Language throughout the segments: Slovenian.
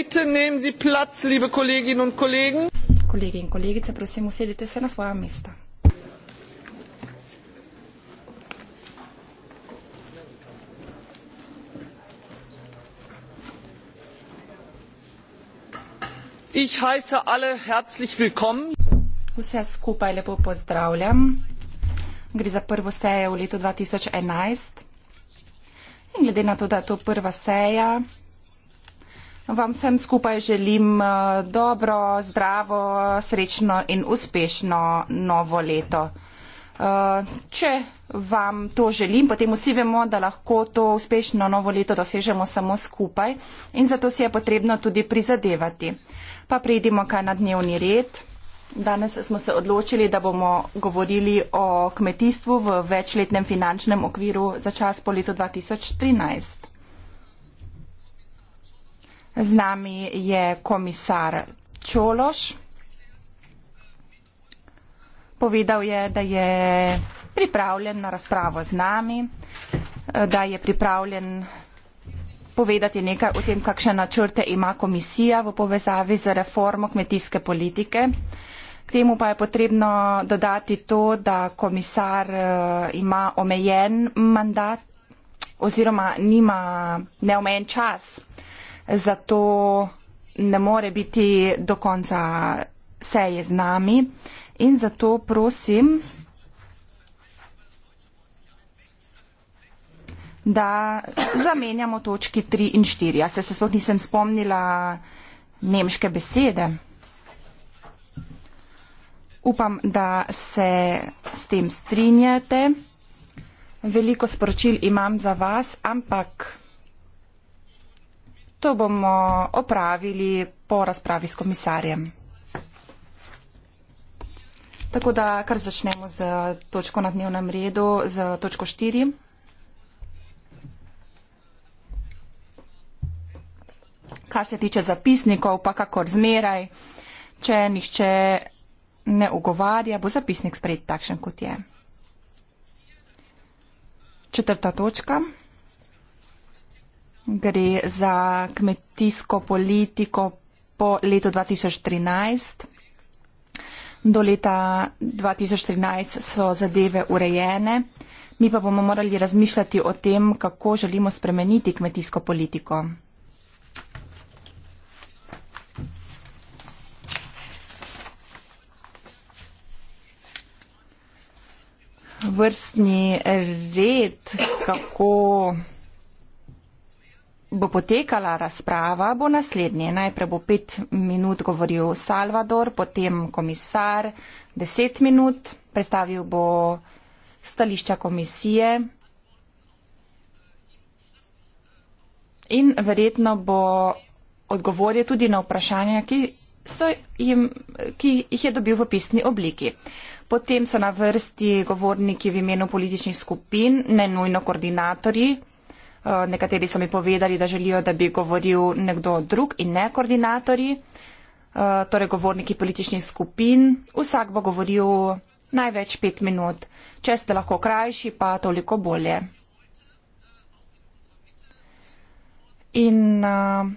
Bitte nehmen Sie Platz, liebe Kolleginnen und Kollegen. Kolleginnen und Kollegen, se prosim usedite se na svoja mesta. Ich heiße alle herzlich willkommen. Vse skupaj lepo pozdravljam. Gre za prvo sejo v letu 2011. In glede na to, da je to prva seja, Vam vsem skupaj želim eh, dobro, zdravo, srečno in uspešno novo leto. Eh, če vam to želim, potem vsi vemo, da lahko to uspešno novo leto dosežemo samo skupaj in zato si je potrebno tudi prizadevati. Pa prejdimo kaj na dnevni red. Danes smo se odločili, da bomo govorili o kmetijstvu v večletnem finančnem okviru za čas po letu 2013. Z nami je komisar Čološ. Povedal je, da je pripravljen na razpravo z nami, da je pripravljen povedati nekaj o tem, kakšne načrte ima komisija v povezavi z reformo kmetijske politike. K temu pa je potrebno dodati to, da komisar eh, ima omejen mandat oziroma nima neomejen čas zato ne more biti do konca seje z nami in zato prosim, da zamenjamo točki 3 in 4. Ja se se sploh nisem spomnila nemške besede. Upam, da se s tem strinjate. Veliko sporočil imam za vas, ampak. To bomo opravili po razpravi s komisarjem. Tako da kar začnemo z točko na dnevnem redu, z točko 4. Kar se tiče zapisnikov, pa kakor zmeraj, če nihče ne ugovarja, bo zapisnik sprejet takšen, kot je. Četrta točka. Gre za kmetijsko politiko po letu 2013. Do leta 2013 so zadeve urejene. Mi pa bomo morali razmišljati o tem, kako želimo spremeniti kmetijsko politiko. Vrstni red, kako bo potekala razprava, bo naslednje. Najprej bo pet minut govoril Salvador, potem komisar, deset minut, predstavil bo stališča komisije. In verjetno bo odgovoril tudi na vprašanja, ki, jim, ki jih je dobil v pisni obliki. Potem so na vrsti govorniki v imenu političnih skupin, ne nujno koordinatorji, Eh, nekateri so mi povedali, da želijo, da bi govoril nekdo drug in ne koordinatorji, eh, torej govorniki političnih skupin. Vsak bo govoril največ pet minut, če ste lahko krajši, pa toliko bolje. In eh,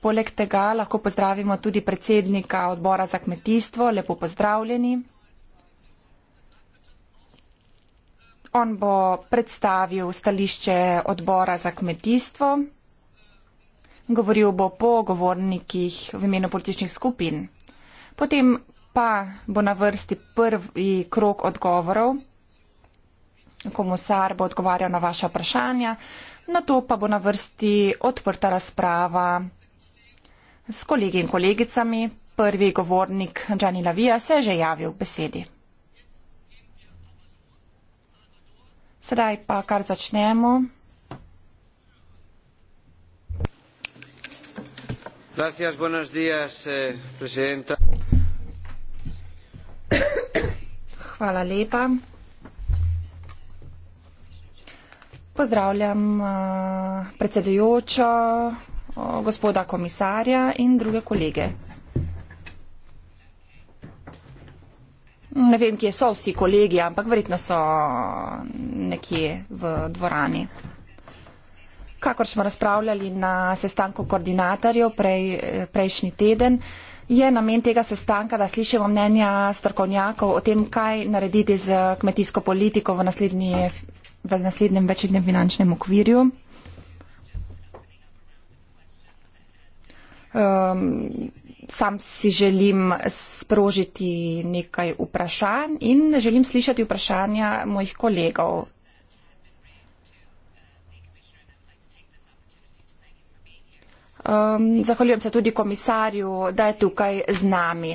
poleg tega lahko pozdravimo tudi predsednika odbora za kmetijstvo, lepo pozdravljeni. On bo predstavil stališče odbora za kmetijstvo. Govoril bo po govornikih v imenu političnih skupin. Potem pa bo na vrsti prvi krok odgovorov. Komusar bo odgovarjal na vaše vprašanja. Na to pa bo na vrsti odprta razprava s kolegi in kolegicami. Prvi govornik Džani Lavija se je že javil v besedi. Sedaj pa kar začnemo. Gracias, buenos días, eh, presidenta. Hvala lepa. Pozdravljam uh, predsedujočo, uh, gospoda komisarja in druge kolege. Ne vem, kje so vsi kolegi, ampak verjetno so nekje v dvorani. Kakor smo razpravljali na sestanku koordinatorjev prej, prejšnji teden, je namen tega sestanka, da slišimo mnenja strokovnjakov o tem, kaj narediti z kmetijsko politiko v, naslednji, v naslednjem večjem finančnem okvirju. Um, sam si želim sprožiti nekaj vprašanj in želim slišati vprašanja mojih kolegov. Um, zahvaljujem se tudi komisarju, da je tukaj z nami.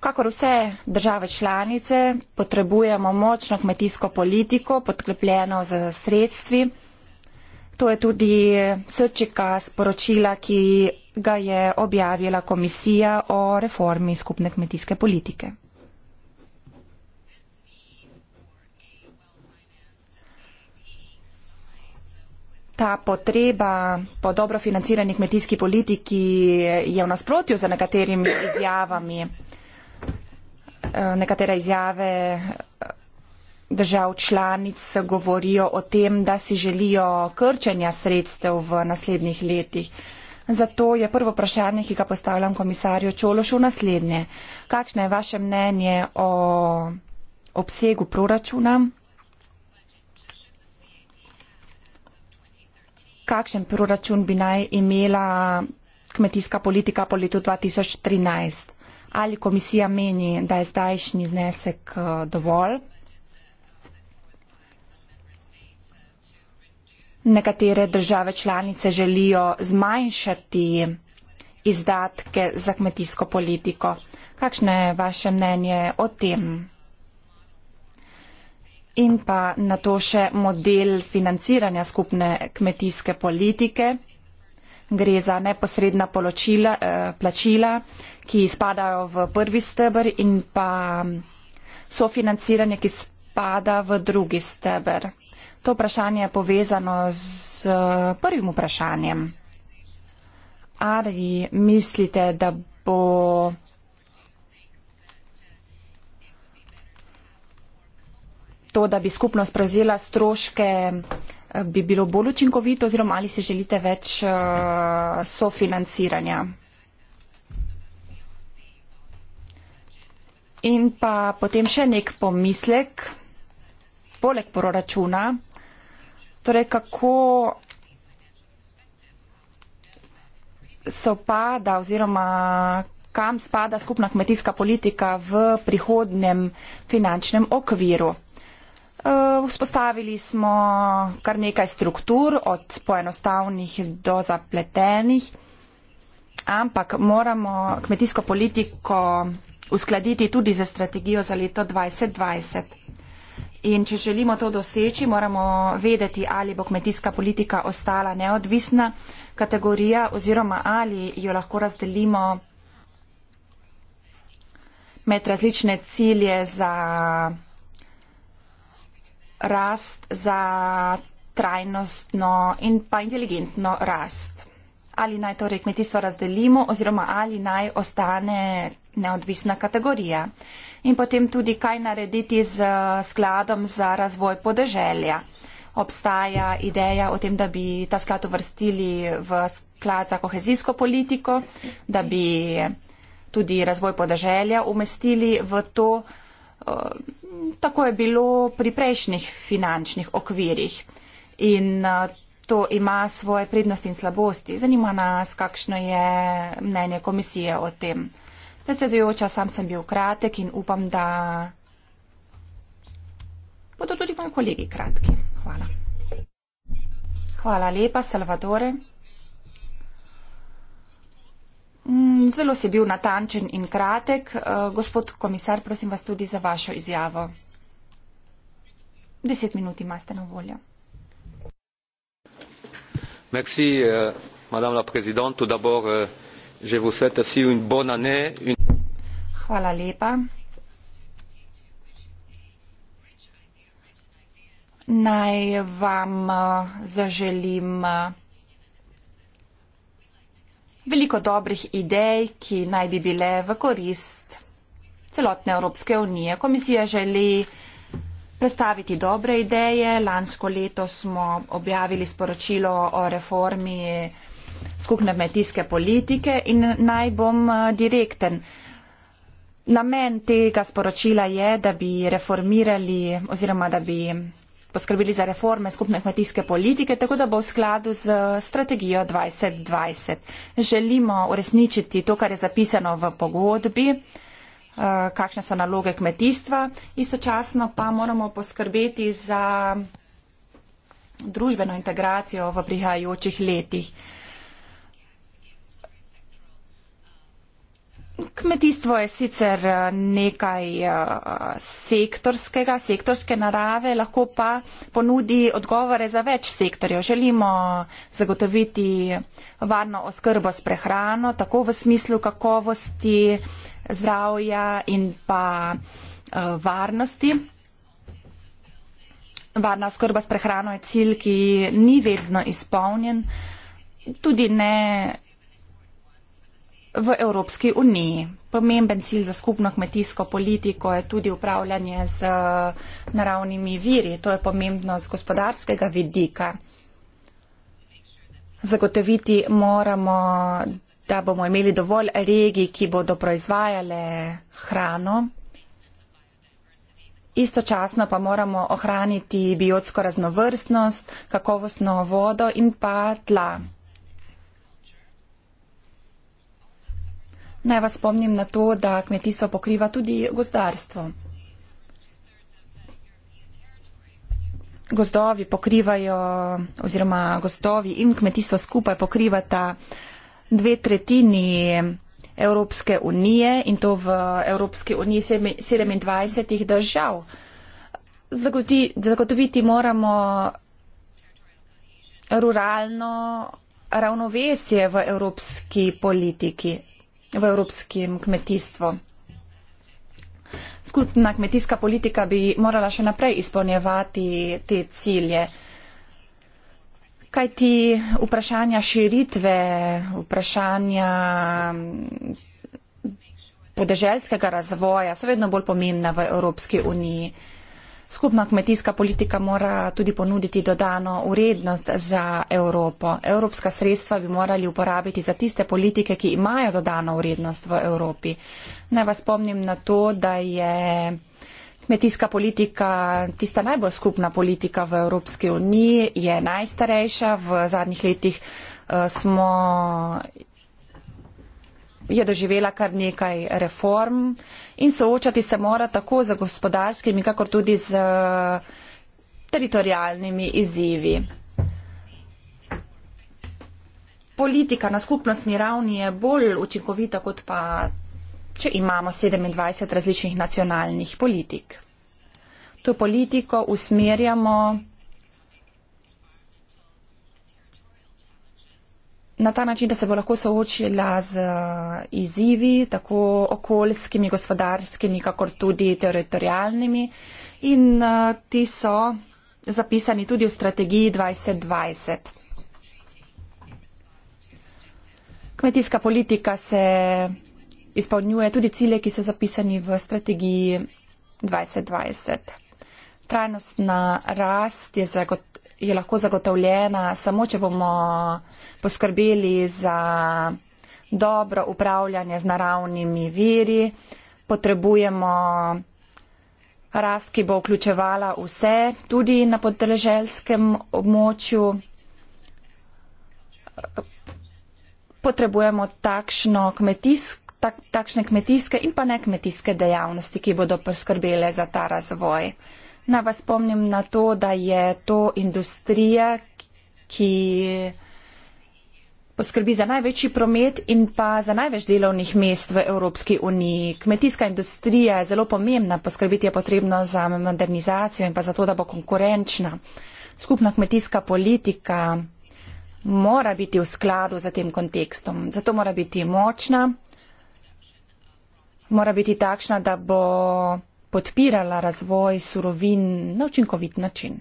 Kakor vse države članice, potrebujemo močno kmetijsko politiko, podkrepljeno z sredstvi. To je tudi srčika sporočila, ki ga je objavila komisija o reformi skupne kmetijske politike. Ta potreba po dobro financirani kmetijski politiki je v nasprotju za nekaterimi izjavami. Eh, Nekatere izjave eh, držav članic govorijo o tem, da si želijo krčenja sredstev v naslednjih letih. Zato je prvo vprašanje, ki ga postavljam komisarju Čološu, naslednje. Kakšno je vaše mnenje o obsegu proračuna? Kakšen proračun bi naj imela kmetijska politika po letu 2013? Ali komisija meni, da je zdajšnji znesek eh, dovolj? Nekatere države članice želijo zmanjšati izdatke za kmetijsko politiko. Kakšno je vaše mnenje o tem? In pa na to še model financiranja skupne kmetijske politike. Gre za neposredna poločila, eh, plačila, ki spadajo v prvi steber in pa sofinanciranje, ki spada v drugi steber to vprašanje povezano z eh, prvim vprašanjem. Ali mislite, da bo to, da bi skupnost prevzela stroške, eh, bi bilo bolj učinkovito oziroma ali si želite več eh, sofinanciranja? In pa potem še nek pomislek, poleg proračuna, torej kako sopada oziroma kam spada skupna kmetijska politika v prihodnem finančnem okviru. Eh, vzpostavili smo kar nekaj struktur, od poenostavnih do zapletenih, ampak moramo kmetijsko politiko uskladiti tudi za strategijo za leto 2020. In če želimo to doseči, moramo vedeti, ali bo kmetijska politika ostala neodvisna kategorija oziroma ali jo lahko razdelimo med različne cilje za rast, za trajnostno in pa inteligentno rast ali naj torej kmetijstvo razdelimo oziroma ali naj ostane neodvisna kategorija. In potem tudi, kaj narediti z eh, skladom za razvoj podeželja. Obstaja ideja o tem, da bi ta sklad uvrstili v sklad za kohezijsko politiko, da bi tudi razvoj podeželja umestili v to, eh, tako je bilo pri prejšnjih finančnih okvirih. In eh, to ima svoje prednosti in slabosti. Zanima nas, kakšno je mnenje komisije o tem. Predsedujoča, sam sem bil kratek in upam, da bodo tudi moji kolegi kratki. Hvala. Hvala lepa, Salvatore. Mm, zelo si bil natančen in kratek. Eh, gospod komisar, prosim vas tudi za vašo izjavo. Deset minut imate na voljo. Euh, madame la présidente tout d'abord euh, je vous souhaite aussi une bonne année une Naj vam uh, zaželim uh, veliko dobrih idej, ki naj bi bile v korist celotne Evropske unije. Komisija želi predstaviti dobre ideje. Lansko leto smo objavili sporočilo o reformi skupne metijske politike in naj bom eh, direkten. Namen tega sporočila je, da bi reformirali oziroma da bi poskrbili za reforme skupne kmetijske politike, tako da bo v skladu z strategijo 2020. Želimo uresničiti to, kar je zapisano v pogodbi. Eh, kakšne so naloge kmetijstva. Istočasno pa moramo poskrbeti za družbeno integracijo v prihajajočih letih. Kmetijstvo je sicer eh, nekaj eh, sektorskega, sektorske narave, lahko pa ponudi odgovore za več sektorjev. Želimo zagotoviti varno oskrbo s prehrano, tako v smislu kakovosti zdravja in pa eh, varnosti. Varna oskrba s prehrano je cilj, ki ni vedno izpolnjen, tudi ne v Evropski uniji. Pomemben cilj za skupno kmetijsko politiko je tudi upravljanje z eh, naravnimi viri. To je pomembno z gospodarskega vidika. Zagotoviti moramo, da bomo imeli dovolj regij, ki bodo proizvajale hrano. Istočasno pa moramo ohraniti biotsko raznovrstnost, kakovostno vodo in pa tla. Naj vas spomnim na to, da kmetijstvo pokriva tudi gozdarstvo. Gozdovi pokrivajo, oziroma gozdovi in kmetijstvo skupaj pokrivata dve tretjini Evropske unije in to v Evropski uniji 27 držav. Zagotoviti moramo ruralno ravnovesje v evropski politiki, v evropskem kmetijstvu. Skupna kmetijska politika bi morala še naprej izpolnjevati te cilje kaj ti vprašanja širitve, vprašanja mm, podeželskega razvoja so vedno bolj pomembna v Evropski uniji. Skupna kmetijska politika mora tudi ponuditi dodano urednost za Evropo. Evropska sredstva bi morali uporabiti za tiste politike, ki imajo dodano urednost v Evropi. Naj vas spomnim na to, da je kmetijska politika, tista najbolj skupna politika v Evropski uniji, je najstarejša. V zadnjih letih eh, smo, je doživela kar nekaj reform in soočati se mora tako z gospodarskimi, kakor tudi z teritorijalnimi izzivi. Politika na skupnostni ravni je bolj učinkovita kot pa če imamo 27 različnih nacionalnih politik. To politiko usmerjamo na ta način, da se bo lahko soočila z uh, izzivi, tako okoljskimi, gospodarskimi, kakor tudi teritorijalnimi. In uh, ti so zapisani tudi v strategiji 2020. Kmetijska politika se izpolnjuje tudi cilje, ki so zapisani v strategiji 2020. Trajnostna rast je, zagot je lahko zagotovljena samo, če bomo poskrbeli za dobro upravljanje z naravnimi viri. Potrebujemo rast, ki bo vključevala vse, tudi na podreželskem območju. Potrebujemo takšno kmetijsko tak, takšne kmetijske in pa ne kmetijske dejavnosti, ki bodo poskrbele za ta razvoj. Na vas spomnim na to, da je to industrija, ki poskrbi za največji promet in pa za največ delovnih mest v Evropski uniji. Kmetijska industrija je zelo pomembna, poskrbiti je potrebno za modernizacijo in pa za to, da bo konkurenčna. Skupna kmetijska politika mora biti v skladu z tem kontekstom. Zato mora biti močna, mora biti takšna, da bo podpirala razvoj surovin na učinkovit način.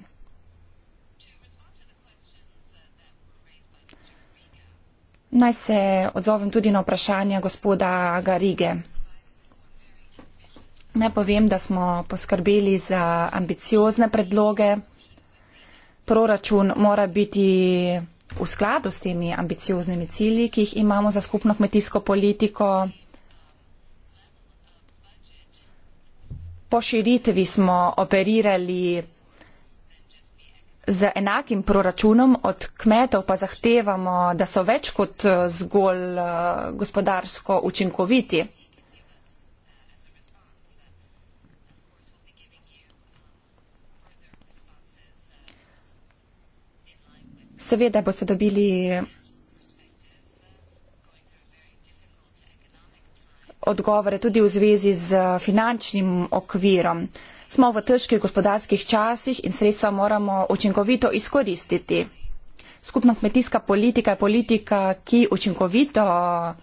Naj se odzovem tudi na vprašanje gospoda Garige. Naj povem, da smo poskrbeli za ambiciozne predloge. Proračun mora biti v skladu s temi ambicioznimi cilji, ki jih imamo za skupno kmetijsko politiko. po širitvi smo operirali z enakim proračunom, od kmetov pa zahtevamo, da so več kot eh, zgolj eh, gospodarsko učinkoviti. Seveda boste dobili odgovore tudi v zvezi z eh, finančnim okvirom. Smo v težkih gospodarskih časih in sredstva moramo učinkovito izkoristiti. Skupna kmetijska politika je politika, ki učinkovito eh,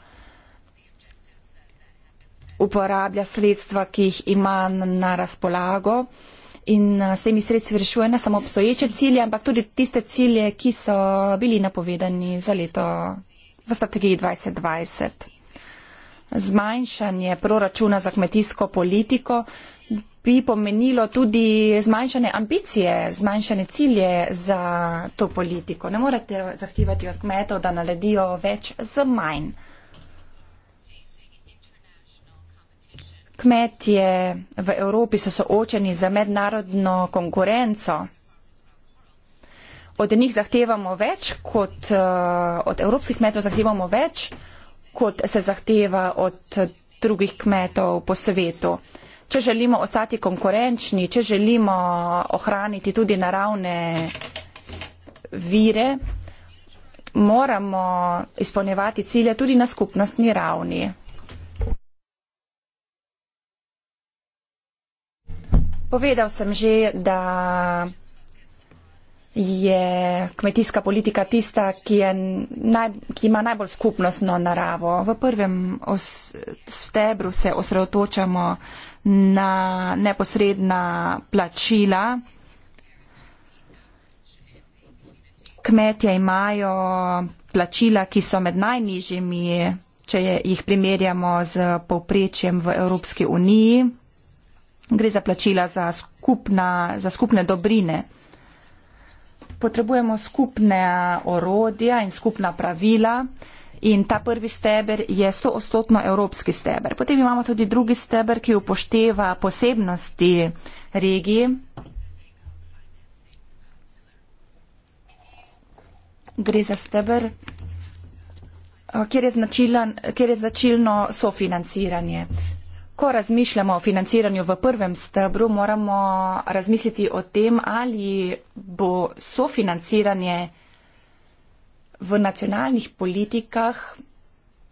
uporablja sredstva, ki jih ima na razpolago in eh, s temi sredstvi rešuje ne samo obstoječe cilje, ampak tudi tiste cilje, ki so bili napovedani za leto v strategiji 2020 zmanjšanje proračuna za kmetijsko politiko bi pomenilo tudi zmanjšanje ambicije, zmanjšanje cilje za to politiko. Ne morete zahtevati od kmetov, da naredijo več z manj. Kmetje v Evropi so soočeni za mednarodno konkurenco. Od njih zahtevamo več, kot uh, od evropskih kmetov zahtevamo več, uh, kot se zahteva od drugih kmetov po svetu. Če želimo ostati konkurenčni, če želimo ohraniti tudi naravne vire, moramo izpolnjevati cilje tudi na skupnostni ravni. Povedal sem že, da je kmetijska politika tista, ki, je, naj, ki ima najbolj skupnostno naravo. V prvem os, stebru se osredotočamo na neposredna plačila. Kmetje imajo plačila, ki so med najnižjimi, če jih primerjamo z povprečjem v Evropski uniji. Gre za plačila za, skupna, za skupne dobrine potrebujemo skupne orodja in skupna pravila. In ta prvi steber je 100-odstotno evropski steber. Potem imamo tudi drugi steber, ki upošteva posebnosti regiji. Gre za steber, eh, kjer je, značilan, kjer je značilno sofinanciranje. Ko razmišljamo o financiranju v prvem stebru, moramo razmisliti o tem, ali bo sofinanciranje v nacionalnih politikah,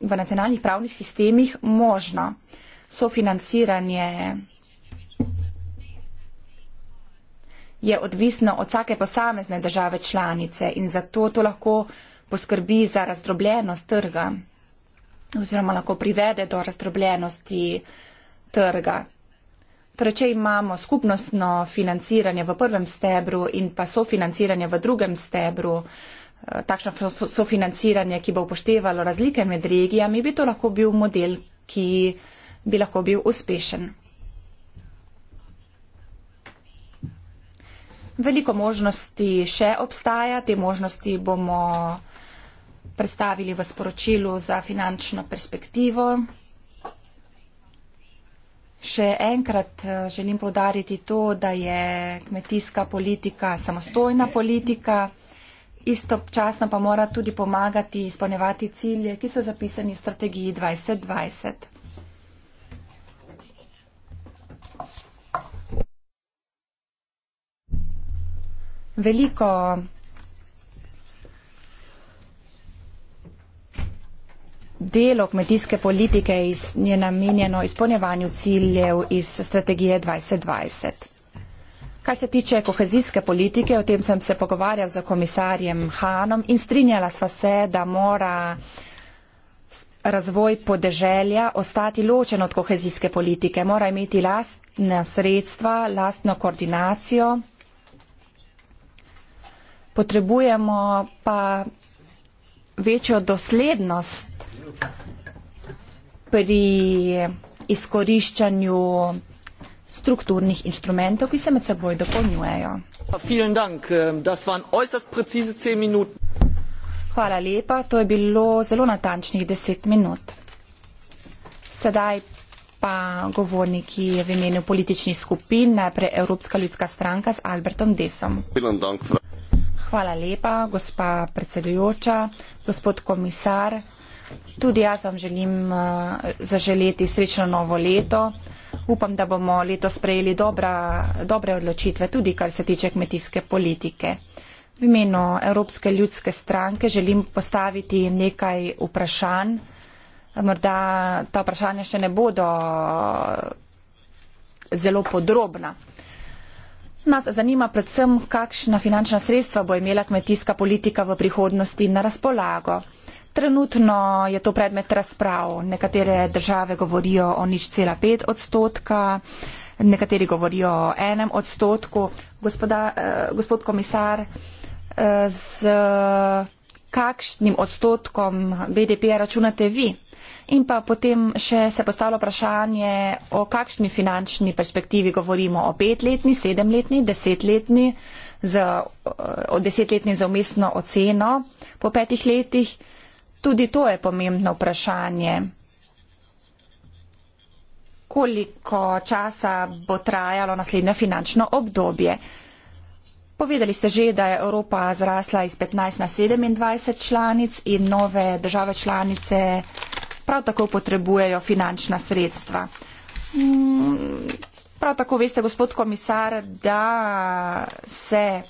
v nacionalnih pravnih sistemih možno. Sofinanciranje je odvisno od vsake posamezne države članice in zato to lahko poskrbi za razdrobljenost trga oziroma lahko privede do razdrobljenosti trga trga. Torej, če imamo skupnostno financiranje v prvem stebru in pa sofinanciranje v drugem stebru, eh, takšno sofinanciranje, ki bo upoštevalo razlike med regijami, bi to lahko bil model, ki bi lahko bil uspešen. Veliko možnosti še obstaja, te možnosti bomo predstavili v sporočilu za finančno perspektivo. Še enkrat eh, želim povdariti to, da je kmetijska politika samostojna politika, istočasno pa mora tudi pomagati izpolnevati cilje, ki so zapisani v strategiji 2020. Veliko delo kmetijske politike iz, je namenjeno izpolnjevanju ciljev iz strategije 2020. Kar se tiče kohezijske politike, o tem sem se pogovarjal z komisarjem Hanom in strinjala sva se, da mora razvoj podeželja ostati ločen od kohezijske politike, mora imeti lastna sredstva, lastno koordinacijo. Potrebujemo pa večjo doslednost pri izkoriščanju strukturnih inštrumentov, ki se med seboj dopolnjujejo. Ja, ähm, Hvala lepa, to je bilo zelo natančnih deset minut. Sedaj pa govorniki v imenu političnih skupin, najprej Evropska ljudska stranka s Albertom Desom. Hvala lepa, gospa predsedujoča, gospod komisar. Tudi jaz vam želim uh, zaželeti srečno novo leto. Upam, da bomo leto sprejeli dobra, dobre odločitve, tudi kar se tiče kmetijske politike. V imenu Evropske ljudske stranke želim postaviti nekaj vprašanj. Morda ta vprašanja še ne bodo eh, zelo podrobna. Nas zanima predvsem, kakšna finančna sredstva bo imela kmetijska politika v prihodnosti na razpolago. Trenutno je to predmet razprav. Nekatere države govorijo o nič cela pet odstotka, nekateri govorijo o enem odstotku. Gospoda, eh, gospod komisar, eh, z kakšnim odstotkom BDP-ja računate vi? In pa potem še se postavlja vprašanje, o kakšni finančni perspektivi govorimo, o petletni, sedemletni, desetletni, z, o desetletni za umestno oceno po petih letih. Tudi to je pomembno vprašanje. Koliko časa bo trajalo naslednje finančno obdobje? Povedali ste že, da je Evropa zrasla iz 15 na 27 članic in nove države članice prav tako potrebujejo finančna sredstva. Mm, prav tako veste, gospod komisar, da se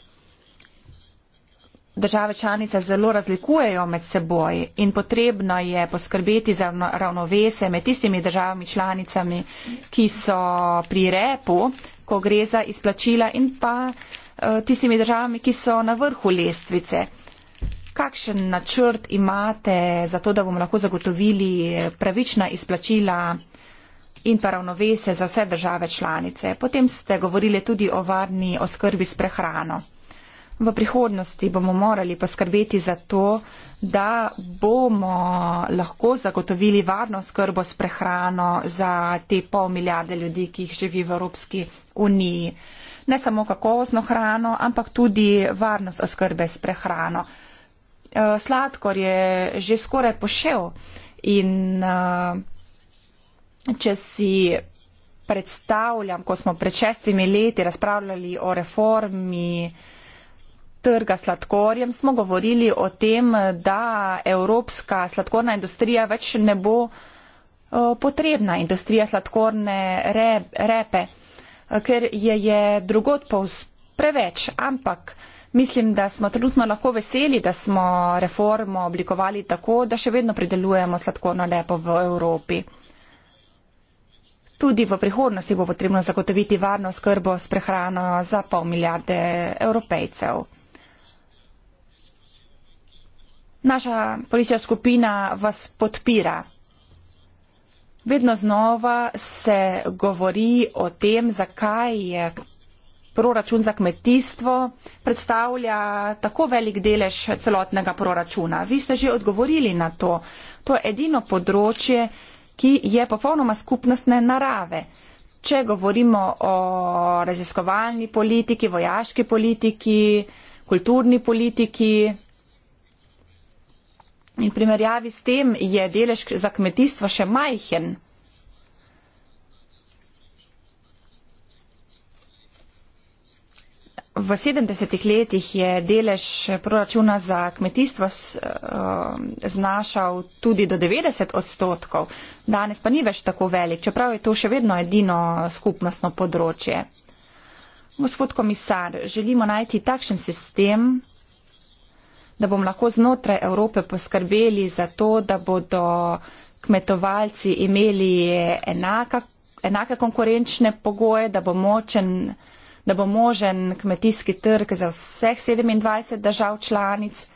države članice zelo razlikujejo med seboj in potrebno je poskrbeti za ravnovese med tistimi državami članicami, ki so pri repu, ko gre za izplačila in pa eh, tistimi državami, ki so na vrhu lestvice. Kakšen načrt imate za to, da bomo lahko zagotovili pravična izplačila in pa ravnovese za vse države članice? Potem ste govorili tudi o varni oskrbi s prehrano. V prihodnosti bomo morali poskrbeti za to, da bomo lahko zagotovili varno skrbo s prehrano za te pol milijarde ljudi, ki jih živi v Evropski uniji. Ne samo kakovostno hrano, ampak tudi varnost oskrbe s prehrano. Eh, sladkor je že skoraj pošel in eh, če si. Predstavljam, ko smo pred šestimi leti razpravljali o reformi uh, trga sladkorjem, smo govorili o tem, da evropska sladkorna industrija več ne bo eh, potrebna, industrija sladkorne repe, eh, ker je, je drugot povz preveč. Ampak mislim, da smo trenutno lahko veseli, da smo reformo oblikovali tako, da še vedno pridelujemo sladkorno repo v Evropi. Tudi v prihodnosti bo potrebno zagotoviti varno skrbo s prehrano za pol milijarde evropejcev. Naša policijska skupina vas podpira. Vedno znova se govori o tem, zakaj je proračun za kmetijstvo predstavlja tako velik delež celotnega proračuna. Vi ste že odgovorili na to. To je edino področje, ki je popolnoma skupnostne narave. Če govorimo o raziskovalni politiki, vojaški politiki, kulturni politiki, In primerjavi s tem je delež za kmetijstvo še majhen. V 70-ih letih je delež proračuna za kmetijstvo eh, znašal tudi do 90 odstotkov, danes pa ni več tako velik, čeprav je to še vedno edino skupnostno področje. Gospod komisar, želimo najti takšen sistem, da bom lahko znotraj Evrope poskrbeli za to, da bodo kmetovalci imeli enaka, enake konkurenčne pogoje, da bo, močen, da bo možen kmetijski trg za vseh 27 držav članic.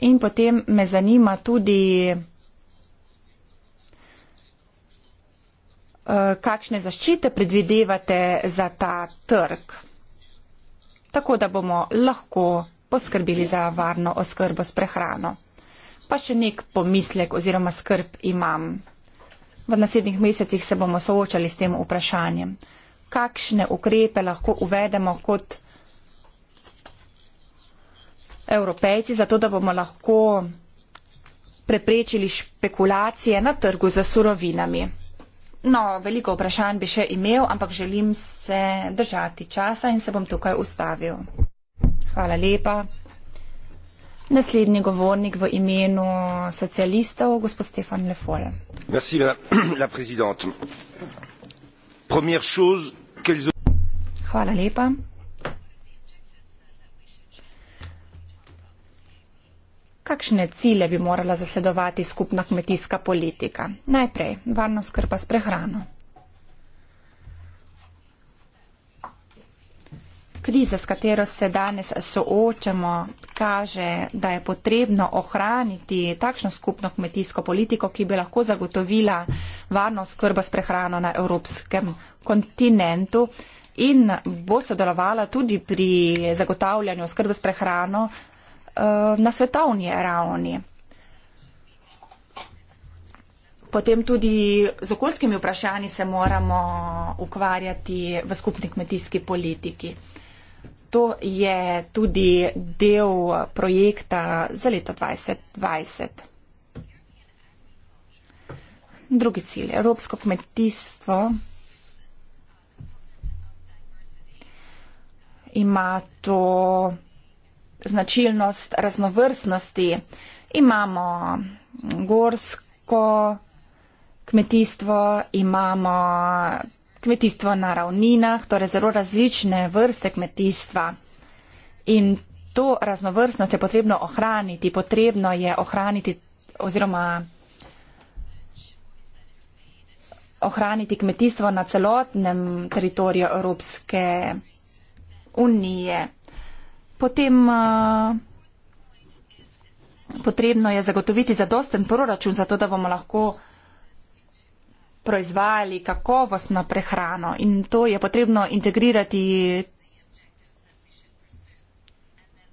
In potem me zanima tudi, eh, kakšne zaščite predvidevate za ta trg, tako da bomo lahko poskrbeli za varno oskrbo s prehrano. Pa še nek pomislek oziroma skrb imam. V naslednjih mesecih se bomo soočali s tem vprašanjem, kakšne ukrepe lahko uvedemo kot evropejci, zato da bomo lahko preprečili špekulacije na trgu za surovinami. No, veliko vprašanj bi še imel, ampak želim se držati časa in se bom tukaj ustavil. Hvala lepa. Naslednji govornik v imenu socialistov, gospod Stefan Lefol. Merci, la, la presidente. Première chose, quels... Hvala lepa. Kakšne cilje bi morala zasledovati skupna kmetijska politika? Najprej, varno skrpa s prehrano. kriza, s katero se danes soočamo, kaže, da je potrebno ohraniti takšno skupno kmetijsko politiko, ki bi lahko zagotovila varno skrbo s prehrano na evropskem kontinentu in bo sodelovala tudi pri zagotavljanju skrbe s prehrano eh, na svetovni ravni. Potem tudi z okoljskimi vprašanji se moramo ukvarjati v skupni kmetijski politiki to je tudi del projekta za leto 2020. Drugi cilj, evropsko kmetijstvo ima to značilnost raznovrstnosti. Imamo gorsko kmetijstvo, imamo kmetijstvo na ravninah, torej zelo različne vrste kmetijstva. In to raznovrstnost je potrebno ohraniti, potrebno je ohraniti oziroma ohraniti kmetijstvo na celotnem teritoriju Evropske unije. Potem uh, potrebno je zagotoviti zadosten proračun, zato da bomo lahko uh, proizvajali kakovostno prehrano in to je potrebno integrirati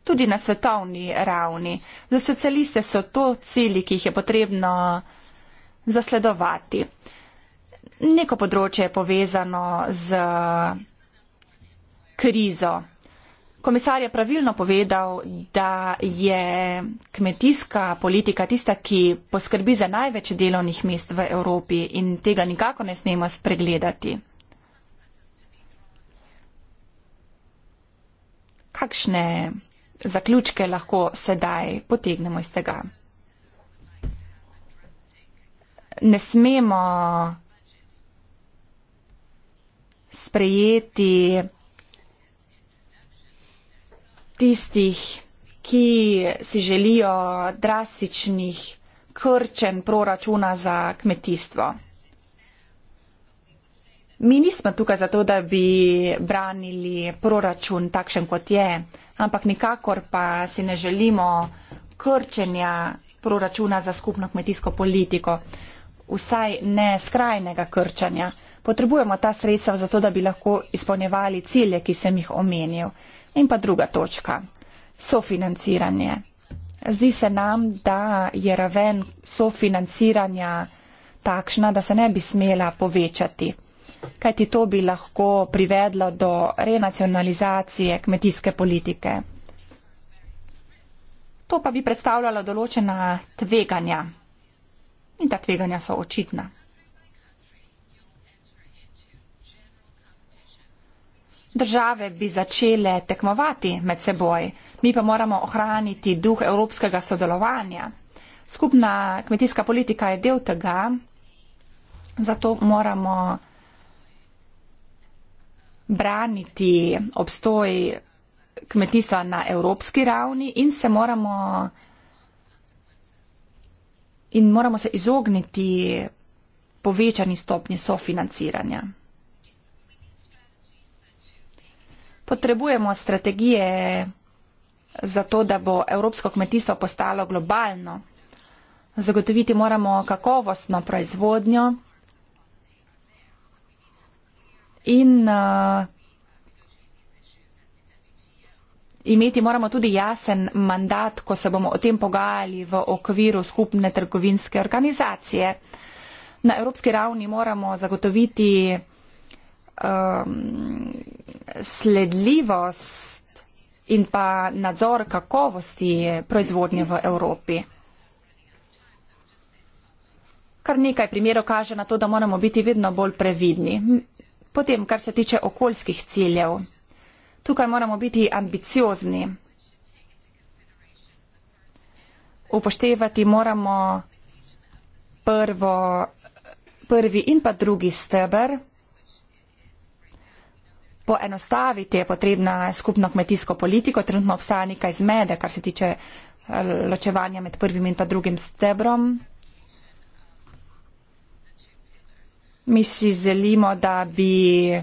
tudi na svetovni ravni. Za socialiste so to cilji, ki jih je potrebno zasledovati. Neko področje je povezano z krizo. Komisar je pravilno povedal, da je kmetijska politika tista, ki poskrbi za največ delovnih mest v Evropi in tega nikako ne smemo spregledati. Kakšne zaključke lahko sedaj potegnemo iz tega? Ne smemo sprejeti tistih, ki si želijo drastičnih krčen proračuna za kmetijstvo. Mi nismo tukaj zato, da bi branili proračun takšen, kot je, ampak nikakor pa si ne želimo krčenja proračuna za skupno kmetijsko politiko, vsaj ne skrajnega krčanja. Potrebujemo ta sredstva zato, da bi lahko izpolnjevali cilje, ki sem jih omenil. In pa druga točka, sofinanciranje. Zdi se nam, da je raven sofinanciranja takšna, da se ne bi smela povečati, kajti to bi lahko privedlo do renacionalizacije kmetijske politike. To pa bi predstavljalo določena tveganja. In ta tveganja so očitna. države bi začele tekmovati med seboj, mi pa moramo ohraniti duh evropskega sodelovanja. Skupna kmetijska politika je del tega, zato moramo braniti obstoj kmetijstva na evropski ravni in se moramo in moramo se izogniti povečani stopni sofinanciranja. potrebujemo strategije za to, da bo evropsko kmetijstvo postalo globalno. Zagotoviti moramo kakovostno proizvodnjo in uh, imeti moramo tudi jasen mandat, ko se bomo o tem pogajali v okviru skupne trgovinske organizacije. Na evropski ravni moramo zagotoviti um, sledljivost in pa nadzor kakovosti proizvodnje v Evropi. Kar nekaj primerov kaže na to, da moramo biti vedno bolj previdni. Potem, kar se tiče okoljskih ciljev, tukaj moramo biti ambiciozni. Upoštevati moramo prvo, prvi in pa drugi steber poenostaviti je potrebna skupno kmetijsko politiko. Trenutno obstaja nekaj zmede, kar se tiče eh, ločevanja med prvim in pa drugim stebrom. Mi si želimo, da bi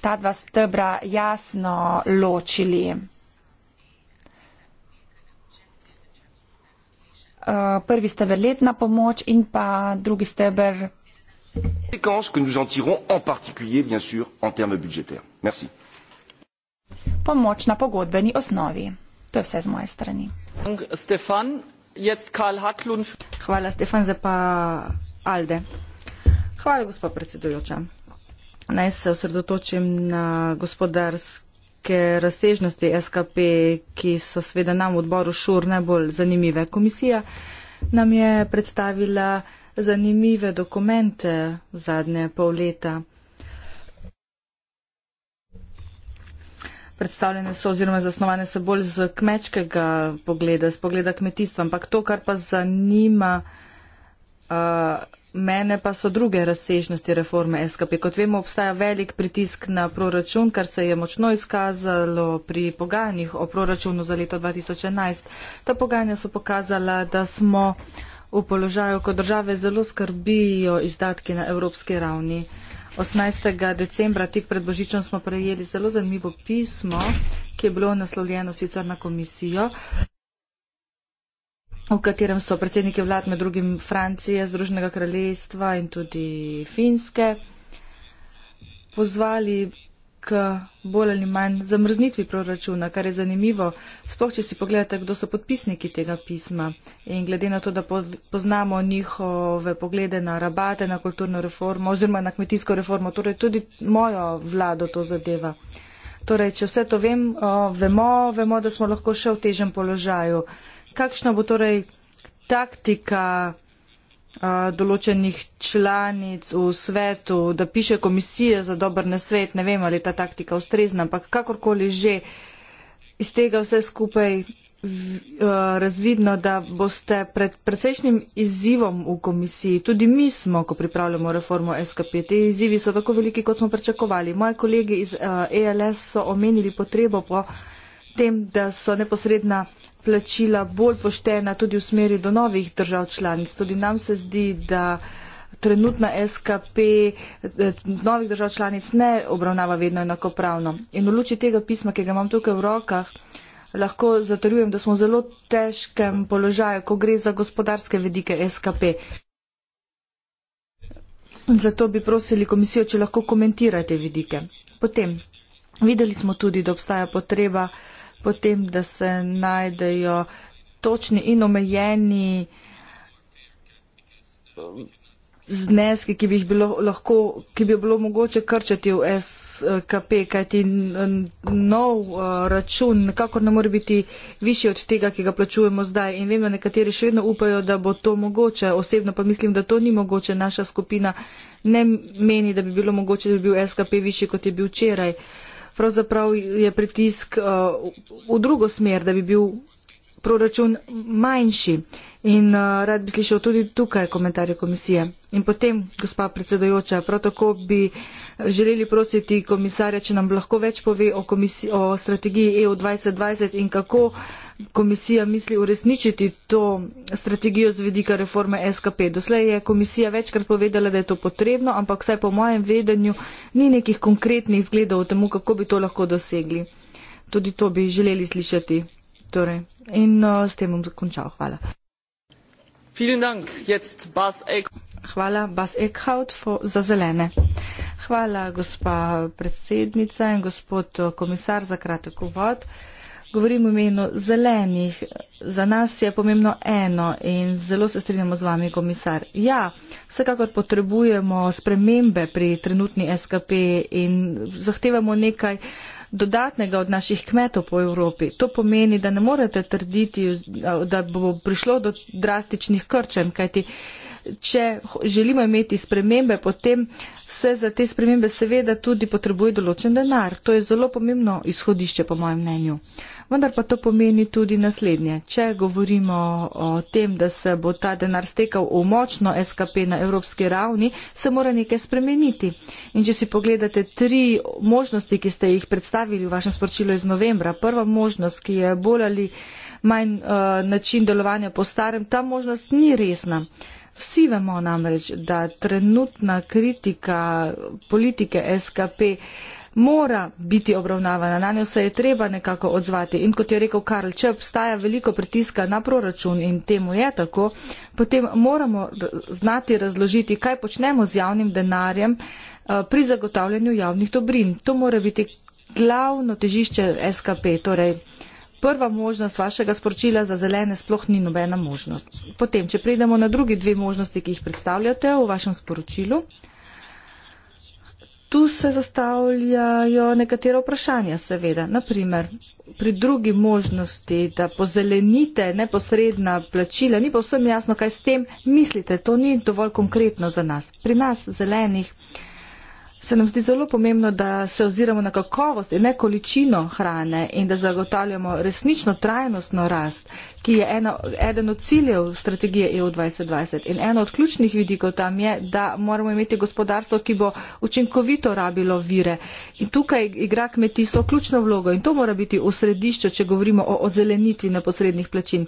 ta dva stebra jasno ločili. Eh, prvi steber letna pomoč in pa drugi steber conséquences que nous en tirons en particulier bien sûr en termes budgétaires. Merci. Pomoč na pogodbeni osnovi. To je vse z moje strani. Stefan, jetzt Karl Haklund. Hvala Stefan za pa Alde. Hvala gospod predsedujoča. Naj se osredotočim na gospodarske razsežnosti SKP, ki so sveda nam v odboru šur najbolj zanimive. Komisija nam je predstavila zanimive dokumente zadnje pol leta. Predstavljene so oziroma zasnovane so bolj z kmečkega pogleda, z pogleda kmetijstva, ampak to, kar pa zanima uh, mene, pa so druge razsežnosti reforme SKP. Kot vemo, obstaja velik pritisk na proračun, kar se je močno izkazalo pri pogajanjih o proračunu za leto 2011. Ta pogajanja so pokazala, da smo v položaju, ko države zelo skrbijo izdatki na evropski ravni. 18. decembra, tik pred Božičem, smo prejeli zelo zanimivo pismo, ki je bilo naslovljeno sicer na komisijo v katerem so predsedniki vlad med drugim Francije, Združenega kraljestva in tudi Finske pozvali k bolj ali manj zamrznitvi proračuna, kar je zanimivo, sploh če si pogledate, kdo so podpisniki tega pisma. In glede na to, da poznamo njihove poglede na rabate, na kulturno reformo oziroma na kmetijsko reformo, torej tudi mojo vlado to zadeva. Torej, če vse to vem, o, vemo, vemo, da smo lahko še v težem položaju. Kakšna bo torej taktika? določenih članic v svetu, da piše komisije za dober na svet, ne vem, ali je ta taktika ustrezna, ampak kakorkoli že iz tega vse skupaj razvidno, da boste pred precejšnjim izzivom v komisiji, tudi mi smo, ko pripravljamo reformo SKP, te izzivi so tako veliki, kot smo pričakovali. Moji kolegi iz ELS so omenili potrebo po tem, da so neposredna plačila bolj poštena tudi v smeri do novih držav članic. Tudi nam se zdi, da trenutna SKP eh, novih držav članic ne obravnava vedno enakopravno. In v luči tega pisma, ki ga imam tukaj v rokah, lahko zatrjujem, da smo v zelo težkem položaju, ko gre za gospodarske vedike SKP. Zato bi prosili komisijo, če lahko komentirate vidike. Potem, videli smo tudi, da obstaja potreba uh, potem, da se najdejo točni in omejeni eh, zneski, ki bi jih bilo, lahko, ki bi bilo mogoče krčati v SKP, kajti nov eh, račun nekako ne more biti višji od tega, ki ga plačujemo zdaj. In vem, da nekateri še vedno upajo, da bo to mogoče. Osebno pa mislim, da to ni mogoče. Naša skupina ne meni, da bi bilo mogoče, da bi bil SKP višji, kot je bil včeraj. Uh, pravzaprav je pritisk eh, v drugo smer, da bi bil proračun manjši. In uh, rad bi slišal tudi tukaj komentarje komisije. In potem, gospa predsedojoča, prav tako bi želeli prositi komisarja, če nam lahko več pove o, komisi, o strategiji EU 2020 in kako komisija misli uresničiti to strategijo z vedika reforme SKP. Doslej je komisija večkrat povedala, da je to potrebno, ampak vsaj po mojem vedenju ni nekih konkretnih zgledov o tem, kako bi to lahko dosegli. Tudi to bi želeli slišati. Torej. In uh, s tem bom zakončal. Hvala. Hvala, Bas Eckhout za zelene. Hvala, gospa predsednica in gospod eh, komisar za kratek uvod. Govorim v imenu zelenih. Za nas je pomembno eno in zelo se strinjamo z vami, komisar. Ja, vsekakor potrebujemo spremembe pri trenutni SKP in zahtevamo nekaj. Uh, dodatnega od naših kmetov po Evropi. To pomeni, da ne morete trditi, da bo prišlo do drastičnih krčen, kajti če želimo imeti spremembe, potem se za te spremembe seveda tudi potrebuje določen denar. To je zelo pomembno izhodišče, po mojem mnenju. Vendar pa to pomeni tudi naslednje. Če govorimo o tem, da se bo ta denar stekal v močno SKP na evropski ravni, se mora nekaj spremeniti. In če si pogledate tri možnosti, ki ste jih predstavili v vašem sporočilu iz novembra, prva možnost, ki je bolj ali manj uh, način delovanja po starem, ta možnost ni resna. Uh, Vsi vemo namreč, da trenutna kritika politike SKP mora biti obravnavana, na njo se je treba nekako odzvati. In kot je rekel Karl, če obstaja veliko pritiska na proračun in temu je tako, potem moramo znati razložiti, kaj počnemo z javnim denarjem eh, pri zagotavljanju javnih dobrin. To mora biti glavno težišče SKP. Torej, prva možnost vašega sporočila za zelene sploh ni nobena možnost. Potem, če pridemo na druge dve možnosti, ki jih predstavljate v vašem sporočilu, tu se zastavljajo nekatera vprašanja, seveda. Naprimer, pri drugi možnosti, da pozelenite neposredna plačila, ni povsem jasno, kaj s tem mislite. To ni dovolj konkretno za nas. Pri nas, zelenih, se nam zdi zelo pomembno, da se oziramo na kakovost in ne količino hrane in da zagotavljamo resnično trajnostno rast ki je eno, eden od ciljev strategije EU 2020. In eno od ključnih vidikov tam je, da moramo imeti gospodarstvo, ki bo učinkovito rabilo vire. In tukaj igra kmetijstvo ključno vlogo in to mora biti v središču, če govorimo o ozelenitvi neposrednih plačin.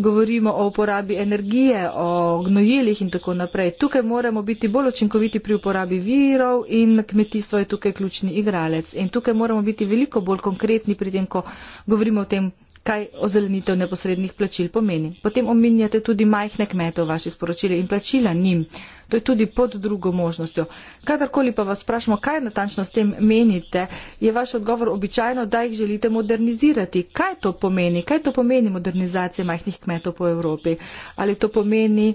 Govorimo o uporabi energije, o gnojilih in tako naprej. Tukaj moramo biti bolj učinkoviti pri uporabi virov in kmetijstvo je tukaj ključni igralec. In tukaj moramo biti veliko bolj konkretni pri tem, ko govorimo o tem, kaj ozelenitev neposrednih plačil pomeni. Potem omenjate tudi majhne kmete v vaši sporočili in plačila njim. To je tudi pod drugo možnostjo. Kadarkoli pa vas sprašamo, kaj natančno s tem menite, je vaš odgovor običajno, da jih želite modernizirati. Kaj to pomeni? Kaj to pomeni modernizacija majhnih kmetov po Evropi? Ali to pomeni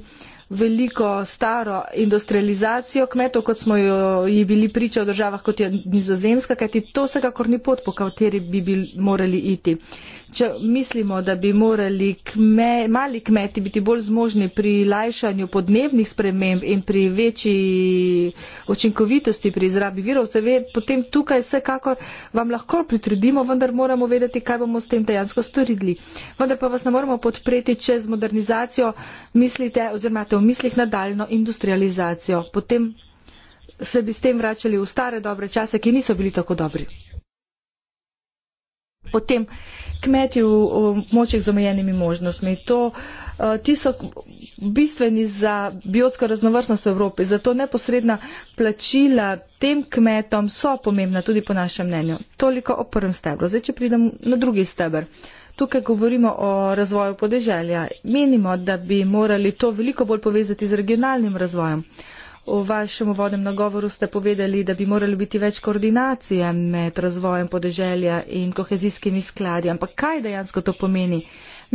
veliko staro industrializacijo kmetov, kot smo jo ji bili priča v državah, kot je nizozemska, kajti to vsekakor ni pot, po kateri bi morali iti. Če mislimo, da bi morali kme, mali kmeti biti bolj zmožni pri lajšanju podnebnih sprememb in pri večji učinkovitosti pri izrabi virov, potem tukaj vsekakor vam lahko pritredimo, vendar moramo vedeti, kaj bomo s tem dejansko storili. Vendar pa vas ne moramo podpreti, če z modernizacijo mislite oziroma imate v mislih nadaljno industrializacijo. Potem se bi s tem vračali v stare dobre čase, ki niso bili tako dobri. Potem, kmeti v, v močjih z omejenimi možnostmi. To, eh, ti so bistveni za biotsko raznovrstnost v Evropi, zato neposredna plačila tem kmetom so pomembna tudi po našem mnenju. Toliko o prvem stebru. Zdaj, če pridem na drugi steber. Tukaj govorimo o razvoju podeželja. Menimo, da bi morali to veliko bolj povezati z regionalnim razvojem. V vašem uvodnem nagovoru ste povedali, da bi morali biti več koordinacije med razvojem podeželja in kohezijskimi skladi. Ampak kaj dejansko to pomeni?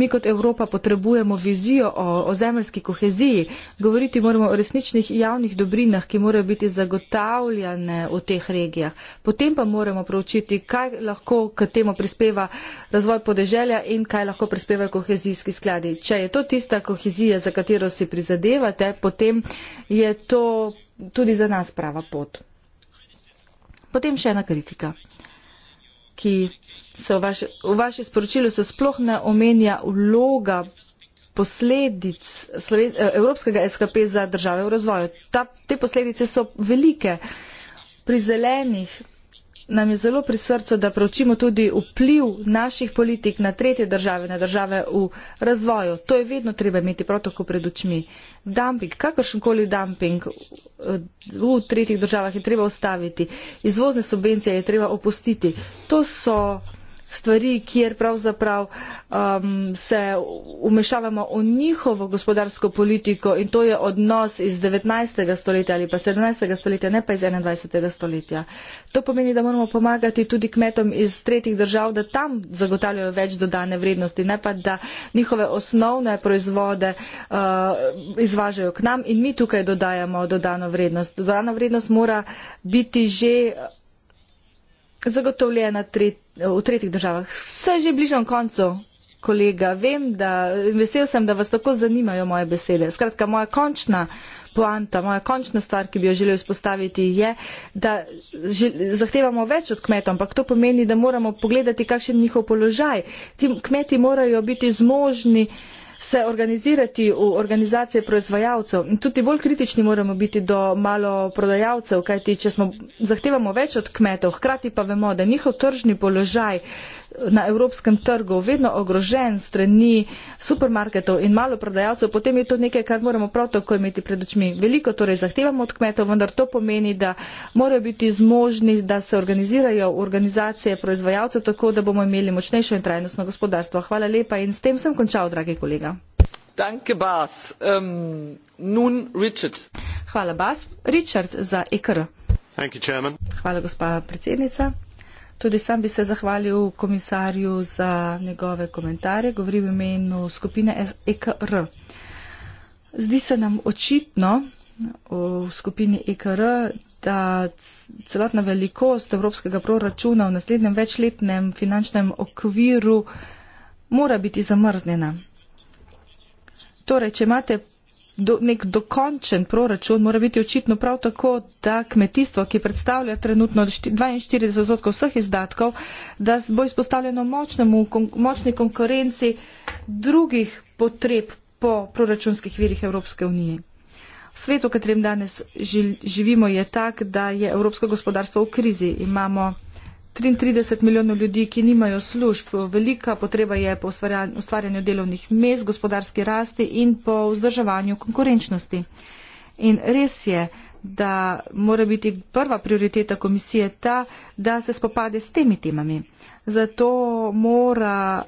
Mi kot Evropa potrebujemo vizijo o ozemeljski koheziji. Govoriti moramo o resničnih javnih dobrinah, ki morajo biti zagotavljane v teh regijah. Potem pa moramo proučiti, kaj lahko k temu prispeva razvoj podeželja in kaj lahko prispeva kohezijski skladi. Če je to tista kohezija, za katero si prizadevate, potem je to tudi za nas prava pot. Potem še ena kritika, ki se v vašem vaše sporočilu se sploh ne omenja vloga posledic Sloven, eh, Evropskega SKP za države v razvoju. Ta, te posledice so velike. Pri zelenih nam je zelo pri srcu, da preučimo tudi vpliv naših politik na tretje države, na države v razvoju. To je vedno treba imeti protoko pred očmi. Dumping, kakršenkoli dumping eh, v tretjih državah je treba ustaviti. Izvozne subvencije je treba opustiti. To so stvari, kjer pravzaprav um, se umešavamo v njihovo gospodarsko politiko in to je odnos iz 19. stoletja ali pa 17. stoletja, ne pa iz 21. stoletja. To pomeni, da moramo pomagati tudi kmetom iz tretjih držav, da tam zagotavljajo več dodane vrednosti, ne pa da njihove osnovne proizvode uh, izvažajo k nam in mi tukaj dodajamo dodano vrednost. Dodana vrednost mora biti že zagotovljena tre, v tretjih državah. Vse že bližam koncu, kolega. Vem, da vesel sem, da vas tako zanimajo moje besede. Skratka, moja končna poanta, moja končna stvar, ki bi jo želel izpostaviti, je, da žel, zahtevamo več od kmetov, ampak to pomeni, da moramo pogledati, kakšen je njihov položaj. Ti kmeti morajo biti zmožni se organizirati v organizacije proizvajalcev in tudi bolj kritični moramo biti do malo prodajalcev, kajti če smo, zahtevamo več od kmetov, hkrati pa vemo, da njihov tržni položaj na evropskem trgu vedno ogrožen strani supermarketov in maloprodajalcev, potem je to nekaj, kar moramo prav tako imeti pred očmi. Veliko torej zahtevamo od kmetov, vendar to pomeni, da morajo biti zmožni, da se organizirajo organizacije proizvajalcev tako, da bomo imeli močnejšo in trajnostno gospodarstvo. Hvala lepa in s tem sem končal, dragi kolega. Danke, Bas. Um, nun, Richard. Hvala, Bas. Richard za EKR. Hvala, gospa predsednica. Tudi sam bi se zahvalil komisarju za njegove komentarje, govorim v imenu skupine EKR. Zdi se nam očitno v skupini EKR, da celotna velikost evropskega proračuna v naslednjem večletnem finančnem okviru mora biti zamrznjena. Torej, če imate do, nek dokončen proračun mora biti očitno prav tako, da kmetijstvo, ki predstavlja trenutno 42 odstotkov vseh izdatkov, da bo izpostavljeno močnemu, kon, močni konkurenci drugih potreb po proračunskih virih Evropske unije. Svet, v katerem danes živimo, je tak, da je evropsko gospodarstvo v krizi. Imamo 33 milijonov ljudi, ki nimajo služb, velika potreba je po ustvarjanju delovnih mest, gospodarski rasti in po vzdrževanju konkurenčnosti. In res je, da mora biti prva prioriteta komisije ta, da se spopade s temi temami. Zato mora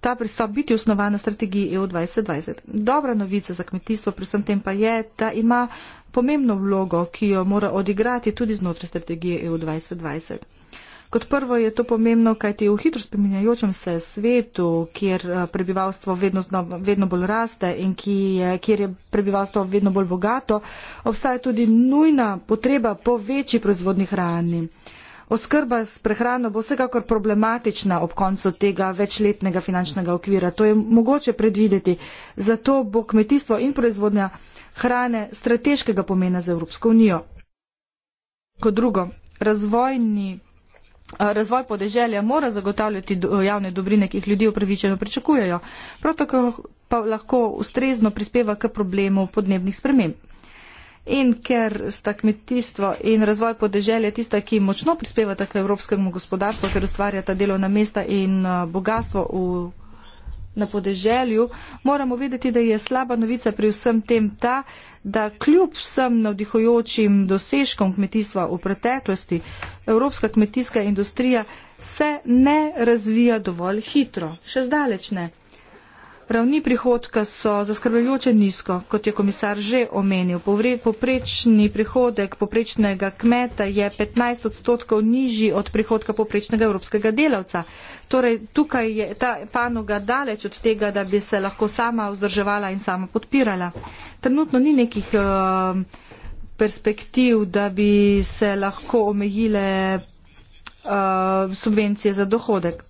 ta pristop biti osnovan na strategiji EU 2020. Dobra novica za kmetijstvo pri vsem tem pa je, da ima pomembno vlogo, ki jo mora odigrati tudi znotraj strategije EU 2020. Kot prvo je to pomembno, kajti v hitro spreminjajočem se svetu, kjer eh, prebivalstvo vedno, vedno bolj raste in ki je, kjer je prebivalstvo vedno bolj bogato, obstaja tudi nujna potreba po večji proizvodni hrani. Oskrba s prehrano bo vsekakor problematična ob koncu tega večletnega finančnega okvira. To je mogoče predvideti. Zato bo kmetijstvo in proizvodnja hrane strateškega pomena za Evropsko unijo. Kot drugo, razvojni Razvoj podeželja mora zagotavljati javne dobrine, ki jih ljudje upravičeno pričakujejo, prav tako pa lahko ustrezno prispeva k problemu podnebnih sprememb. In ker sta kmetijstvo in razvoj podeželja tista, ki močno prispevata k evropskemu gospodarstvu, ker ustvarjata delovna mesta in bogatstvo v na podeželju, moramo vedeti, da je slaba novica pri vsem tem ta, da kljub vsem navdihujočim dosežkom kmetijstva v preteklosti, evropska kmetijska industrija se ne razvija dovolj hitro, še zdaleč ne. Ravni prihodka so zaskrbljujoče nizko, kot je komisar že omenil. Poprečni prihodek poprečnega kmeta je 15 odstotkov nižji od prihodka poprečnega evropskega delavca. Torej, tukaj je ta panoga daleč od tega, da bi se lahko sama vzdrževala in sama podpirala. Trenutno ni nekih uh, perspektiv, da bi se lahko omejile uh, subvencije za dohodek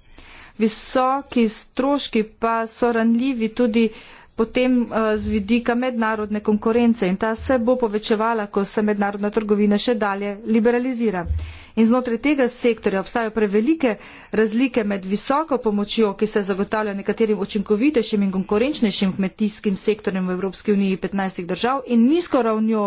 visoki stroški pa so ranljivi tudi potem eh, z vidika mednarodne konkurence in ta se bo povečevala, ko se mednarodna trgovina še dalje liberalizira. In znotraj tega sektorja obstajajo prevelike razlike med visoko pomočjo, ki se zagotavlja nekaterim učinkovitejšim in konkurenčnejšim kmetijskim sektorjem v Evropski uniji 15 držav in nizko ravnjo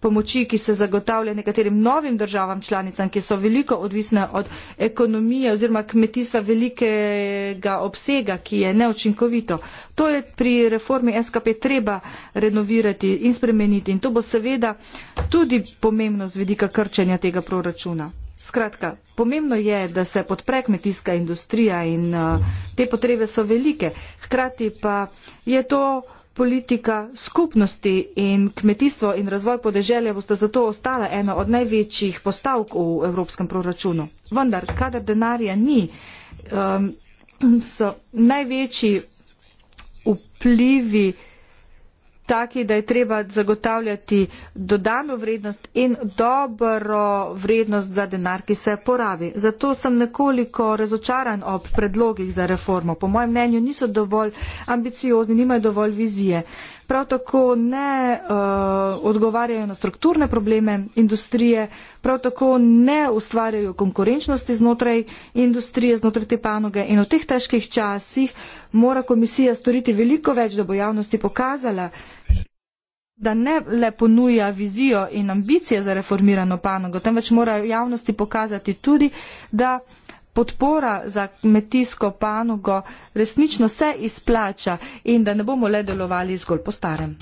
pomoči, ki se zagotavlja nekaterim novim državam članicam, ki so veliko odvisne od ekonomije oziroma kmetijstva velikega obsega, ki je neočinkovito. To je pri reformi SKP treba renovirati in spremeniti in to bo seveda tudi pomembno z vidika krčenja tega proračuna. Skratka, pomembno je, da se podpre kmetijska industrija in uh, te potrebe so velike. Hkrati pa je to politika skupnosti in kmetijstvo in razvoj podeželja boste zato ostala ena od največjih postavk v evropskem proračunu. Vendar, kadar denarja ni, um, so največji vplivi taki, da je treba zagotavljati dodano vrednost in dobro vrednost za denar, ki se porabi. Zato sem nekoliko razočaran ob predlogih za reformo. Po mojem mnenju niso dovolj ambiciozni, nimajo dovolj vizije prav tako ne uh, odgovarjajo na strukturne probleme industrije, prav tako ne ustvarjajo konkurenčnosti znotraj industrije, znotraj te panoge in v teh težkih časih mora komisija storiti veliko več, da bo javnosti pokazala da ne le ponuja vizijo in ambicije za reformirano panogo, temveč mora javnosti pokazati tudi, da podpora za kmetijsko panogo resnično se izplača in da ne bomo le delovali zgolj po starem.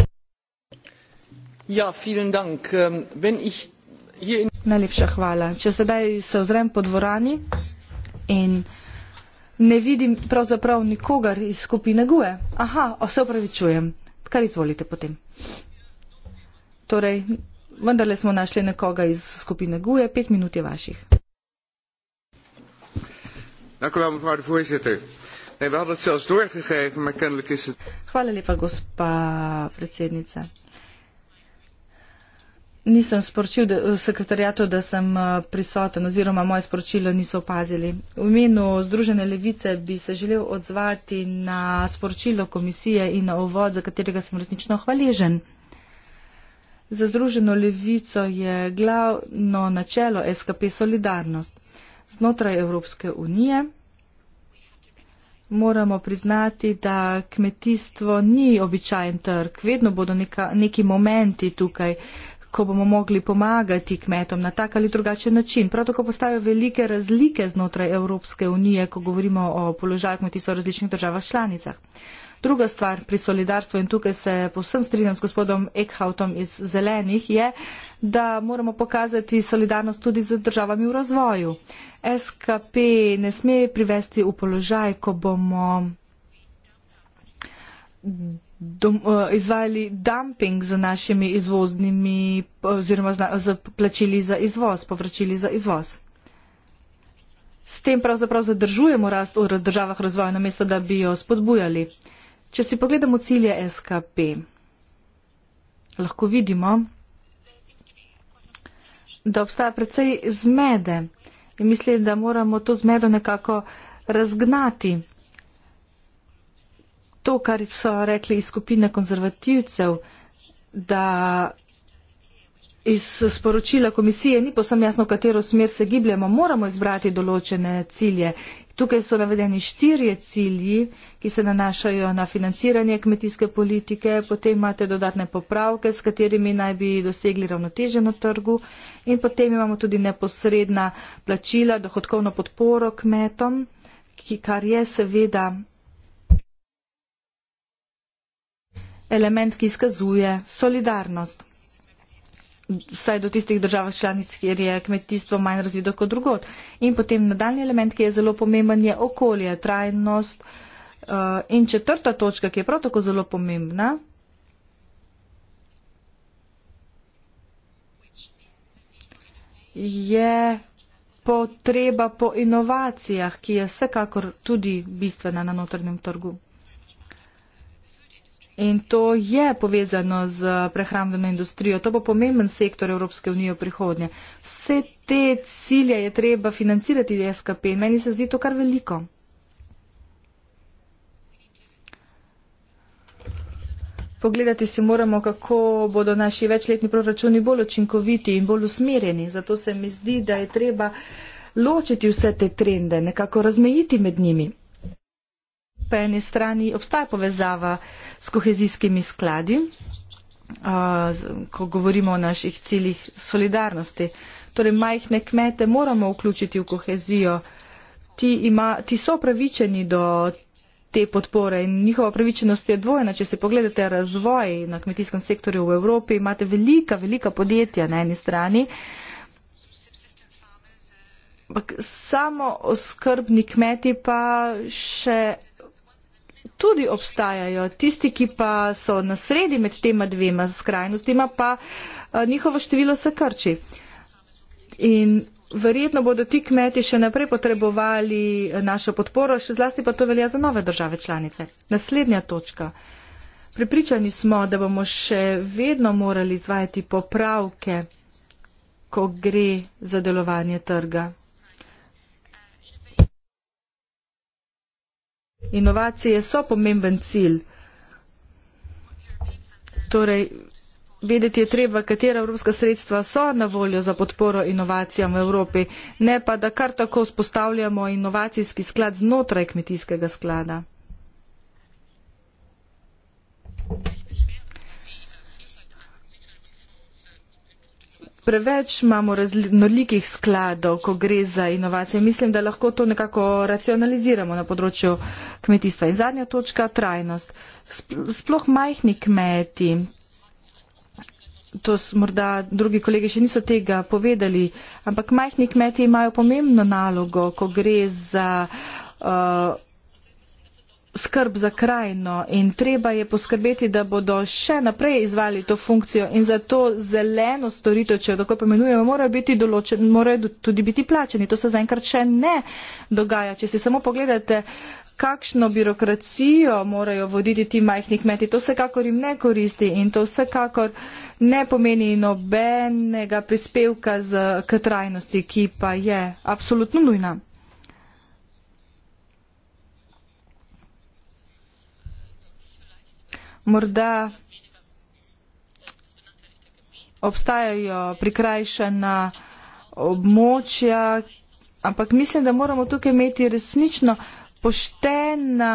Ja, ähm, Najlepša hvala. Če sedaj se ozrem po dvorani in ne vidim pravzaprav nikogar iz skupine GUE. Aha, vse upravičujem. Kar izvolite potem. Torej, vendarle smo našli nekoga iz skupine GUE. Pet minut je vaših. Dank u wel, mevrouw de voorzitter. Nee, we hadden het zelfs doorgegeven, maar kennelijk is het. Hvala lepa, gospa predsednica. Nisem sporočil sekretarjatu, da sem eh, prisoten oziroma moje sporočilo niso opazili. V imenu Združene levice bi se želel odzvati na sporočilo komisije in na uvod, za katerega sem resnično hvaležen. Za Združeno levico je glavno načelo SKP solidarnost znotraj Evropske unije moramo priznati, da kmetijstvo ni običajen trg. Vedno bodo neka, neki momenti tukaj, ko bomo mogli pomagati kmetom na tak ali drugačen način. Prav tako postajajo velike razlike znotraj Evropske unije, ko govorimo o položaju kmetijstva v različnih državah članicah. Druga stvar pri solidarstvu in tukaj se povsem strinjam s gospodom Ekhautom iz Zelenih je, da moramo pokazati solidarnost tudi z državami v razvoju. SKP ne sme privesti v položaj, ko bomo eh, izvajali dumping z našimi izvoznimi oziroma z plačili za izvoz, povračili za izvoz. S tem pravzaprav zadržujemo rast v državah razvoja, namesto da bi jo spodbujali. Če si pogledamo cilje SKP, lahko vidimo, da obstaja precej zmede in mislim, da moramo to zmedo nekako razgnati. To, kar so rekli iz skupine konzervativcev, da iz sporočila komisije ni posem jasno, v katero smer se gibljemo. Moramo izbrati določene cilje. Tukaj so navedeni štirje cilji, ki se nanašajo na financiranje kmetijske politike, potem imate dodatne popravke, s katerimi naj bi dosegli ravnoteže na trgu in potem imamo tudi neposredna plačila, dohodkovno podporo kmetom, ki kar je seveda element, ki izkazuje solidarnost vsaj do tistih držav članic, kjer je kmetijstvo manj razvido kot drugot. In potem nadaljni element, ki je zelo pomemben, je okolje, trajnost. Eh, in četrta točka, ki je prav tako zelo pomembna, je potreba po inovacijah, ki je vsekakor tudi bistvena na notrnem trgu in to je povezano z prehrambeno industrijo. To bo pomemben sektor Evropske unije v prihodnje. Vse te cilje je treba financirati v SKP in meni se zdi to kar veliko. Pogledati si moramo, kako bodo naši večletni proračuni bolj učinkoviti in bolj usmerjeni. Zato se mi zdi, da je treba ločiti vse te trende, nekako razmejiti med njimi po eni strani obstaja povezava s kohezijskimi skladi, ko govorimo o naših ciljih solidarnosti. Torej, majhne kmete moramo vključiti v kohezijo. Ti, ima, ti so pravičeni do te podpore in njihova pravičenost je dvojna. Če si pogledate razvoj na kmetijskem sektorju v Evropi, imate velika, velika podjetja na eni strani. Ampak samo oskrbni kmeti pa še tudi obstajajo. Tisti, ki pa so na sredi med tema dvema skrajnostima, pa eh, njihovo število se krči. In verjetno bodo ti kmeti še naprej potrebovali eh, našo podporo, še zlasti pa to velja za nove države članice. Naslednja točka. Pripričani smo, da bomo še vedno morali izvajati popravke, ko gre za delovanje trga. Inovacije so pomemben cilj. Torej, vedeti je treba, katera evropska sredstva so na voljo za podporo inovacijam v Evropi, ne pa, da kar tako spostavljamo inovacijski sklad znotraj kmetijskega sklada. Thank you. preveč imamo raznolikih skladov, ko gre za inovacije. Mislim, da lahko to nekako racionaliziramo na področju kmetijstva. In zadnja točka, trajnost. Sploh majhni kmeti, to morda drugi kolegi še niso tega povedali, ampak majhni kmeti imajo pomembno nalogo, ko gre za. Uh, skrb za krajino in treba je poskrbeti, da bodo še naprej izvali to funkcijo in za to zeleno storitev, če jo tako pomenujemo, morajo, biti določen, morajo tudi biti plačeni. To se zaenkrat še ne dogaja. Če si samo pogledate, kakšno birokracijo morajo voditi ti majhni kmeti, to vsekakor jim ne koristi in to vsekakor ne pomeni nobenega prispevka z, k trajnosti, ki pa je absolutno nujna. morda obstajajo prikrajšana območja, ampak mislim, da moramo tukaj imeti resnično poštena,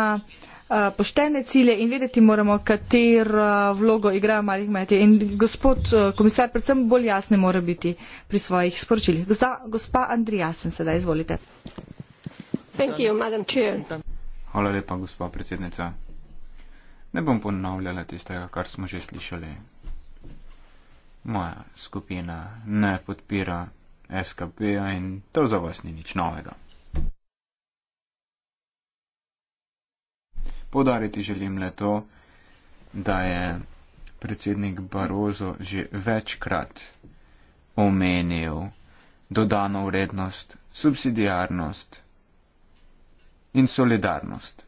eh, poštene cilje in vedeti moramo, katero eh, vlogo igrajo malih medij. In gospod eh, komisar, predvsem bolj jasne mora biti pri svojih sporočilih. Gospa, gospa Andrijasen, sedaj izvolite. Hvala lepa, gospa predsednica. Ne bom ponavljala tistega, kar smo že slišali. Moja skupina ne podpira SKP-ja in to za vas ni nič novega. Podariti želim le to, da je predsednik Barozo že večkrat omenil dodano vrednost, subsidijarnost in solidarnost.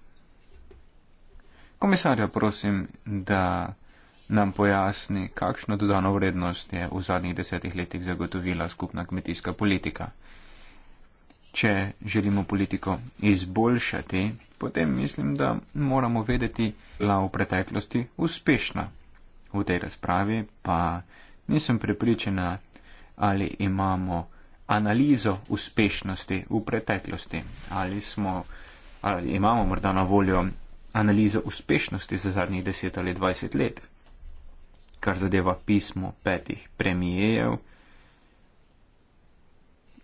Komisarja prosim, da nam pojasni, kakšno dodano vrednost je v zadnjih desetih letih zagotovila skupna kmetijska politika. Če želimo politiko izboljšati, potem mislim, da moramo vedeti, da je v preteklosti uspešna. V tej razpravi pa nisem prepričana, ali imamo analizo uspešnosti v preteklosti, ali, smo, ali imamo morda na voljo analiza uspešnosti za zadnjih 10 ali 20 let, kar zadeva pismo petih premijejev,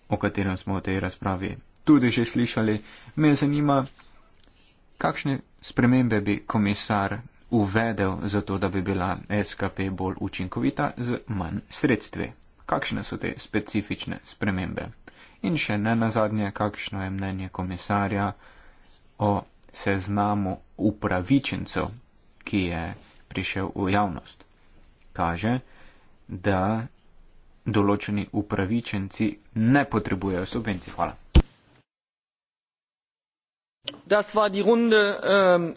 o katerem smo v tej razpravi tudi že slišali, me zanima, kakšne spremembe bi komisar uvedel za to, da bi bila SKP bolj učinkovita z manj sredstvi. Kakšne so te specifične spremembe? In še ne nazadnje, kakšno je mnenje komisarja o seznamu upravičencev, ki je prišel v javnost. Kaže, da določeni upravičenci ne potrebujejo subvencij. Hvala. Ähm,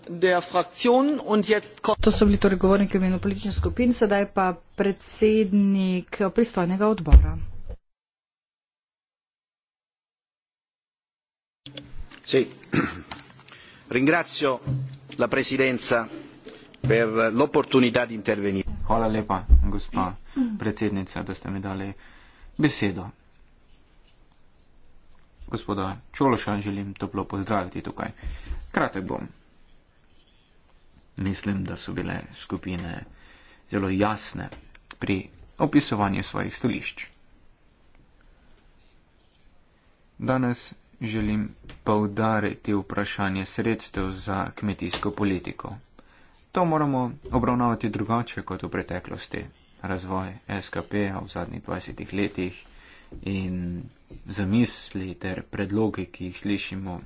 to so bili torej govorniki v imenu političnih skupin, sedaj pa predsednik pristojnega odbora. Sí ringrazio la presidenza per l'opportunità di intervenire. Hvala lepa, gospa predsednica, da ste mi dali besedo. Gospoda Čološa želim toplo pozdraviti tukaj. Kratek bom. Mislim, da so bile skupine zelo jasne pri opisovanju svojih stališč. Danes želim poudariti vprašanje sredstev za kmetijsko politiko. To moramo obravnavati drugače kot v preteklosti. Razvoj SKP v zadnjih 20 letih in zamisli ter predloge, ki jih slišimo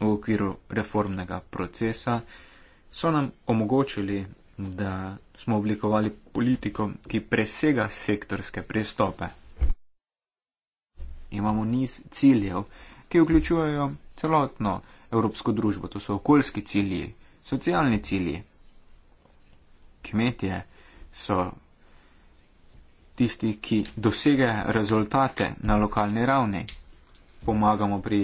v okviru reformnega procesa, so nam omogočili, da smo oblikovali politiko, ki presega sektorske pristope. Imamo niz ciljev, ki vključujejo celotno evropsko družbo. To so okoljski cilji, socialni cilji. Kmetje so tisti, ki dosegajo rezultate na lokalni ravni. Pomagamo pri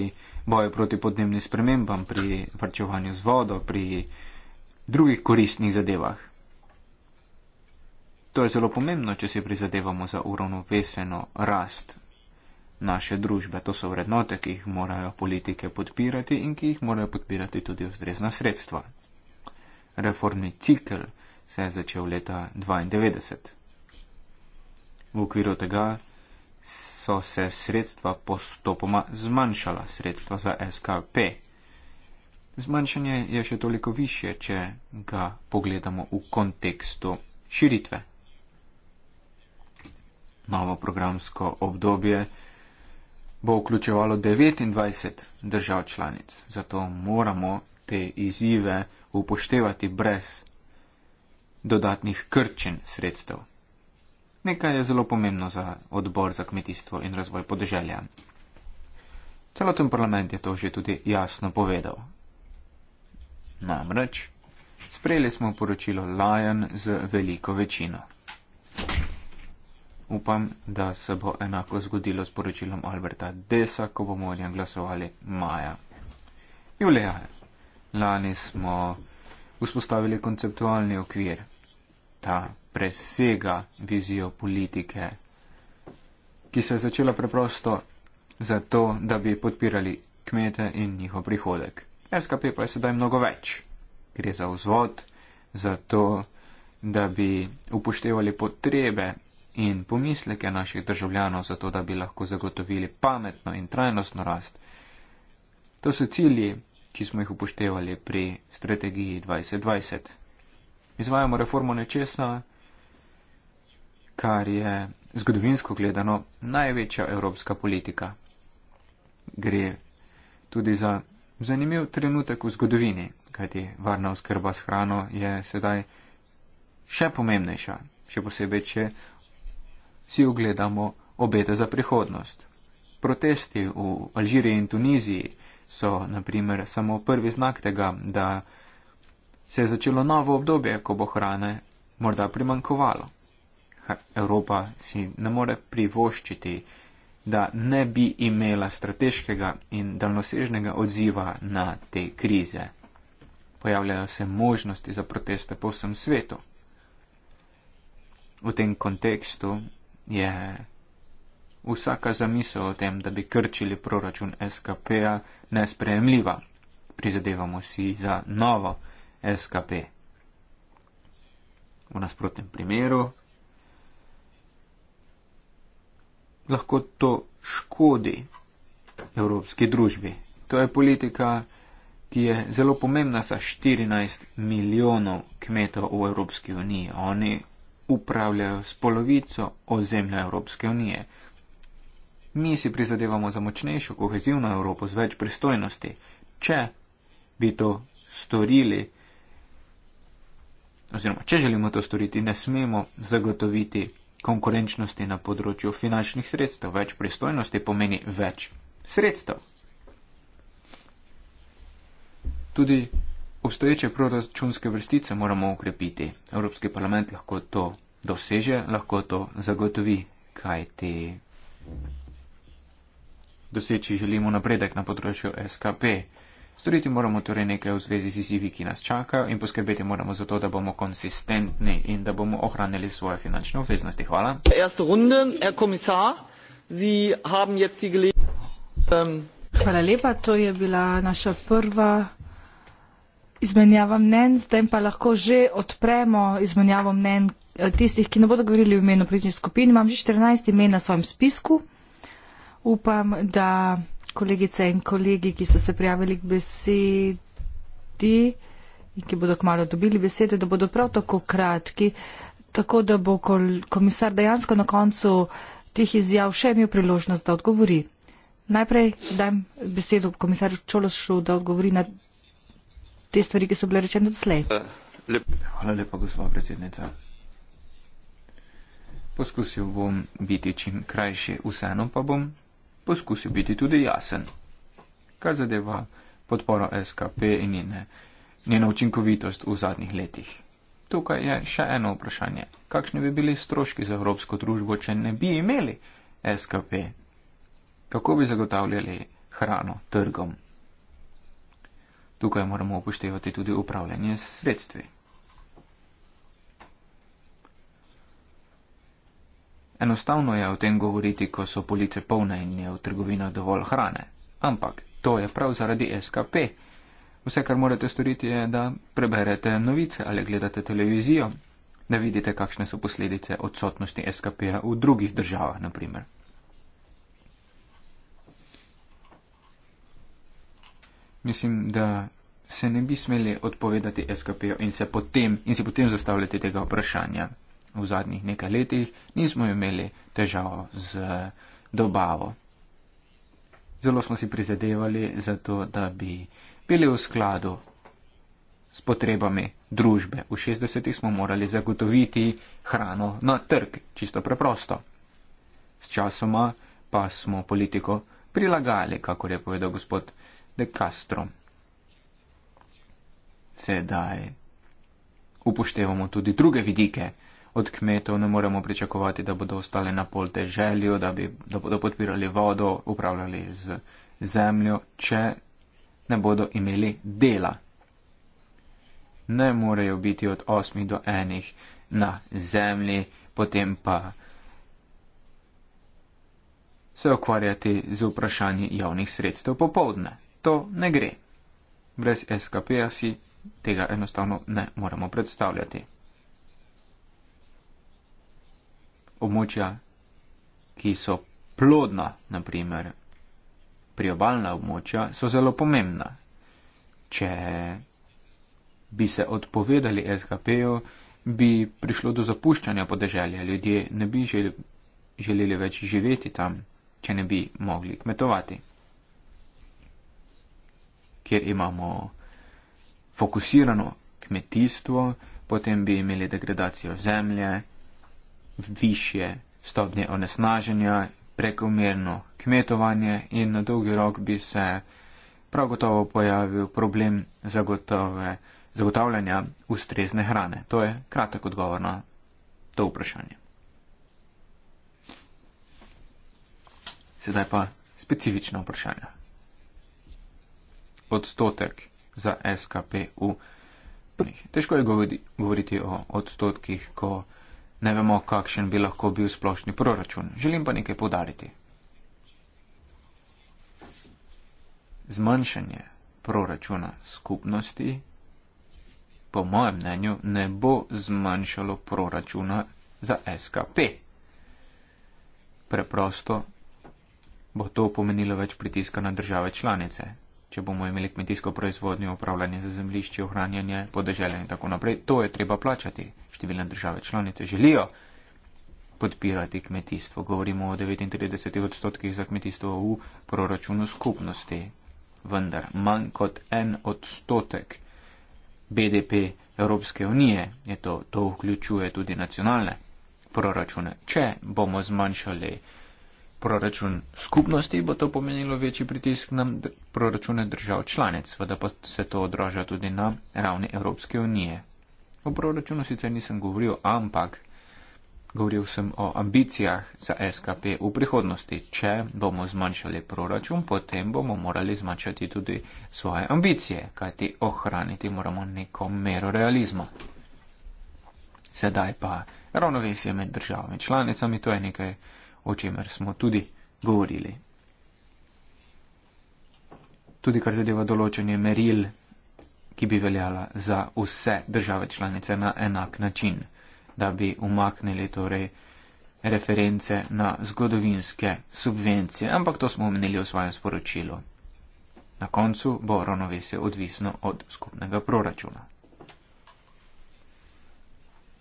boju proti podnebnim spremembam, pri vrčevanju z vodo, pri drugih koristnih zadevah. To je zelo pomembno, če se prizadevamo za uravnoveseno rast naše družbe. To so vrednote, ki jih morajo politike podpirati in ki jih morajo podpirati tudi ustrezna sredstva. Reformni cikl se je začel leta 1992. V okviru tega so se sredstva postopoma zmanjšala, sredstva za SKP. Zmanjšanje je še toliko više, če ga pogledamo v kontekstu širitve. Novo programsko obdobje bo vključevalo 29 držav članic. Zato moramo te izzive upoštevati brez dodatnih krčen sredstev. Nekaj je zelo pomembno za odbor za kmetijstvo in razvoj podeželja. Celoten parlament je to že tudi jasno povedal. Namreč, sprejeli smo poročilo Lion z veliko večino upam, da se bo enako zgodilo s poročilom Alberta Desa, ko bomo o njem glasovali maja. Julija, lani smo vzpostavili konceptualni okvir, ta presega vizijo politike, ki se je začela preprosto zato, da bi podpirali kmete in njihov prihodek. SKP pa je sedaj mnogo več. Gre za vzvod, za to, da bi upoštevali potrebe in pomisleke naših državljanov, zato da bi lahko zagotovili pametno in trajnostno rast. To so cilji, ki smo jih upoštevali pri strategiji 2020. Izvajamo reformo nečesa, kar je zgodovinsko gledano največja evropska politika. Gre tudi za zanimiv trenutek v zgodovini, kajti varna oskrba s hrano je sedaj še pomembnejša, še posebej, če si ogledamo obete za prihodnost. Protesti v Alžiriji in Tuniziji so, na primer, samo prvi znak tega, da se je začelo novo obdobje, ko bo hrane morda primankovalo. Evropa si ne more privoščiti, da ne bi imela strateškega in daljnosežnega odziva na te krize. Pojavljajo se možnosti za proteste po vsem svetu. V tem kontekstu je vsaka zamisel o tem, da bi krčili proračun SKP-ja, nesprejemljiva. Prizadevamo si za novo SKP. V nasprotnem primeru lahko to škodi evropski družbi. To je politika, ki je zelo pomembna za 14 milijonov kmetov v Evropski uniji. Oni upravljajo s polovico ozemlja Evropske unije. Mi si prizadevamo za močnejšo kohezivno Evropo z več pristojnosti. Če bi to storili, oziroma če želimo to storiti, ne smemo zagotoviti konkurenčnosti na področju finančnih sredstev. Več pristojnosti pomeni več sredstev. Tudi Obstoječe proračunske vrstice moramo ukrepiti. Evropski parlament lahko to doseže, lahko to zagotovi, kaj ti doseči želimo napredek na področju SKP. Storiti moramo torej nekaj v zvezi z izzivi, ki nas čakajo in poskrbeti moramo za to, da bomo konsistentni in da bomo ohranili svoje finančne obveznosti. Hvala. Ähm, Hvala lepa, to je bila naša prva izmenjava mnen, zdaj pa lahko že odpremo izmenjavo mnen eh, tistih, ki ne bodo govorili v imenu prične skupine. Imam že 14 imen na svojem spisku. Upam, da kolegice in kolegi, ki so se prijavili k besedi in ki bodo kmalo dobili besede, da bodo prav tako kratki, tako da bo komisar dejansko na koncu tih izjav še imel priložnost, da odgovori. Najprej dajem besedo komisarju Čološu, da odgovori na te stvari, ki so bile rečene doslej. Eh, Hvala lepa, gospod predsednica. Poskusil bom biti čim krajši, vseeno pa bom poskusil biti tudi jasen. Kar zadeva podporo SKP in njene, njeno učinkovitost v zadnjih letih. Tukaj je še eno vprašanje. Kakšni bi bili stroški za Evropsko družbo, če ne bi imeli SKP? Kako bi zagotavljali hrano trgom? Tukaj moramo upoštevati tudi upravljanje s sredstvi. Enostavno je o tem govoriti, ko so police polne in je v trgovinah dovolj hrane. Ampak to je prav zaradi SKP. Vse, kar morate storiti, je, da preberete novice ali gledate televizijo, da vidite, kakšne so posledice odsotnosti SKP-ja v drugih državah, naprimer. Mislim, da se ne bi smeli odpovedati SKP-ju in, in se potem zastavljati tega vprašanja. V zadnjih nekaj letih nismo imeli težav z dobavo. Zelo smo si prizadevali za to, da bi bili v skladu s potrebami družbe. V 60-ih smo morali zagotoviti hrano na trg, čisto preprosto. S časoma pa smo politiko prilagali, kako je povedal gospod de Castro. Sedaj upoštevamo tudi druge vidike. Od kmetov ne moremo pričakovati, da bodo ostali na pol te željo, da, bi, da bodo podpirali vodo, upravljali z zemljo, če ne bodo imeli dela. Ne morejo biti od osmih do enih na zemlji, potem pa se ukvarjati z vprašanji javnih sredstev popovdne to ne gre. Brez SKP-ja si tega enostavno ne moremo predstavljati. Območja, ki so plodna, naprimer priobalna območja, so zelo pomembna. Če bi se odpovedali SKP-ju, bi prišlo do zapuščanja podeželja, ljudje ne bi želeli več živeti tam, če ne bi mogli kmetovati kjer imamo fokusirano kmetijstvo, potem bi imeli degradacijo zemlje, više stopnje onesnaženja, prekomerno kmetovanje in na dolgi rok bi se prav gotovo pojavil problem zagotove, zagotavljanja ustrezne hrane. To je kratek odgovor na to vprašanje. Sedaj pa specifična vprašanja odstotek za SKPU. Težko je govoriti o odstotkih, ko ne vemo, kakšen bi lahko bil splošni proračun. Želim pa nekaj podariti. Zmanjšanje proračuna skupnosti, po mojem mnenju, ne bo zmanjšalo proračuna za SKP. Preprosto bo to pomenilo več pritiska na države članice če bomo imeli kmetijsko proizvodnjo, upravljanje za zemlišče, ohranjanje podeželja in tako naprej. To je treba plačati. Številne države članice želijo podpirati kmetijstvo. Govorimo o 39 odstotkih za kmetijstvo v proračunu skupnosti. Vendar manj kot en odstotek BDP Evropske unije je to. To vključuje tudi nacionalne proračune. Če bomo zmanjšali proračun skupnosti, bo to pomenilo večji pritisk na proračune držav članic, vada pa se to odraža tudi na ravni Evropske unije. O proračunu sicer nisem govoril, ampak govoril sem o ambicijah za SKP v prihodnosti. Če bomo zmanjšali proračun, potem bomo morali zmanjšati tudi svoje ambicije, kajti ohraniti moramo neko mero realizma. Sedaj pa ravnovesje med državami članicami, to je nekaj, o čemer smo tudi govorili. Tudi kar zadeva določanje meril, ki bi veljala za vse države članice na enak način, da bi umaknili torej reference na zgodovinske subvencije, ampak to smo omenili v svojem sporočilu. Na koncu bo ravnovesje odvisno od skupnega proračuna.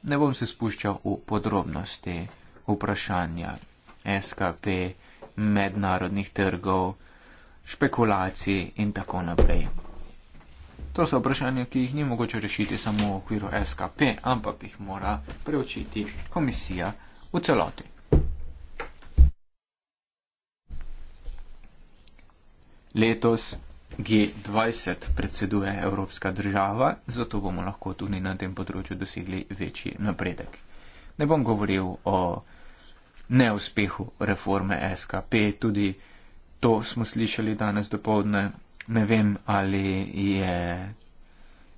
Ne bom se spuščal v podrobnosti vprašanja SKP, mednarodnih trgov, špekulacij in tako naprej. To so vprašanja, ki jih ni mogoče rešiti samo v okviru SKP, ampak jih mora preučiti komisija v celoti. Letos G20 predseduje Evropska država, zato bomo lahko tudi na tem področju dosegli večji napredek. Ne bom govoril o neuspehu reforme SKP. Tudi to smo slišali danes dopovdne. Ne vem, ali je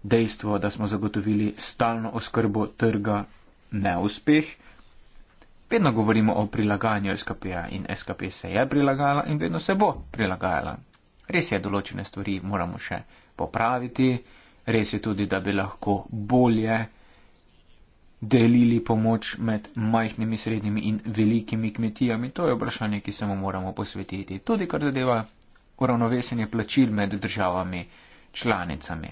dejstvo, da smo zagotovili stalno oskrbo trga neuspeh. Vedno govorimo o prilagajanju SKP-ja in SKP se je prilagajala in vedno se bo prilagajala. Res je, določene stvari moramo še popraviti, res je tudi, da bi lahko bolje delili pomoč med majhnimi, srednjimi in velikimi kmetijami. To je vprašanje, ki se mu moramo posvetiti. Tudi kar zadeva uravnovesenje plačil med državami članicami.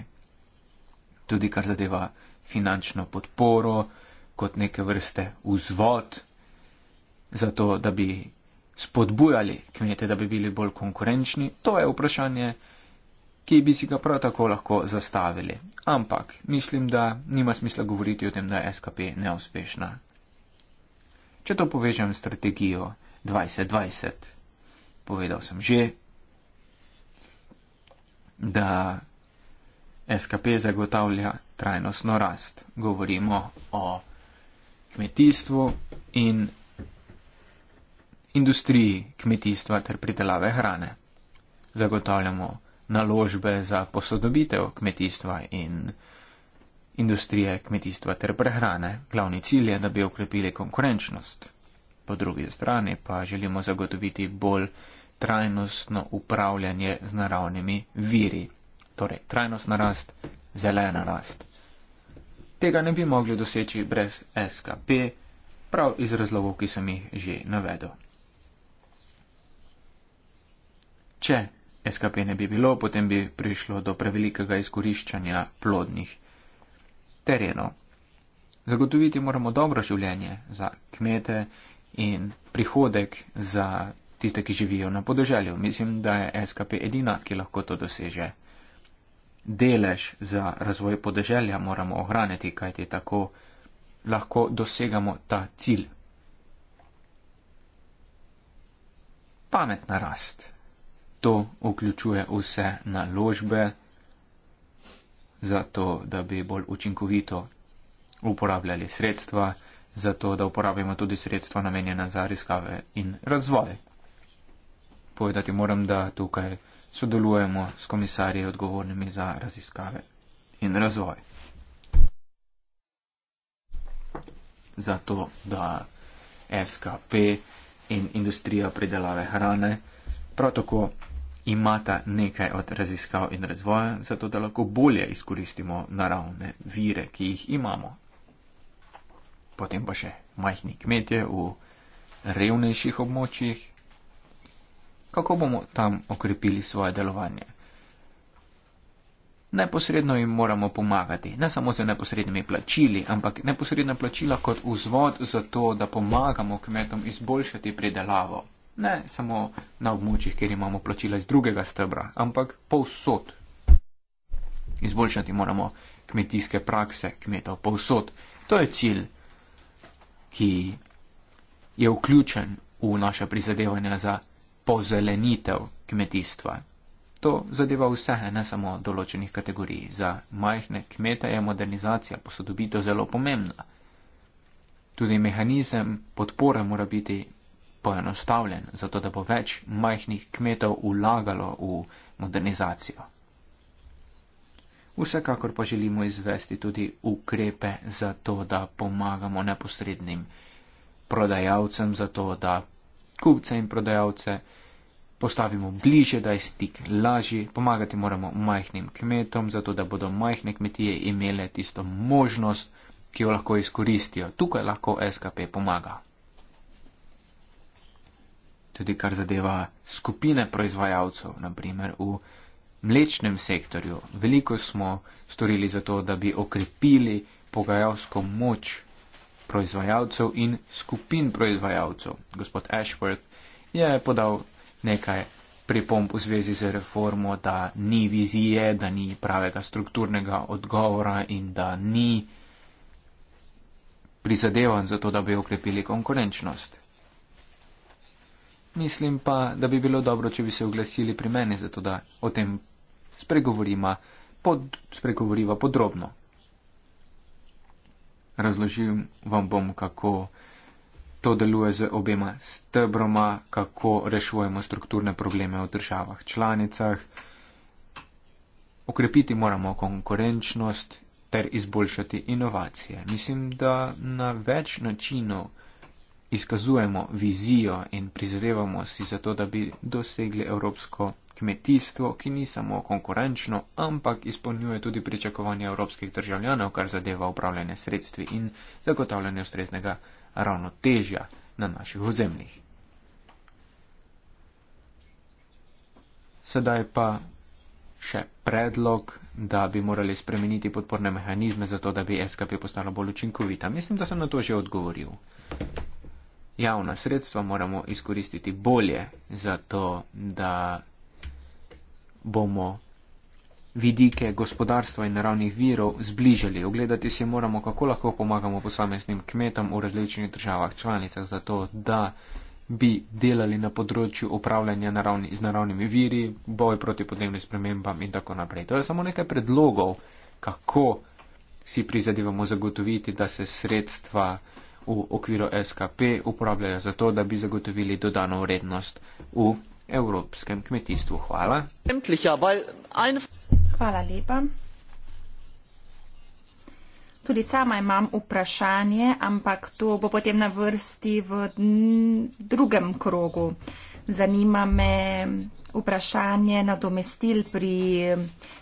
Tudi kar zadeva finančno podporo kot neke vrste vzvod za to, da bi spodbujali kmete, da bi bili bolj konkurenčni. To je vprašanje, ki bi si ga prav tako lahko zastavili. Ampak mislim, da nima smisla govoriti o tem, da je SKP neuspešna. Če to povežem s strategijo 2020, povedal sem že, da SKP zagotavlja trajnostno rast. Govorimo o kmetijstvu in industriji kmetijstva ter pridelave hrane. Zagotavljamo naložbe za posodobitev kmetijstva in industrije kmetijstva ter prehrane. Glavni cilj je, da bi okrepili konkurenčnost. Po drugi strani pa želimo zagotoviti bolj trajnostno upravljanje z naravnimi viri. Torej, trajnostna rast, zelena rast. Tega ne bi mogli doseči brez SKP, prav iz razlogov, ki sem jih že navedel. Če SKP ne bi bilo, potem bi prišlo do prevelikega izkoriščanja plodnih terenov. Zagotoviti moramo dobro življenje za kmete in prihodek za tiste, ki živijo na podeželju. Mislim, da je SKP edina, ki lahko to doseže. Delež za razvoj podeželja moramo ohraniti, kajti tako lahko dosegamo ta cilj. Pametna rast to vključuje vse naložbe, zato da bi bolj učinkovito uporabljali sredstva, zato da uporabimo tudi sredstva namenjena za raziskave in razvoj. Povedati moram, da tukaj sodelujemo s komisarji odgovornimi za raziskave in razvoj. Zato, da SKP in industrija pridelave hrane prav tako imata nekaj od raziskav in razvoja, zato da lahko bolje izkoristimo naravne vire, ki jih imamo. Potem pa še majhni kmetje v revnejših območjih. Kako bomo tam okrepili svoje delovanje? Neposredno jim moramo pomagati, ne samo z neposrednimi plačili, ampak neposredna plačila kot vzvod za to, da pomagamo kmetom izboljšati pridelavo, ne samo na območjih, kjer imamo plačila iz drugega stebra, ampak povsod. Izboljšati moramo kmetijske prakse kmetov povsod. To je cilj, ki je vključen v naše prizadevanja za pozelenitev kmetijstva. To zadeva vse, ne samo določenih kategorij. Za majhne kmete je modernizacija, posodobitev zelo pomembna. Tudi mehanizem podpore mora biti poenostavljen, zato da bo več majhnih kmetov ulagalo v modernizacijo. Vsekakor pa želimo izvesti tudi ukrepe za to, da pomagamo neposrednim prodajalcem, zato da kupce in prodajalce postavimo bliže, da je stik lažji. Pomagati moramo majhnim kmetom, zato da bodo majhne kmetije imele tisto možnost, ki jo lahko izkoristijo. Tukaj lahko SKP pomaga tudi kar zadeva skupine proizvajalcev, naprimer v mlečnem sektorju. Veliko smo storili za to, da bi okrepili pogajalsko moč proizvajalcev in skupin proizvajalcev. Gospod Ashworth je podal nekaj pripomp v zvezi z reformo, da ni vizije, da ni pravega strukturnega odgovora in da ni prizadevan za to, da bi okrepili konkurenčnost mislim pa, da bi bilo dobro, če bi se oglasili pri meni, zato da o tem spregovorima, pod, spregovoriva podrobno. Razložil vam bom, kako to deluje z obema stebroma, kako rešujemo strukturne probleme v državah članicah. Okrepiti moramo konkurenčnost ter izboljšati inovacije. Mislim, da na več načinov izkazujemo vizijo in prizadevamo si za to, da bi dosegli evropsko kmetijstvo, ki ni samo konkurenčno, ampak izpolnjuje tudi pričakovanje evropskih državljanov, kar zadeva upravljanje sredstvi in zagotavljanje ustreznega ravnotežja na naših ozemljih. Sedaj pa še predlog, da bi morali spremeniti podporne mehanizme za to, da bi SKP postala bolj učinkovita. Mislim, da sem na to že odgovoril javna sredstva moramo izkoristiti bolje, zato da bomo vidike gospodarstva in naravnih virov zbližali. Ogledati si moramo, kako lahko pomagamo posameznim kmetom v različnih državah članicah, zato da bi delali na področju upravljanja naravni, z naravnimi viri, boj proti podnebnim spremembam in tako naprej. To je samo nekaj predlogov, kako si prizadevamo zagotoviti, da se sredstva v okviru SKP uporabljajo za to, da bi zagotovili dodano vrednost v evropskem kmetijstvu. Hvala. Hvala lepa. Tudi sama imam vprašanje, ampak to bo potem na vrsti v drugem krogu. Zanima me vprašanje nadomestil pri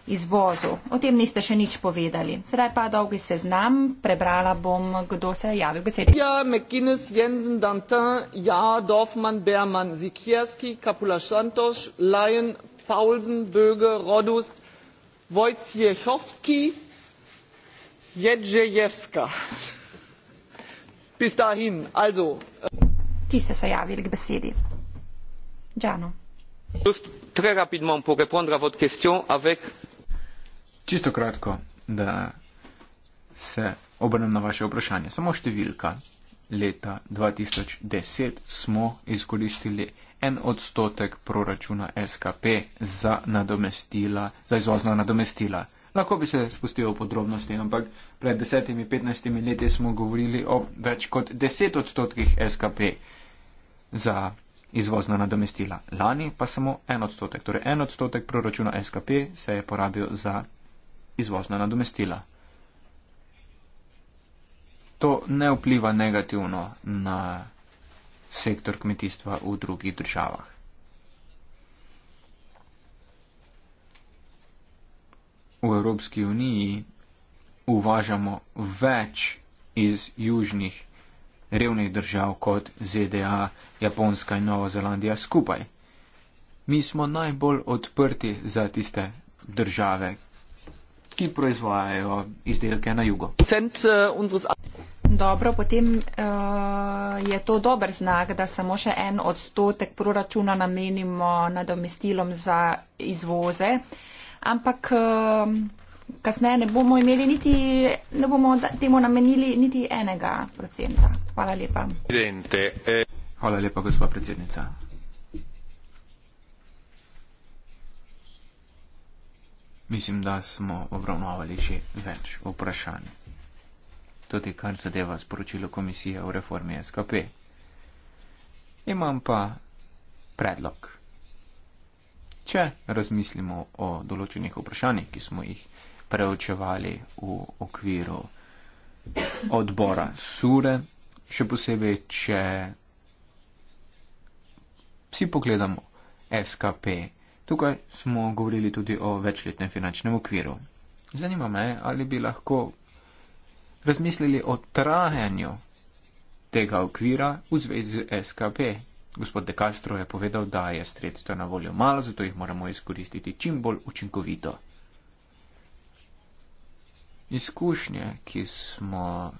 izvozu. O tem niste še nič povedali. Zdaj pa dolgi seznam, prebrala bom, kdo se je javil besedi. Ja, Mekines, Jensen, Dantin, Ja, Dorfman, Berman, Zikierski, Kapula Šantoš, Lajen, Paulsen, Böge, Rodust, Vojciehovski, Jedžejevska. Bis dahin, also. Äh, Ti ste se javili k besedi. Džano. Très rapidement pour répondre à votre question avec. Чисто кратко да се обрнем на ваше опрошање. Само številка лета 2010 смо изколистили 1 одстотек прорачуна СКП за надоместила, за извозна надоместила. Лако би се спустил подробности, ампак пред 10-15 лети смо говорили о веќе код 10 одстотких СКП за izvozna nadomestila. Lani pa samo en odstotek, torej en odstotek proračuna SKP se je porabil za izvozna nadomestila. To ne vpliva negativno na sektor kmetijstva v drugih državah. V Evropski uniji uvažamo več iz južnih revnih držav kot ZDA, Japonska in Nova Zelandija skupaj. Mi smo najbolj odprti za tiste države, ki proizvajajo izdelke na jugu. Eh, Dobro, potem uh, je to dober znak, da samo še en odstotek proračuna namenimo nadomestilom za izvoze. Ampak. Uh, kasneje ne bomo imeli niti, ne bomo temu namenili niti enega procenta. Hvala lepa. Eh. Hvala lepa, gospa predsednica. Mislim, da smo obravnavali še več vprašanj. Tudi kar zadeva sporočilo komisije o reformi SKP. Imam pa predlog. Če razmislimo o določenih vprašanjih, ki smo jih preučevali v okviru odbora Sure, še posebej, če si pogledamo SKP. Tukaj smo govorili tudi o večletnem finančnem okviru. Zanima me, ali bi lahko razmislili o trajanju tega okvira v zvezi z SKP. Gospod De Castro je povedal, da je sredstva na voljo malo, zato jih moramo izkoristiti čim bolj učinkovito izkušnje, ki smo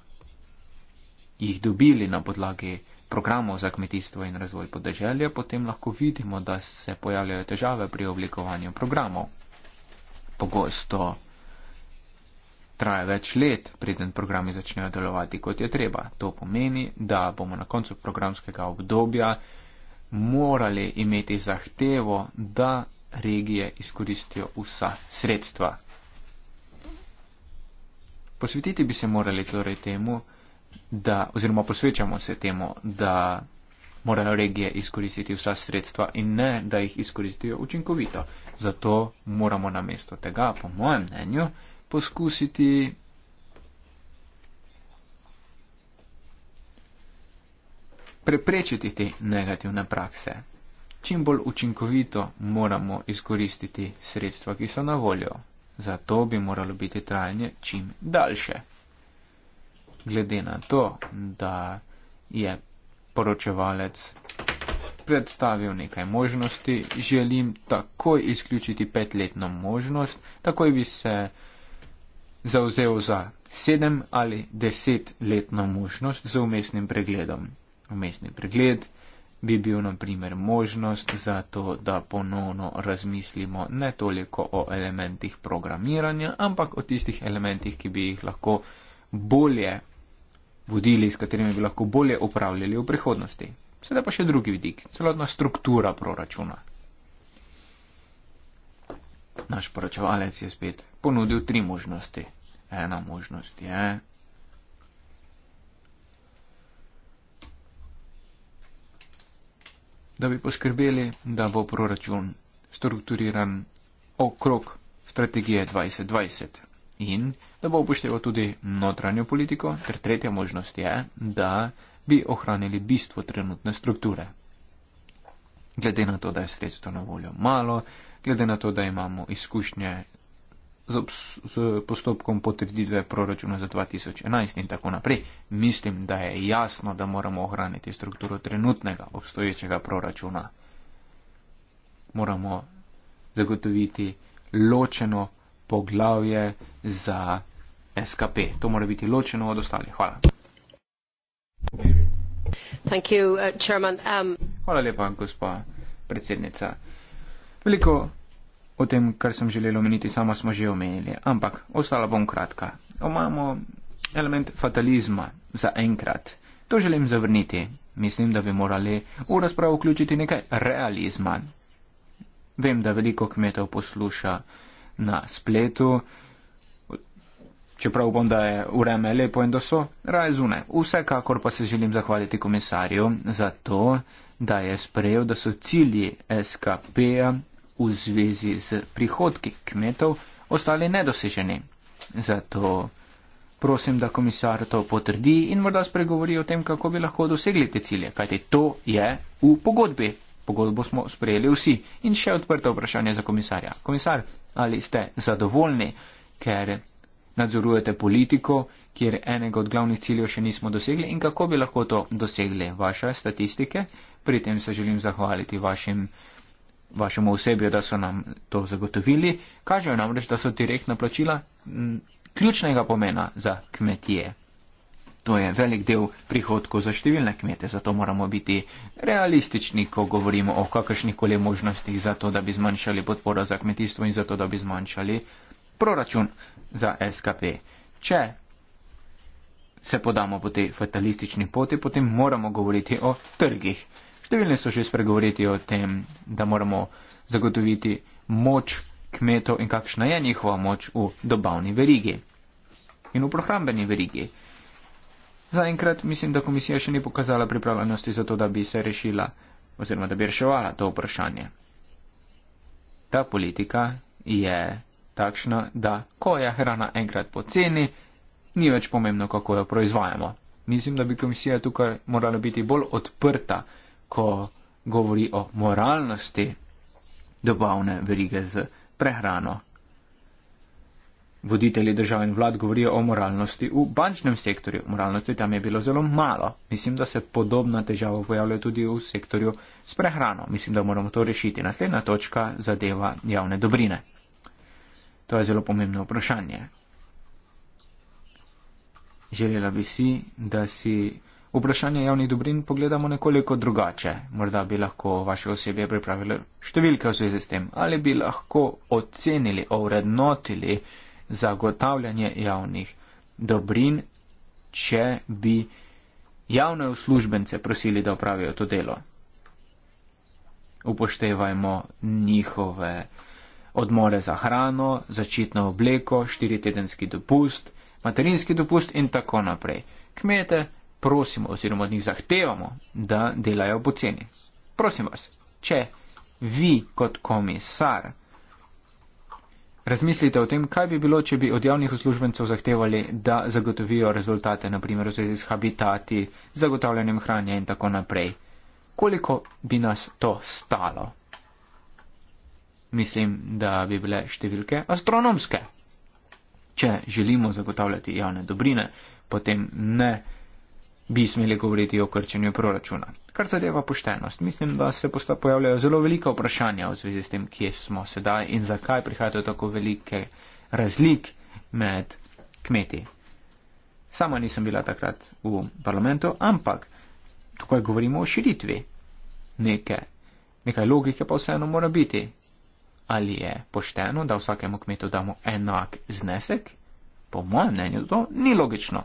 jih dobili na podlagi programov za kmetijstvo in razvoj podeželja, potem lahko vidimo, da se pojavljajo težave pri oblikovanju programov. Pogosto traja več let, preden programi začnejo delovati, kot je treba. To pomeni, da bomo na koncu programskega obdobja morali imeti zahtevo, da regije izkoristijo vsa sredstva, Posvetiti bi se morali torej temu, da, oziroma posvečamo se temu, da morajo regije izkoristiti vsa sredstva in ne, da jih izkoristijo učinkovito. Zato moramo namesto tega, po mojem mnenju, poskusiti. Preprečiti te negativne prakse. Čim bolj učinkovito moramo izkoristiti sredstva, ki so na voljo. Zato bi moralo biti trajanje čim daljše. Glede na to, da je poročevalec predstavil nekaj možnosti, želim takoj izključiti petletno možnost, takoj bi se zauzel za sedem ali desetletno možnost z umestnim pregledom. Umestni pregled bi bil na primer možnost za to, da ponovno razmislimo ne toliko o elementih programiranja, ampak o tistih elementih, ki bi jih lahko bolje vodili, s katerimi bi lahko bolje upravljali v prihodnosti. Sedaj pa še drugi vidik, celotna struktura proračuna. Naš poročevalec je spet ponudil tri možnosti. Ena možnost je da bi poskrbeli, da bo proračun strukturiran okrog strategije 2020 in da bo upošteval tudi notranjo politiko, ter tretja možnost je, da bi ohranili bistvo trenutne strukture. Glede na to, da je sredstvo na voljo malo, glede na to, da imamo izkušnje z, z postopkom potrditve proračuna za 2011 in tako naprej. Mislim, da je jasno, da moramo ohraniti strukturo trenutnega obstoječega proračuna. Moramo zagotoviti ločeno poglavje za SKP. To mora biti ločeno od ostalih. Hvala. Uh, um, Hvala lepa, gospa predsednica. Veliko O tem, kar sem želel omeniti, samo smo že omenili, ampak ostala bom kratka. Omamo element fatalizma za enkrat. To želim zavrniti. Mislim, da bi morali v razpravo vključiti nekaj realizma. Vem, da veliko kmetov posluša na spletu, čeprav bom, da je vreme lepo in da so raje zune. Vsekakor pa se želim zahvaliti komisarju za to, da je sprejel, da so cilji SKP-ja v zvezi z prihodki kmetov ostali nedoseženi. Zato prosim, da komisar to potrdi in morda spregovori o tem, kako bi lahko dosegli te cilje, kajti to je v pogodbi. Pogodbo smo sprejeli vsi. In še odprto vprašanje za komisarja. Komisar, ali ste zadovoljni, ker nadzorujete politiko, kjer enega od glavnih ciljev še nismo dosegli in kako bi lahko to dosegli? Vaše statistike. Pri tem se želim zahvaliti vašim vašemu osebju, da so nam to zagotovili, kažejo namreč, da so direktna plačila ključnega pomena za kmetije. To je velik del prihodkov za številne kmete, zato moramo biti realistični, ko govorimo o kakršnih koli možnostih za to, da bi zmanjšali podporo za kmetijstvo in za to, da bi zmanjšali proračun za SKP. Če se podamo po tej fatalistični poti, potem moramo govoriti o trgih. Številni so že spregovoriti o tem, da moramo zagotoviti moč kmetov in kakšna je njihova moč v dobavni verigi in v prohrambeni verigi. Zaenkrat mislim, da komisija še ni pokazala pripravljenosti za to, da bi se rešila oziroma da bi reševala to vprašanje. Ta politika je takšna, da ko je hrana enkrat poceni, ni več pomembno, kako jo proizvajamo. Mislim, da bi komisija tukaj morala biti bolj odprta, ko govori o moralnosti dobavne verige z prehrano. Voditelji držav in vlad govorijo o moralnosti v bančnem sektorju. Moralnosti tam je bilo zelo malo. Mislim, da se podobna težava pojavlja tudi v sektorju s prehrano. Mislim, da moramo to rešiti. Naslednja točka zadeva javne dobrine. To je zelo pomembno vprašanje. Želela bi si, da si vprašanje javnih dobrin pogledamo nekoliko drugače. Morda bi lahko vaše osebje pripravile številke v zvezi s tem, ali bi lahko ocenili, ovrednotili zagotavljanje javnih dobrin, če bi javne uslužbence prosili, da opravijo to delo. Upoštevajmo njihove odmore za hrano, začitno obleko, štiritedenski dopust, materinski dopust in tako naprej. Kmete prosimo oziroma od njih zahtevamo, da delajo poceni. Prosim vas, če vi kot komisar razmislite o tem, kaj bi bilo, če bi od javnih uslužbencev zahtevali, da zagotovijo rezultate, naprimer v zvezi z habitati, zagotavljanjem hranja in tako naprej. Koliko bi nas to stalo? Mislim, da bi bile številke astronomske. Če želimo zagotavljati javne dobrine, potem ne bi smeli govoriti o krčenju proračuna. Kar zadeva poštenost, mislim, da se pojavljajo zelo velika vprašanja v zvezi s tem, kje smo sedaj in zakaj prihaja do tako velike razlik med kmeti. Sama nisem bila takrat v parlamentu, ampak tukaj govorimo o širitvi. Neke, nekaj logike pa vseeno mora biti. Ali je pošteno, da vsakemu kmetu damo enak znesek? Po mojem mnenju to ni logično.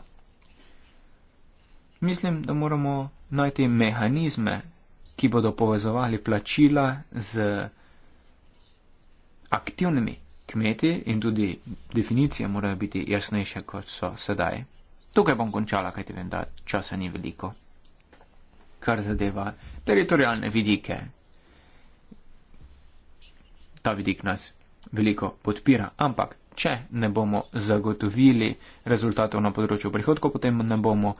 Mislim, da moramo najti mehanizme, ki bodo povezovali plačila z aktivnimi kmeti in tudi definicije morajo biti jasnejše, kot so sedaj. Tukaj bom končala, kajti vem, da časa ni veliko. Kar zadeva teritorijalne vidike. Ta vidik nas veliko podpira, ampak če ne bomo zagotovili rezultatov na področju prihodkov, potem ne bomo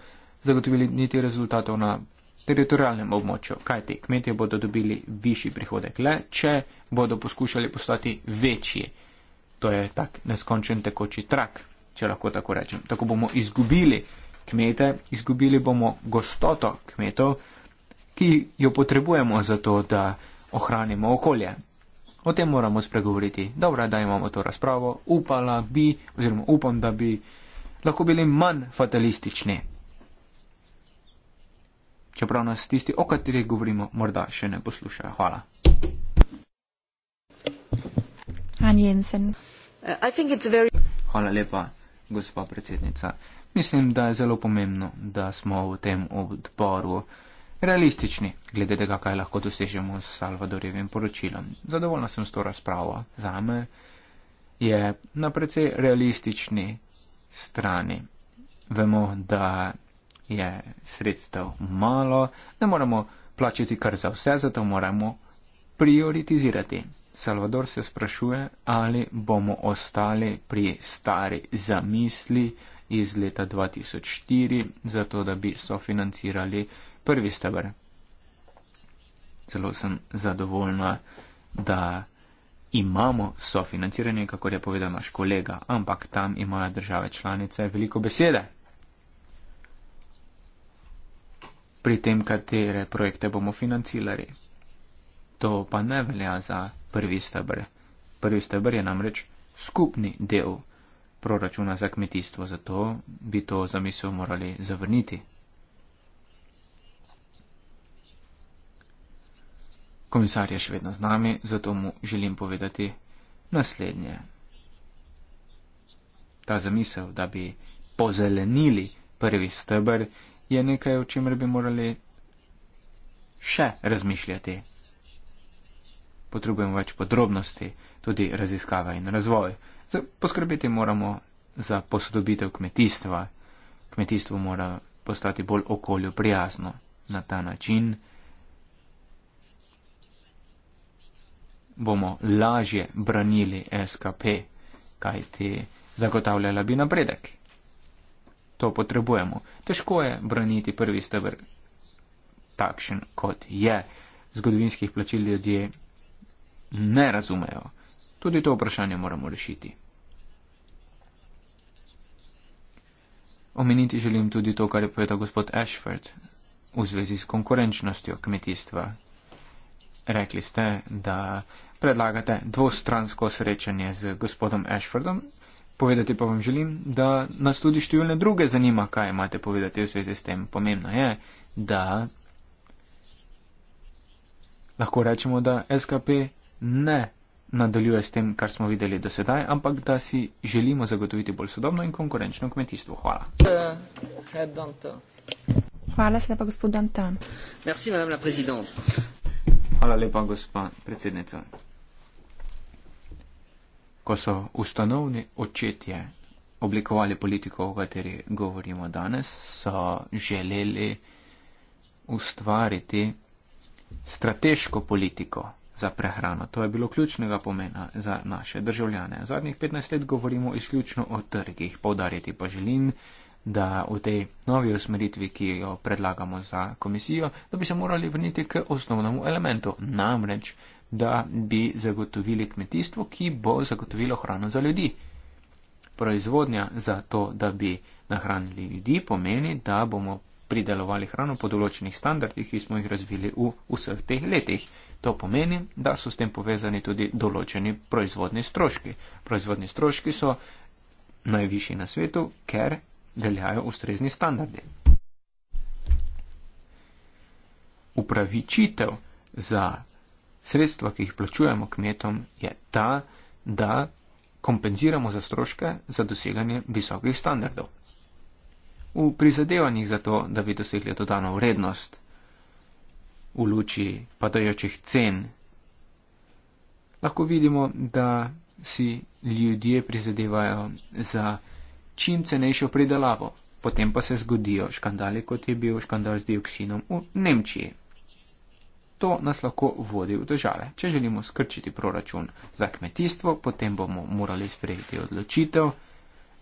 zagotovili niti rezultatov na teritorijalnem območju, kajti kmetje bodo dobili višji prihodek le, če bodo poskušali postati večji. To je tak neskončen tekoči trak, če lahko tako rečem. Tako bomo izgubili kmete, izgubili bomo gostoto kmetov, ki jo potrebujemo za to, da ohranimo okolje. O tem moramo spregovoriti. Dobro, da imamo to razpravo. Upala bi, oziroma upam, da bi lahko bili manj fatalistični čeprav nas tisti, o katerih govorimo, morda še ne poslušajo. Hvala. Hvala lepa, gospa predsednica. Mislim, da je zelo pomembno, da smo v tem odboru realistični, glede tega, kaj lahko dosežemo s Salvadorjevim poročilom. Zadovoljna sem s to razpravo. Za me je na precej realistični strani. Vemo, da je sredstev malo, ne moremo plačati kar za vse, zato moramo prioritizirati. Salvador se sprašuje, ali bomo ostali pri stari zamisli iz leta 2004, zato da bi sofinancirali prvi stebr. Zelo sem zadovoljna, da imamo sofinanciranje, kako je povedal naš kolega, ampak tam imajo države članice veliko besede. pri tem, katere projekte bomo financirali. To pa ne velja za prvi stebr. Prvi stebr je namreč skupni del proračuna za kmetijstvo, zato bi to zamisel morali zavrniti. Komisar je še vedno z nami, zato mu želim povedati naslednje. Ta zamisel, da bi pozelenili prvi stebr, je nekaj, o čemer bi morali še razmišljati. Potrebujemo več podrobnosti, tudi raziskave in razvoj. Poskrbeti moramo za posodobitev kmetijstva. Kmetijstvo mora postati bolj okolju prijazno. Na ta način bomo lažje branili SKP, kaj ti zagotavljala bi napredek to potrebujemo. Težko je braniti prvi stebr takšen, kot je. Zgodovinskih plačil ljudje ne razumejo. Tudi to vprašanje moramo rešiti. Omeniti želim tudi to, kar je povedal gospod Ashford v zvezi s konkurenčnostjo kmetijstva. Rekli ste, da predlagate dvostransko srečanje z gospodom Ashfordom. Povedati pa vam želim, da nas tudi številne druge zanima, kaj imate povedati v zvezi s tem. Pomembno je, da lahko rečemo, da SKP ne nadaljuje s tem, kar smo videli do sedaj, ampak da si želimo zagotoviti bolj sodobno in konkurenčno kmetijstvo. Hvala. Hvala se lepa, gospod Danton. Hvala lepa, gospod predsednica ko so ustanovni očetje oblikovali politiko, o kateri govorimo danes, so želeli ustvariti strateško politiko za prehrano. To je bilo ključnega pomena za naše državljane. Zadnjih 15 let govorimo izključno o trgih. Povdarjati pa želim, da v tej novi usmeritvi, ki jo predlagamo za komisijo, da bi se morali vrniti k osnovnemu elementu, namreč da bi zagotovili kmetijstvo, ki bo zagotovilo hrano za ljudi. Proizvodnja za to, da bi nahranili ljudi, pomeni, da bomo pridelovali hrano po določenih standardih, ki smo jih razvili v vseh teh letih. To pomeni, da so s tem povezani tudi določeni proizvodni stroški. Proizvodni stroški so najvišji na svetu, ker veljajo ustrezni standardi. Upravičitev za sredstva, ki jih plačujemo kmetom, je ta, da kompenziramo za stroške za doseganje visokih standardov. V prizadevanjih za to, da bi dosegli dodano vrednost v luči padajočih cen, lahko vidimo, da si ljudje prizadevajo za čim cenejšo pridelavo, potem pa se zgodijo škandali, kot je bil škandal z dioksinom v Nemčiji to nas lahko vodi v države. Če želimo skrčiti proračun za kmetijstvo, potem bomo morali sprejeti odločitev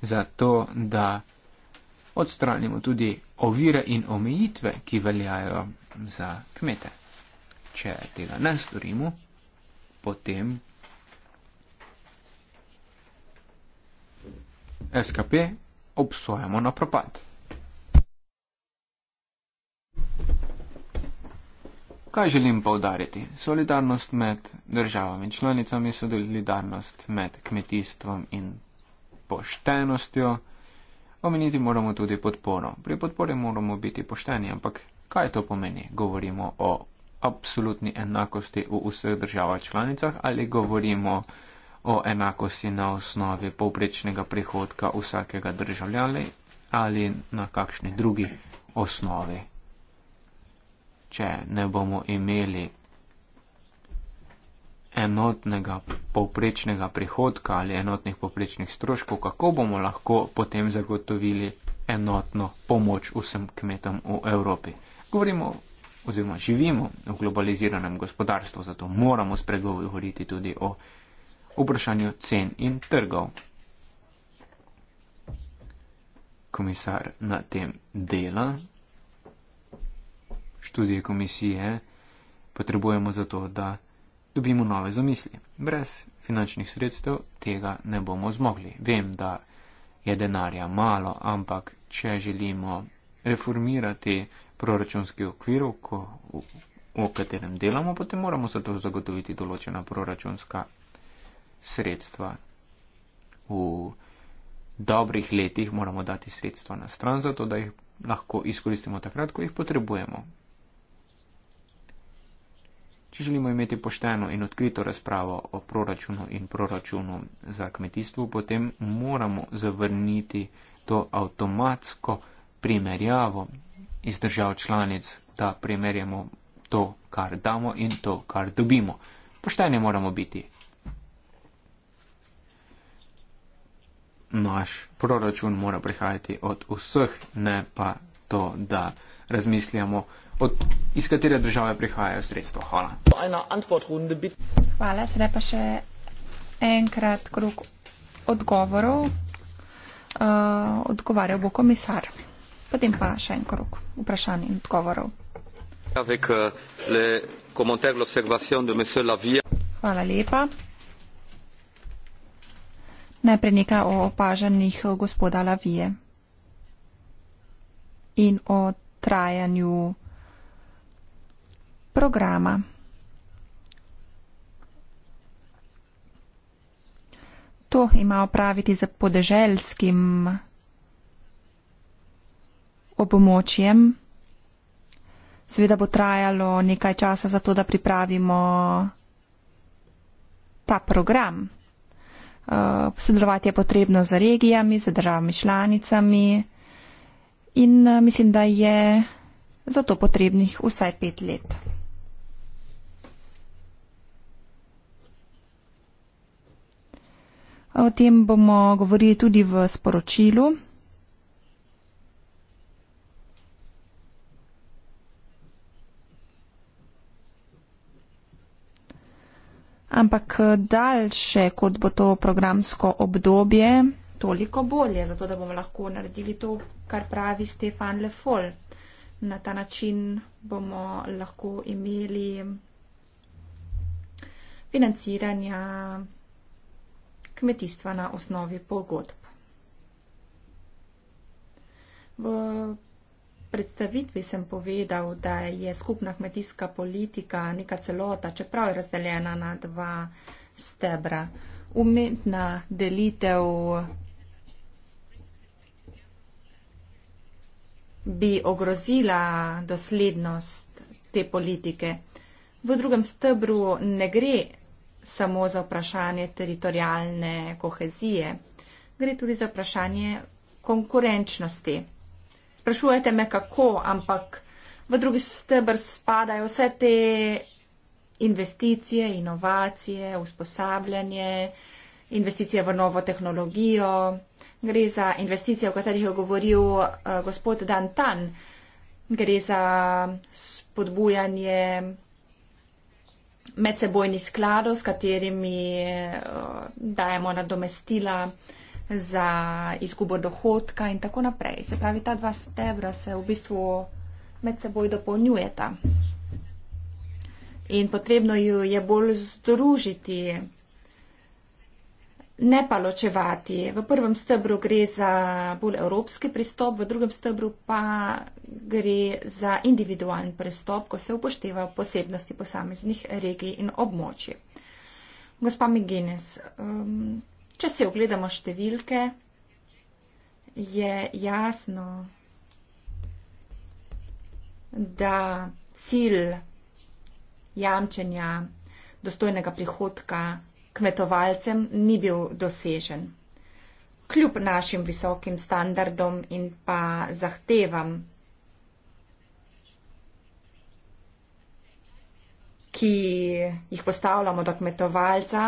za to, da odstranimo tudi ovire in omejitve, ki veljajo za kmete. Če tega ne storimo, potem SKP obsojamo na propad. Kaj želim povdariti? Solidarnost med državami članicami, solidarnost med kmetijstvom in poštenostjo. Omeniti moramo tudi podporo. Pri podpori moramo biti pošteni, ampak kaj to pomeni? Govorimo o absolutni enakosti v vseh državah članicah ali govorimo o enakosti na osnovi povprečnega prihodka vsakega državljana ali na kakšni drugi osnovi? če ne bomo imeli enotnega poprečnega prihodka ali enotnih poprečnih stroškov, kako bomo lahko potem zagotovili enotno pomoč vsem kmetom v Evropi. Govorimo oziroma živimo v globaliziranem gospodarstvu, zato moramo spregovoriti tudi o vprašanju cen in trgov. Komisar na tem dela študije komisije potrebujemo za to, da dobimo nove zamisli. Brez finančnih sredstev tega ne bomo zmogli. Vem, da je denarja malo, ampak če želimo reformirati proračunski okvir, v katerem delamo, potem moramo za to zagotoviti določena proračunska sredstva. V dobrih letih moramo dati sredstva na stran, zato da jih lahko izkoristimo takrat, ko jih potrebujemo če želimo imeti pošteno in odkrito razpravo o proračunu in proračunu za kmetijstvo, potem moramo zavrniti to avtomatsko primerjavo iz držav članic, da primerjamo to, kar damo in to, kar dobimo. Pošteni moramo biti. Naš proračun mora prihajati od vseh, ne pa to, da razmišljamo, pod, iz katere države prihajajo sredstva. Hvala. Hvala, sedaj pa še enkrat krok odgovorov. Uh, odgovarjal bo komisar. Potem pa še en krok vprašanj in odgovorov. Eh, Hvala lepa. Najprej nekaj o opažanjih eh, gospoda Lavije in o trajanju uh, programa. To ima opraviti z podeželskim območjem. Seveda bo trajalo nekaj časa za to, da pripravimo ta program. Eh, sodelovati je potrebno z regijami, z državami članicami in eh, mislim, da je zato potrebnih vsaj pet let. O tem bomo govorili tudi v sporočilu. Ampak eh, daljše, kot bo to programsko obdobje, toliko bolje, zato da bomo lahko naredili to, kar pravi Stefan Lefol. Na ta način bomo lahko imeli financiranja kmetijstva na osnovi pogodb. V predstavitvi sem povedal, da je skupna kmetijska politika neka celota, čeprav je razdeljena na dva stebra. Umetna delitev bi ogrozila doslednost te politike. V drugem stebru ne gre samo za vprašanje teritorijalne kohezije, gre tudi za vprašanje konkurenčnosti. Sprašujete me, kako, ampak v drugi stebr spadajo vse te investicije, inovacije, usposabljanje, investicije v novo tehnologijo. Gre za investicije, o katerih je govoril eh, gospod Dantan. Gre za spodbujanje medsebojni sklado, s katerimi eh, dajemo nadomestila za izgubo dohodka in tako naprej. Se pravi, ta dva stebra se v bistvu med seboj dopolnjujeta. In potrebno ju je bolj združiti ne pa ločevati. V prvem stebru gre za bolj evropski pristop, v drugem stebru pa gre za individualen pristop, ko se upoštevajo posebnosti posameznih regij in območij. Gospa Migenes, um, če se ogledamo številke, je jasno, da cilj jamčenja dostojnega prihodka kmetovalcem ni bil dosežen. Kljub našim visokim standardom in pa zahtevam, ki jih postavljamo do kmetovalca,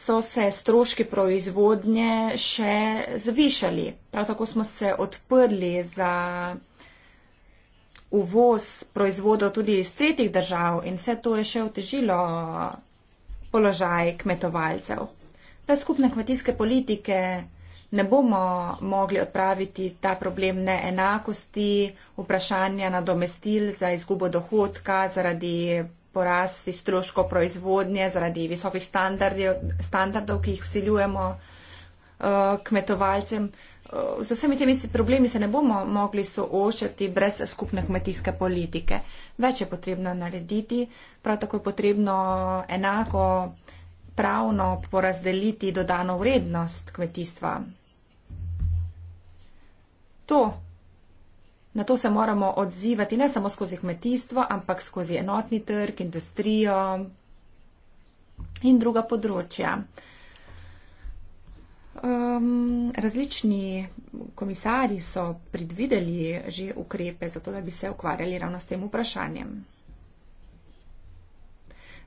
so se stroški proizvodnje še zvišali. Prav tako smo se odprli za uvoz proizvodov tudi iz tretjih držav in vse to je še otežilo položaj kmetovalcev. Brez skupne kmetijske politike ne bomo mogli odpraviti ta problem neenakosti, vprašanja nadomestil za izgubo dohodka zaradi porasti stroškov proizvodnje, zaradi visokih standardov, standardov, ki jih vsiljujemo eh, kmetovalcem. Eh, z vsemi temi problemi se ne bomo mogli soočati brez skupne kmetijske politike. Več je potrebno narediti, prav tako je potrebno enako pravno porazdeliti dodano vrednost kmetijstva. To, na to se moramo odzivati ne samo skozi kmetijstvo, ampak skozi enotni trg, industrijo in druga področja. Um, različni komisari so predvideli že ukrepe, zato da bi se ukvarjali ravno s tem vprašanjem.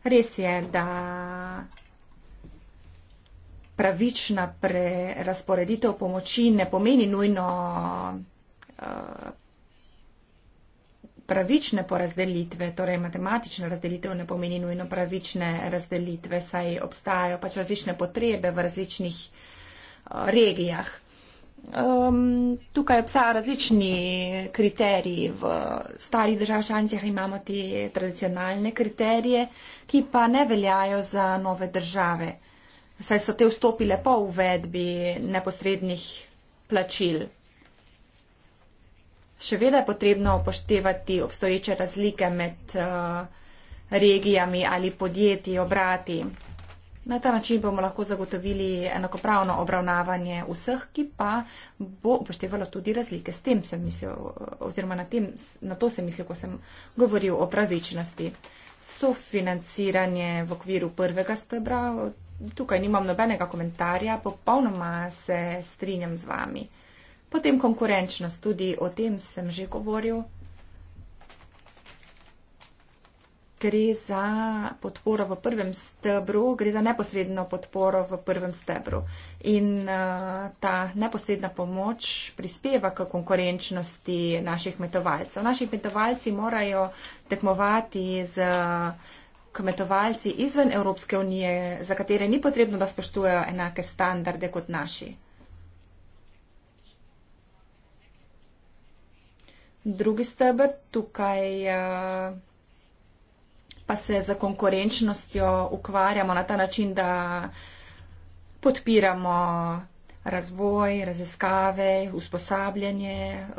Res je, da pravična prerasporeditev pomoči ne pomeni nujno eh, pravične porazdelitve, torej matematična razdelitev ne pomeni nujno pravične razdelitve, saj obstajajo pač različne potrebe v različnih uh, regijah. Um, tukaj obstajajo različni kriteriji. V starih državah članicah imamo te tradicionalne kriterije, ki pa ne veljajo za nove države. Saj so te vstopile po uvedbi neposrednih plačil. Še vedno je potrebno upoštevati obstoječe razlike med uh, regijami ali podjetji, obrati. Na ta način bomo lahko zagotovili enakopravno obravnavanje vseh, ki pa bo upoštevalo tudi razlike. S tem sem mislil, oziroma na, tem, na to sem mislil, ko sem govoril o pravičnosti. Sofinanciranje v okviru prvega stebra, tukaj nimam nobenega komentarja, popolnoma se strinjam z vami. Potem konkurenčnost, tudi o tem sem že govoril. gre za podporo v prvem stebru, gre za neposredno podporo v prvem stebru. In eh, ta neposredna pomoč prispeva k konkurenčnosti naših metovalcev. Naši metovalci morajo tekmovati z eh, kmetovalci izven Evropske unije, za katere ni potrebno, da spoštujejo enake standarde kot naši. Drugi stebr tukaj. Eh, pa se za konkurenčnostjo ukvarjamo na ta način, da podpiramo razvoj, raziskave, usposabljanje, eh,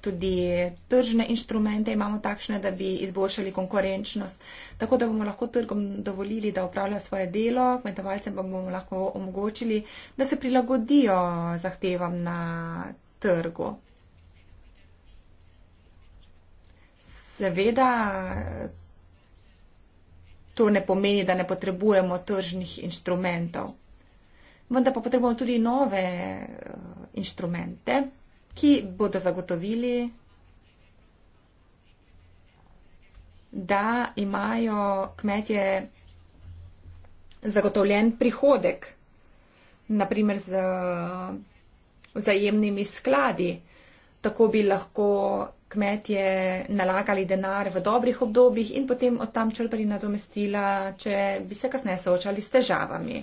tudi tržne inštrumente imamo takšne, da bi izboljšali konkurenčnost, tako da bomo lahko trgom dovolili, da upravlja svoje delo, kmetovalcem bomo lahko omogočili, da se prilagodijo zahtevam na trgu. Seveda, To ne pomeni, da ne potrebujemo tržnih inštrumentov. Vendar pa potrebujemo tudi nove eh, inštrumente, ki bodo zagotovili, da imajo kmetje zagotovljen prihodek, naprimer z eh, vzajemnimi skladi. Tako bi lahko kmetje nalagali denar v dobrih obdobjih in potem od tam črpali nadomestila, če bi se kasneje soočali s težavami.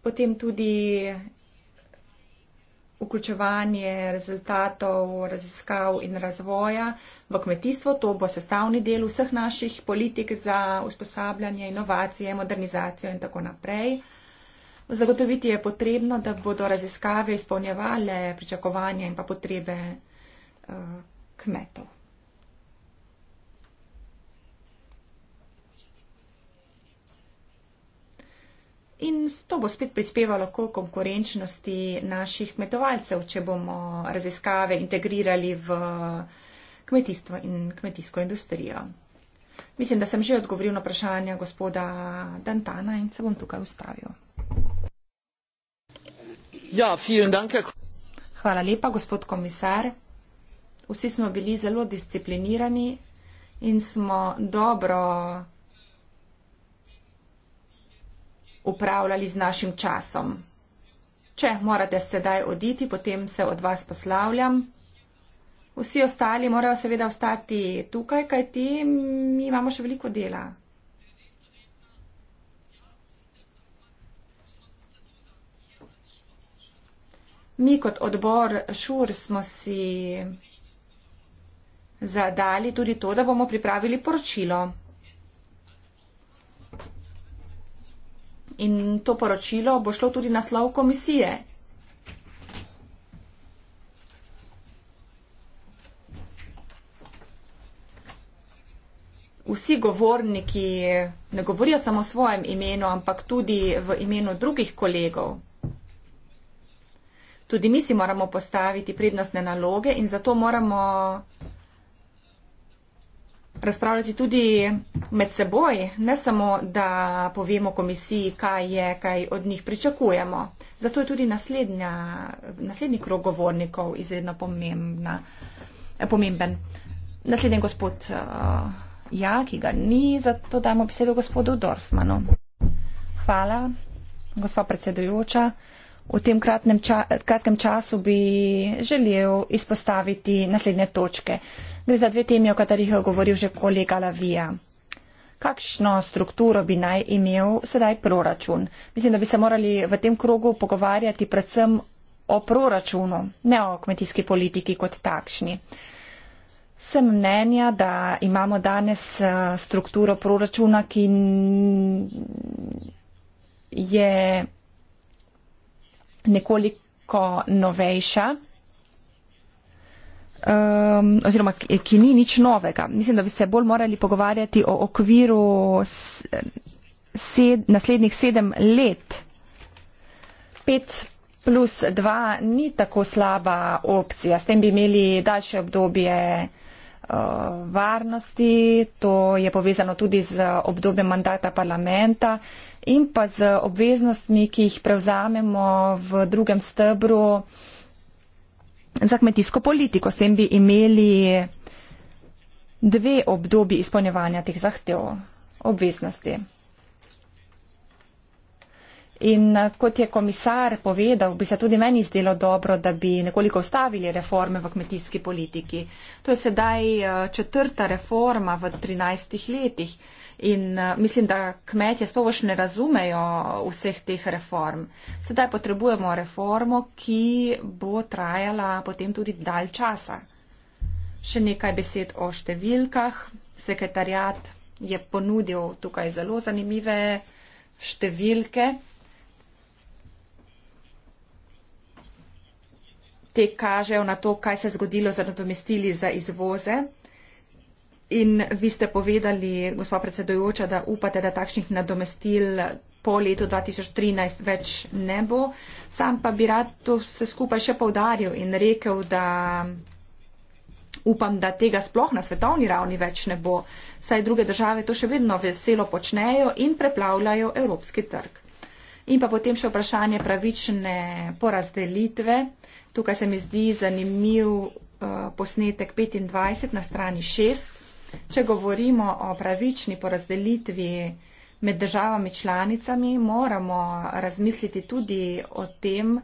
Potem tudi vključevanje rezultatov raziskav in razvoja v kmetijstvo, to bo sestavni del vseh naših politik za usposabljanje, inovacije, modernizacijo in tako naprej. Zagotoviti je potrebno, da bodo raziskave izpolnjevale pričakovanja in pa potrebe eh, kmetov. In to bo spet prispevalo k konkurenčnosti naših kmetovalcev, če bomo raziskave integrirali v kmetijstvo in kmetijsko industrijo. Mislim, da sem že odgovoril na vprašanje gospoda Dantana in se bom tukaj ustavil. Ja, vielen Dank. Hvala lepa, gospod komisar vsi smo bili zelo disciplinirani in smo dobro upravljali z našim časom. Če morate sedaj oditi, potem se od vas poslavljam. Vsi ostali morajo seveda ostati tukaj, kaj ti, mi imamo še veliko dela. Mi kot odbor ŠUR smo si zadali tudi to, da bomo pripravili poročilo. In to poročilo bo šlo tudi naslov komisije. Vsi govorniki ne govorijo samo o svojem imenu, ampak tudi v imenu drugih kolegov. Tudi mi si moramo postaviti prednostne naloge in zato moramo razpravljati tudi med seboj, ne samo, da povemo komisiji, kaj je, kaj od njih pričakujemo. Zato je tudi naslednji krog govornikov izredno pomembna, pomemben. Naslednji gospod uh, Ja, ki ga ni, zato dajmo besedo gospodu Dorfmanu. Hvala, gospa predsedujoča. Uh, V tem kratnem, ča, kratkem času bi želel izpostaviti naslednje točke. Gre za dve temi, o katerih je govoril že kolega Lavija. Kakšno strukturo bi naj imel sedaj proračun? Mislim, da bi se morali v tem krogu pogovarjati predvsem o proračunu, ne o kmetijski politiki kot takšni. Sem mnenja, da imamo danes eh, strukturo proračuna, ki je nekoliko novejša. Um, oziroma, ki ni nič novega. Mislim, da bi se bolj morali pogovarjati o okviru sed, naslednjih sedem let. Pet plus dva ni tako slaba opcija. S tem bi imeli daljše obdobje uh, varnosti. To je povezano tudi z obdobjem mandata parlamenta. Uh, in pa z obveznostmi, ki jih prevzamemo v drugem stebru za kmetijsko politiko. S tem bi imeli dve obdobji izpolnjevanja teh zahtev obveznosti. In eh, kot je komisar povedal, bi se tudi meni zdelo dobro, da bi nekoliko ustavili reforme v kmetijski politiki. To je sedaj eh, četrta reforma v 13 letih in eh, mislim, da kmetje spoboš ne razumejo vseh teh reform. Sedaj potrebujemo reformo, ki bo trajala potem tudi dalj časa. Še nekaj besed o številkah. Sekretarjat je ponudil tukaj zelo zanimive številke. te kažejo na to, kaj se je zgodilo za nadomestili za izvoze. In vi ste povedali, gospa predsedojoča, da upate, da takšnih nadomestil po letu 2013 več ne bo. Sam pa bi rad to se skupaj še povdaril in rekel, da upam, da tega sploh na svetovni ravni več ne bo, saj druge države to še vedno veselo počnejo in preplavljajo evropski trg. In pa potem še vprašanje pravične porazdelitve. Tukaj se mi zdi zanimiv uh, posnetek 25 na strani 6. Če govorimo o pravični porazdelitvi med državami članicami, moramo razmisliti tudi o tem,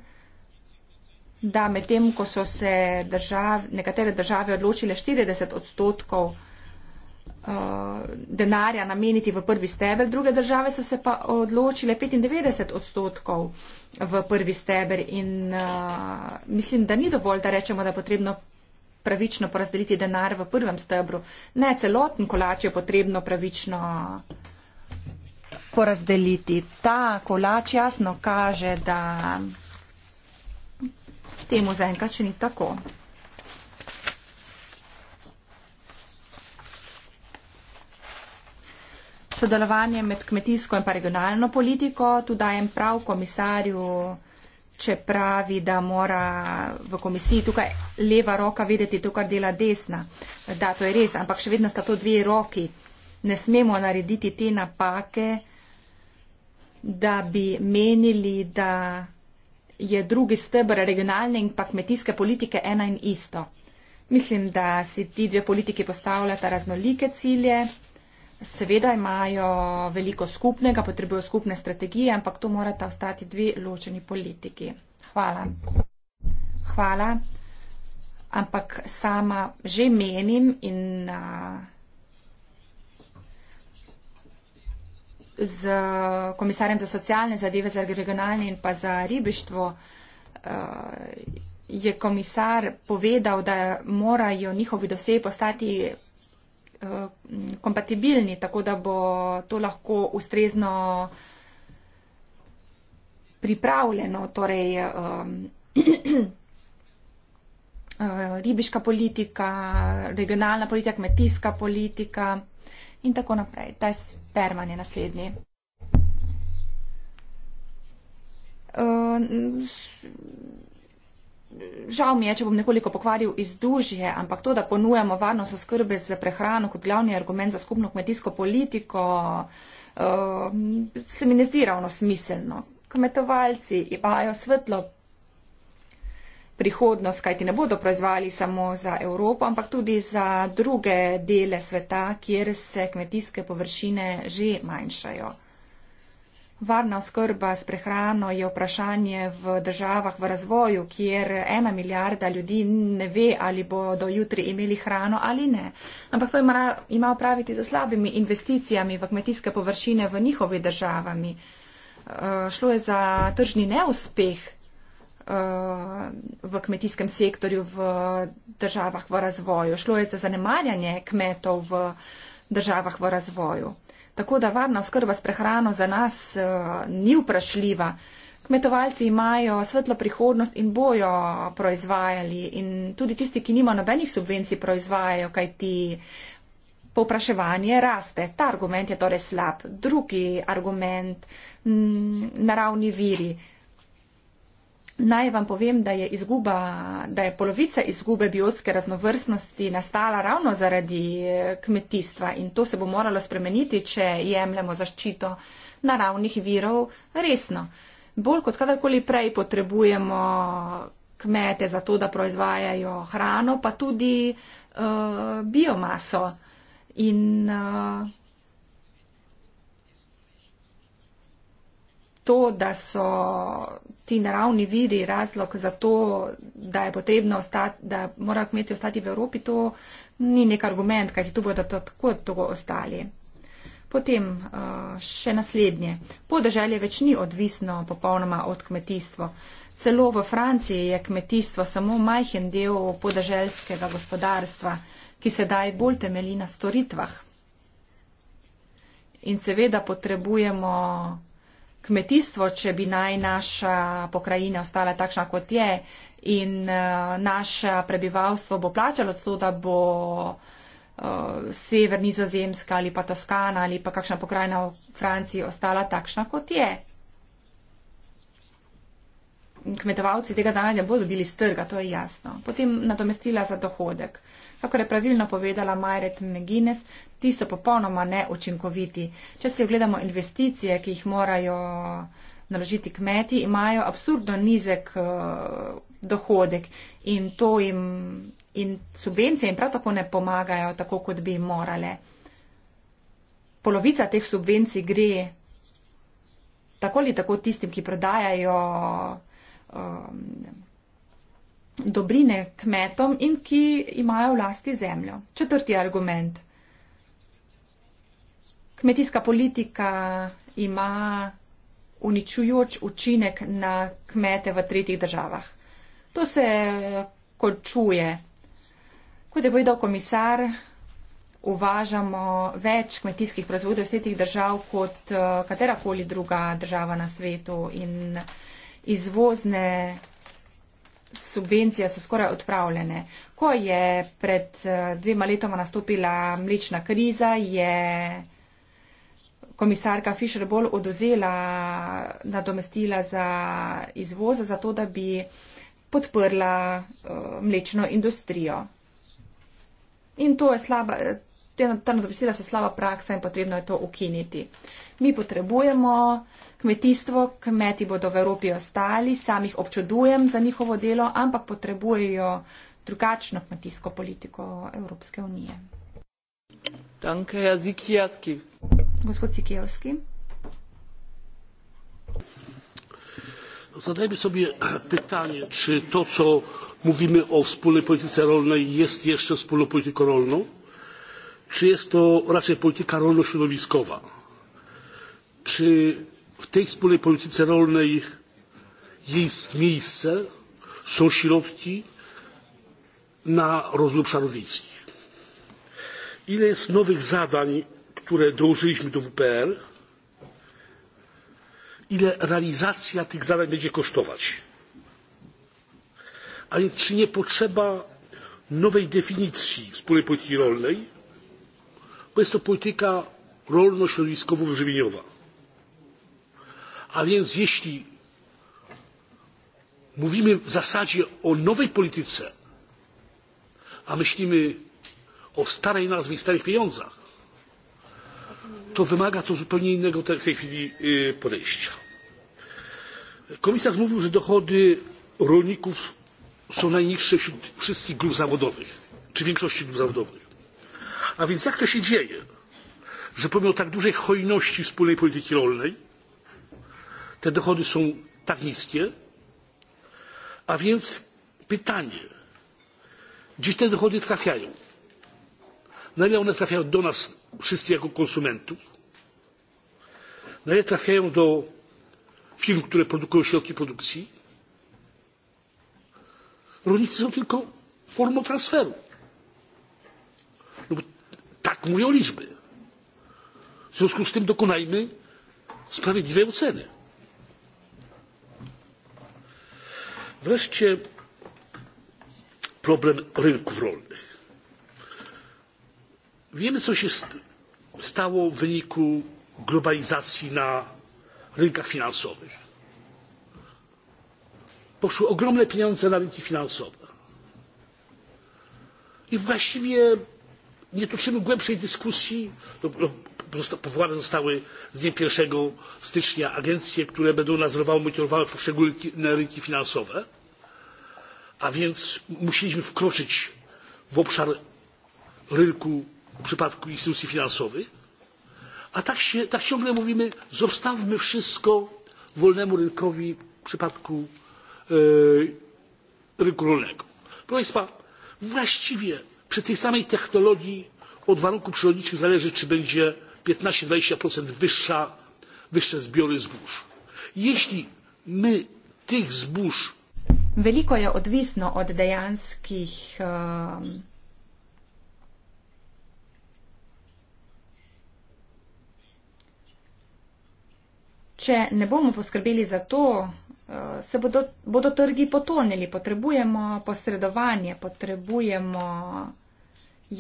da medtem, ko so se držav, nekatere države odločile 40 odstotkov Eh, denarja nameniti v prvi steber, druge države so se pa odločile 95 odstotkov v prvi steber in uh, mislim, da ni dovolj, da rečemo, da je potrebno pravično porazdeliti denar v prvem stebru. Ne, celoten kolač je potrebno pravično porazdeliti. Ta kolač jasno kaže, da temu zaenkrat še ni tako. sodelovanje med kmetijsko in pa regionalno politiko. Tu dajem prav komisarju, če pravi, da mora v komisiji tukaj leva roka vedeti to, kar dela desna. Da, to je res, ampak še vedno sta to dve roki. Ne smemo narediti te napake, da bi menili, da je drugi stebr regionalne in pa kmetijske politike ena in isto. Mislim, da si ti dve politiki postavljata raznolike cilje. Seveda imajo veliko skupnega, potrebujo skupne strategije, ampak to morata ostati dve ločeni politiki. Hvala. Hvala. Ampak sama že menim in a, z komisarjem za socialne zadeve, za regionalne in pa za ribištvo a, je komisar povedal, da morajo njihovi doseji postati Eh, kompatibilni, tako da bo to lahko ustrezno pripravljeno. Torej, eh, ribiška politika, regionalna politika, kmetijska politika in tako naprej. Ta sperman je naslednji. Uh, Žal mi je, če bom nekoliko pokvaril izdužje, ampak to, da ponujamo varnost oskrbe z prehrano kot glavni argument za skupno kmetijsko politiko, eh, se mi ne zdi ravno smiselno. Kmetovalci imajo svetlo prihodnost, kajti ne bodo proizvali samo za Evropo, ampak tudi za druge dele sveta, kjer se kmetijske površine že manjšajo. Varna oskrba s prehrano je vprašanje v državah v razvoju, kjer ena milijarda ljudi ne ve, ali bodo jutri imeli hrano ali ne. Ampak to ima opraviti za slabimi investicijami v kmetijske površine v njihovi državami. Eh, šlo je za tržni neuspeh eh, v kmetijskem sektorju v državah v razvoju. Šlo je za zanemarjanje kmetov v državah v razvoju. Tako da varna oskrba s prehrano za nas uh, ni vprašljiva. Kmetovalci imajo svetlo prihodnost in bojo proizvajali in tudi tisti, ki nima nobenih subvencij, proizvajajo, kaj ti povpraševanje raste. Ta argument je torej slab. Drugi argument, m, mm, naravni viri. Naj vam povem, da je, izguba, da je polovica izgube biotske raznovrstnosti nastala ravno zaradi eh, kmetijstva in to se bo moralo spremeniti, če jemljemo zaščito naravnih virov resno. Bolj kot kadarkoli prej potrebujemo kmete za to, da proizvajajo hrano, pa tudi uh, biomaso. In, uh, to, da so ti naravni viri razlog za to, da je potrebno ostati, da morajo kmetje ostati v Evropi, to ni nek argument, kajti tu bodo tako tako ostali. Potem uh, še naslednje. Podeželje več ni odvisno popolnoma od kmetijstva. Celo v Franciji je kmetijstvo samo majhen del podeželskega gospodarstva, ki sedaj bolj temeli na storitvah. In seveda potrebujemo kmetijstvo, če bi naj naša pokrajina ostala takšna, kot je in uh, naše prebivalstvo bo plačalo to, da bo uh, sever Nizozemska ali pa Toskana ali pa kakšna pokrajina v Franciji ostala takšna, kot je. Kmetovalci tega dana ne bodo dobili strga, to je jasno. Potem nadomestila za dohodek. Uh, Kako je pravilno povedala Majret Megines, ti so popolnoma neučinkoviti. Če si ogledamo investicije, ki jih morajo naložiti kmeti, imajo absurdno nizek eh, dohodek in, jim, in subvencije jim prav tako ne pomagajo, tako kot bi morale. Polovica teh subvencij gre tako ali tako tistim, ki prodajajo. Um, dobrine kmetom in ki imajo vlasti zemljo. Četrti argument. Kmetijska politika ima uničujoč učinek na kmete v tretjih državah. To se končuje. Kot je povedal komisar, uvažamo več kmetijskih proizvodov iz tretjih držav kot eh, katerakoli druga država na svetu in izvozne subvencije so skoraj odpravljene. Ko je pred eh, dvema letoma nastopila mlečna kriza, je komisarka Fischer bolj odozela nadomestila za izvoz, zato da bi podprla eh, mlečno industrijo. In to je slaba, te, ta nadomestila so slaba praksa in potrebno je to ukiniti. Mi potrebujemo Kmetijstvo, kmeti bodo v Evropi ostali, samih občudujem za njihovo delo, ampak potrebujejo drugačno kmetijsko politiko Evropske unije. Danke, Zikijaski. Gospod Zikijevski. Zadajmy sobie pytanie, czy to, co mówimy o wspólnej polityce rolnej, jest jeszcze wspólną polityką rolną, czy jest to raczej polityka rolno-środowiskowa. Czy w tej wspólnej polityce rolnej jest miejsce są środki na rozwój obszarów wiejskich. Ile jest nowych zadań, które dołożyliśmy do WPR? Ile realizacja tych zadań będzie kosztować? A więc czy nie potrzeba nowej definicji wspólnej polityki rolnej? Bo jest to polityka rolno-środowiskowo-wyżywieniowa. A więc jeśli mówimy w zasadzie o nowej polityce, a myślimy o starej nazwie i starych pieniądzach, to wymaga to zupełnie innego w tej chwili podejścia. Komisarz mówił, że dochody rolników są najniższe wśród wszystkich grup zawodowych, czy większości grup zawodowych. A więc jak to się dzieje, że pomimo tak dużej hojności wspólnej polityki rolnej, te dochody są tak niskie a więc pytanie gdzie te dochody trafiają na ile one trafiają do nas wszystkich jako konsumentów na ile trafiają do firm które produkują środki produkcji rolnicy są tylko formą transferu no bo tak mówią liczby w związku z tym dokonajmy sprawiedliwej oceny. wreszcie problem rynków rolnych. Wiemy, co się stało w wyniku globalizacji na rynkach finansowych. Poszły ogromne pieniądze na rynki finansowe. I właściwie nie toczymy głębszej dyskusji. No, no, powołane zostały z dnia 1 stycznia agencje, które będą nadzorowały, monitorowały poszczególne rynki finansowe a więc musieliśmy wkroczyć w obszar rynku w przypadku instytucji finansowych. A tak, się, tak ciągle mówimy, zostawmy wszystko wolnemu rynkowi w przypadku yy, e, rynku rolnego. Proszę Państwa, właściwie przy tej samej technologii od warunków przyrodniczych zależy, czy będzie 15-20% wyższe zbiory zbóż. Jeśli my tych zbóż Veliko je odvisno od dejanskih um, Če ne bomo poskrbeli za to, uh, se bodo, bodo trgi potonili. Potrebujemo posredovanje, potrebujemo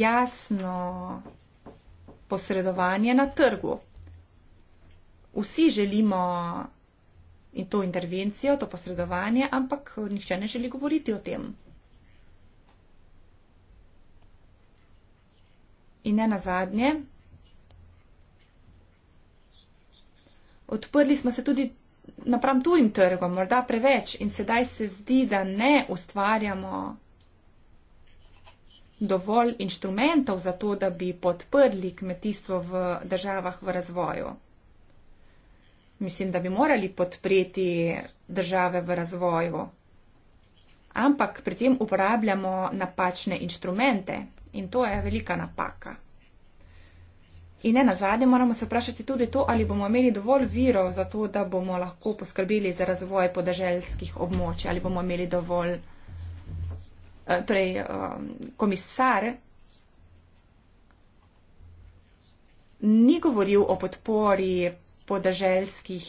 jasno posredovanje na trgu. Vsi želimo in to intervencijo, to posredovanje, ampak eh, nihče ne želi govoriti o tem. In ne na zadnje, odprli smo se tudi napram tujim trgom, morda preveč in sedaj se zdi, da ne ustvarjamo dovolj inštrumentov za to, da bi podprli kmetijstvo v državah v razvoju mislim, da bi morali podpreti države v razvoju, ampak pri tem uporabljamo napačne inštrumente in to je velika napaka. In ne nazadnje moramo se vprašati tudi to, ali bomo imeli dovolj virov za to, da bomo lahko poskrbeli za razvoj podeželskih območij, ali bomo imeli dovolj eh, torej, eh, komisar. Ni govoril o podpori podeželskih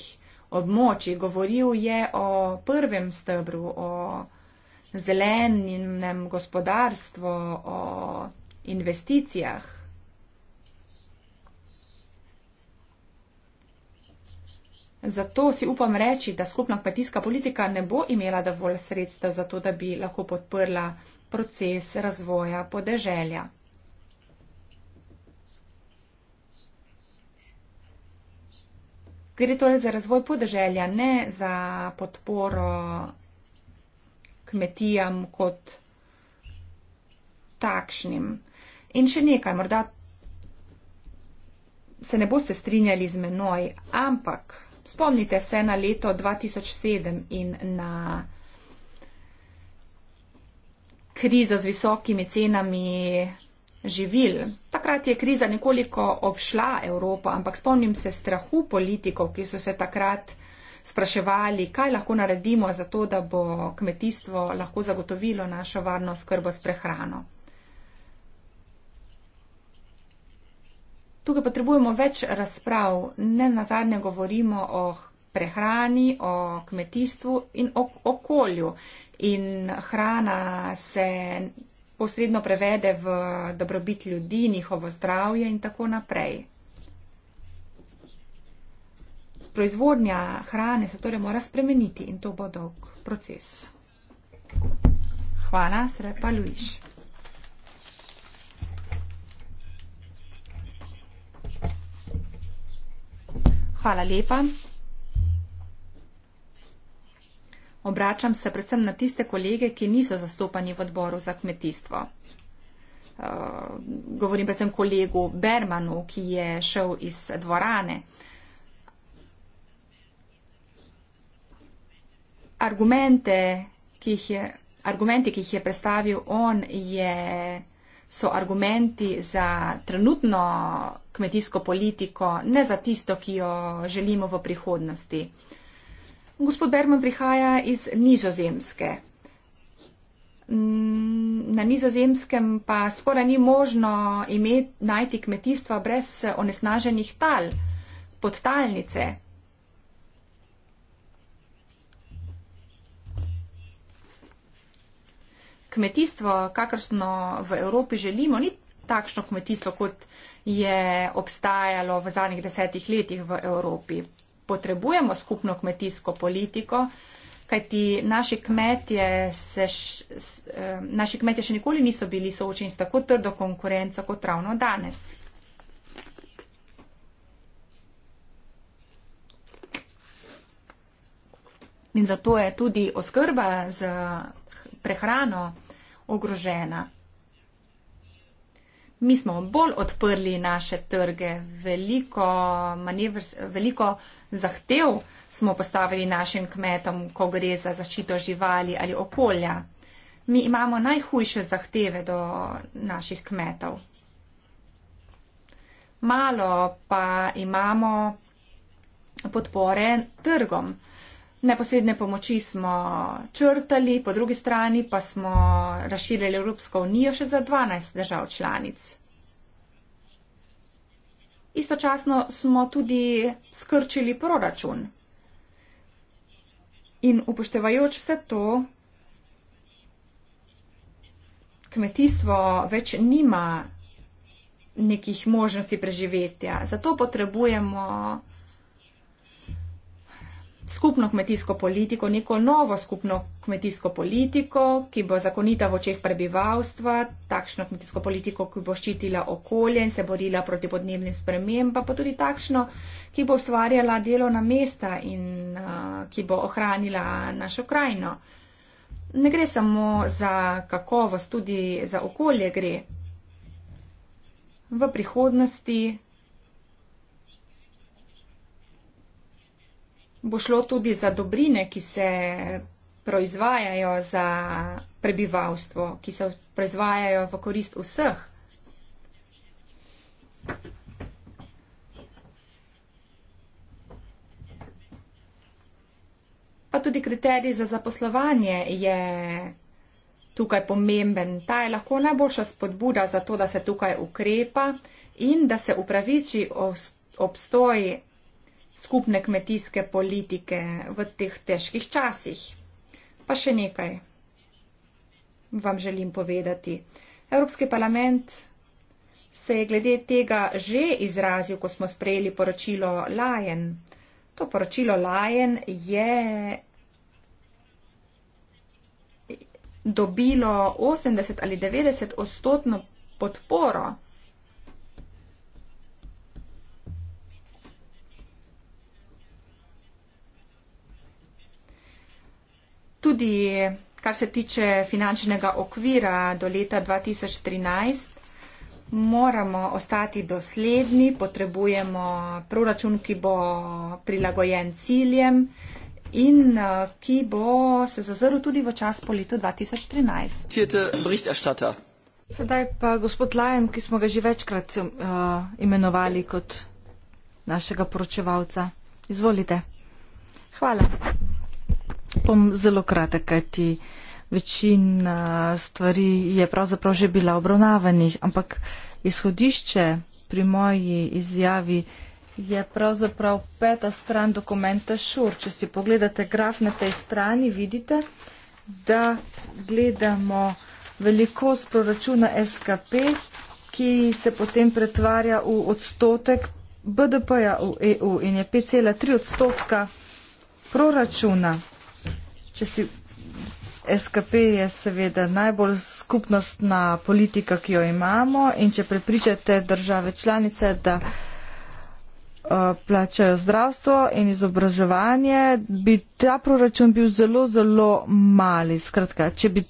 območij. Govoril je o prvem stebru, o zelenem gospodarstvu, o investicijah. Zato si upam reči, da skupna kmetijska politika ne bo imela dovolj sredstev za to, da bi lahko podprla proces razvoja podeželja. Gre torej za razvoj podeželja, ne za podporo kmetijam kot takšnim. In še nekaj, morda se ne boste strinjali z menoj, ampak spomnite se na leto 2007 in na krizo z visokimi cenami živil. Takrat je kriza nekoliko obšla Evropo, ampak spomnim se strahu politikov, ki so se takrat spraševali, kaj lahko naredimo za to, da bo kmetijstvo lahko zagotovilo našo varno skrbo s prehrano. Tukaj potrebujemo več razprav, ne nazadnje govorimo o prehrani, o kmetijstvu in o okolju. In hrana se posredno prevede v dobrobit ljudi, njihovo zdravje in tako naprej. Proizvodnja hrane se torej mora spremeniti in to bo dolg proces. Hvala, sre pa Luiš. Hvala lepa. obračam se predvsem na tiste kolege, ki niso zastopani v odboru za kmetijstvo. Uh, govorim predvsem kolegu Bermanu, ki je šel iz dvorane. Argumente, ki jih je, argumenti, ki jih je predstavil on, je, so argumenti za trenutno kmetijsko politiko, ne za tisto, ki jo želimo v prihodnosti. Uh, Gospod Berman prihaja iz Nizozemske. Mm, na Nizozemskem pa skoraj ni možno imeti, najti kmetijstva brez onesnaženih tal, podtalnice. Kmetijstvo, kakršno v Evropi želimo, ni takšno kmetijstvo, kot je obstajalo v zadnjih desetih letih v Evropi potrebujemo skupno kmetijsko politiko, kajti naši kmetje, se, eh, naši kmetje še nikoli niso bili soočeni s tako trdo konkurenco kot ravno danes. In zato je tudi oskrba z prehrano ogrožena. Mi smo bolj odprli naše trge, veliko manevrs, veliko zahtev smo postavili našim kmetom, ko gre za zaščito živali ali okolja. Mi imamo najhujše zahteve do naših kmetov. Malo pa imamo podpore trgom. Neposredne pomoči smo črtali, po drugi strani pa smo razširili Evropsko unijo še za 12 držav članic istočasno smo tudi skrčili proračun. In upoštevajoč vse to, kmetijstvo več nima nekih možnosti preživetja, zato potrebujemo skupno kmetijsko politiko, neko novo skupno kmetijsko politiko, ki bo zakonita v očeh prebivalstva, takšno kmetijsko politiko, ki bo ščitila okolje in se borila proti podnebnim spremembam, pa tudi takšno, ki bo ustvarjala delovna mesta in uh, ki bo ohranila našo krajino. Ne gre samo za kakovost, tudi za okolje gre. V prihodnosti bo šlo tudi za dobrine, ki se proizvajajo za prebivalstvo, ki se proizvajajo v korist vseh. Pa tudi kriterij za zaposlovanje je tukaj pomemben. Ta je lahko najboljša spodbuda za to, da se tukaj ukrepa in da se upraviči obstoj skupne kmetijske politike v teh težkih časih. Pa še nekaj vam želim povedati. Evropski parlament se je glede tega že izrazil, ko smo sprejeli poročilo Lajen. To poročilo Lajen je dobilo 80 ali 90 odstotno podporo. tudi kar se tiče finančnega okvira do leta 2013, moramo ostati dosledni, potrebujemo proračun, ki bo prilagojen ciljem in eh, ki bo se zazrl tudi v čas po letu 2013. Sedaj pa gospod Lajen, ki smo ga že večkrat uh, imenovali kot našega poročevalca. Izvolite. Hvala bom zelo kratek, kajti večina stvari je pravzaprav že bila obravnavanih, ampak izhodišče pri moji izjavi je pravzaprav peta stran dokumenta ŠUR. Če si pogledate graf na tej strani, vidite, da gledamo velikost proračuna SKP, ki se potem pretvarja v odstotek BDP-ja v EU in je 5,3 odstotka proračuna če si SKP je seveda najbolj skupnostna politika, ki jo imamo in če prepričate države članice, da eh, plačajo zdravstvo in izobraževanje, bi ta proračun bil zelo, zelo mali. Skratka, če bi